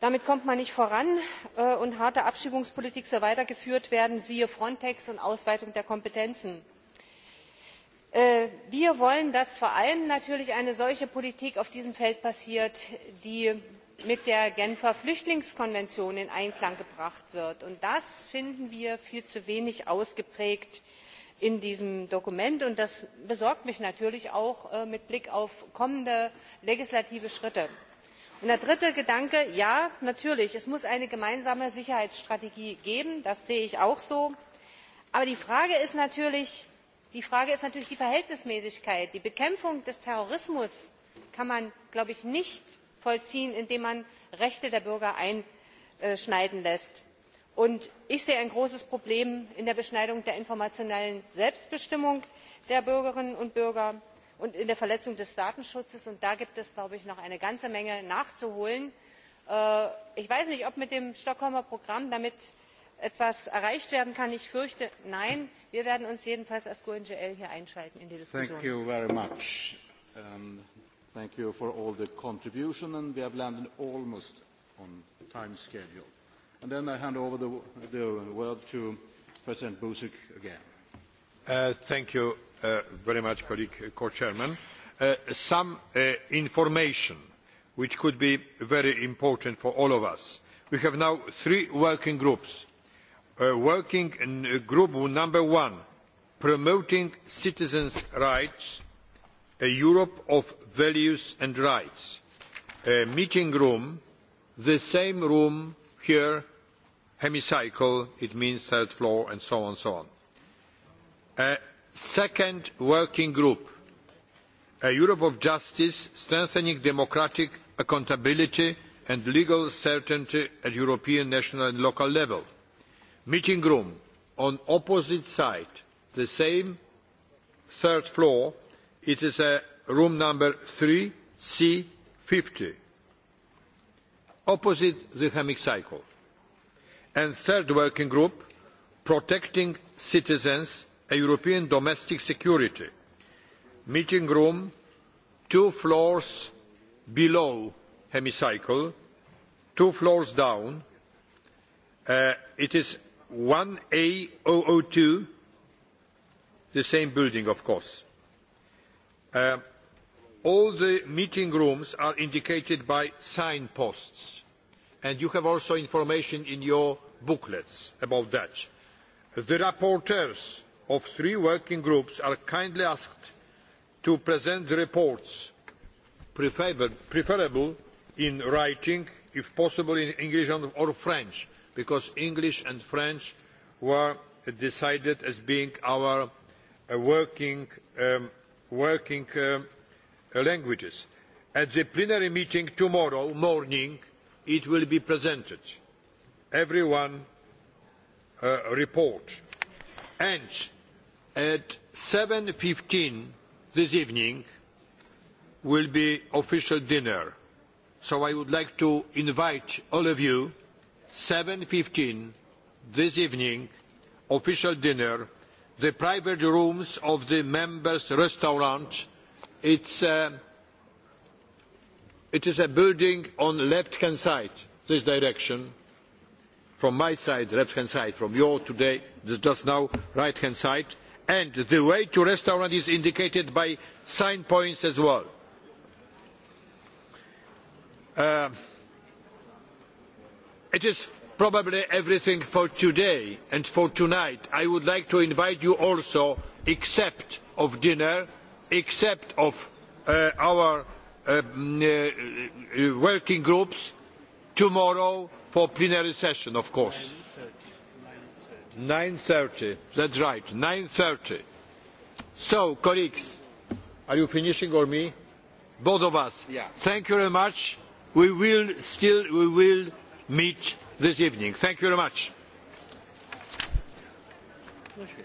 damit kommt man nicht voran äh, und harte abschiebungspolitik soll weitergeführt werden siehe frontex und ausweitung der kompetenzen. Äh, wir wollen dass vor allem natürlich eine solche politik auf diesem feld passiert die mit der genfer flüchtlingskonvention in einklang gebracht wird und das finden wir viel zu wenig ausgeprägt in diesem Dokument. Und das besorgt mich natürlich auch äh, mit Blick auf kommende legislative Schritte. der dritte Gedanke, ja, natürlich, es muss eine gemeinsame Sicherheitsstrategie geben, das sehe ich auch so. Aber die Frage ist natürlich, die Frage ist natürlich die Verhältnismäßigkeit. Die Bekämpfung des Terrorismus kann man, glaube ich, nicht vollziehen, indem man Rechte der Bürger einschneiden lässt und ich sehe ein großes problem in der beschneidung der informationellen selbstbestimmung der bürgerinnen und bürger und in der verletzung des datenschutzes und da gibt es glaube ich noch eine ganze menge nachzuholen. Äh, ich weiß nicht ob mit dem stockholmer programm damit etwas erreicht werden kann ich fürchte nein. wir werden uns jedenfalls als gue ngl hier einschalten in die diskussion. And then I hand over the, the word to President Busek again. Uh, thank you uh, very much, colleague uh, co-chairman. Uh, some uh, information which could be very important for all of us. We have now three working groups. Uh, working in, uh, group number one, promoting citizens' rights, a Europe of values and rights. A uh, meeting room, the same room here hemicycle, it means third floor, and so on and so on. A second working group, a Europe of justice, strengthening democratic accountability and legal certainty at European, national and local level. Meeting room on opposite side, the same third floor, it is a room number three c fifty, opposite the hemicycle and third working group protecting citizens a european domestic security meeting room two floors below hemicycle two floors down uh, it is one a two the same building of course uh, all the meeting rooms are indicated by signposts and you have also information in your booklets about that. The rapporteurs of three working groups are kindly asked to present the reports, preferable in writing, if possible in English or French, because English and French were decided as being our uh, working, um, working um, uh, languages. At the plenary meeting tomorrow morning, it will be presented everyone uh, report and at 7.15 this evening will be official dinner so i would like to invite all of you 7.15 this evening official dinner the private rooms of the members restaurant it's uh, It is a building on the left hand side, this direction. From my side, left hand side, from your today, just now, right hand side. And the way to restaurant is indicated by sign points as well. Uh, it is probably everything for today and for tonight. I would like to invite you also, except of dinner, except of uh, our Uh, uh, working groups tomorrow for plenary session, of course. 9.30. That's right, 9.30. So, colleagues, are you finishing or me? Both of us. Yeah. Thank you very much. We will still, we will meet this evening. Thank you very much. Thank you.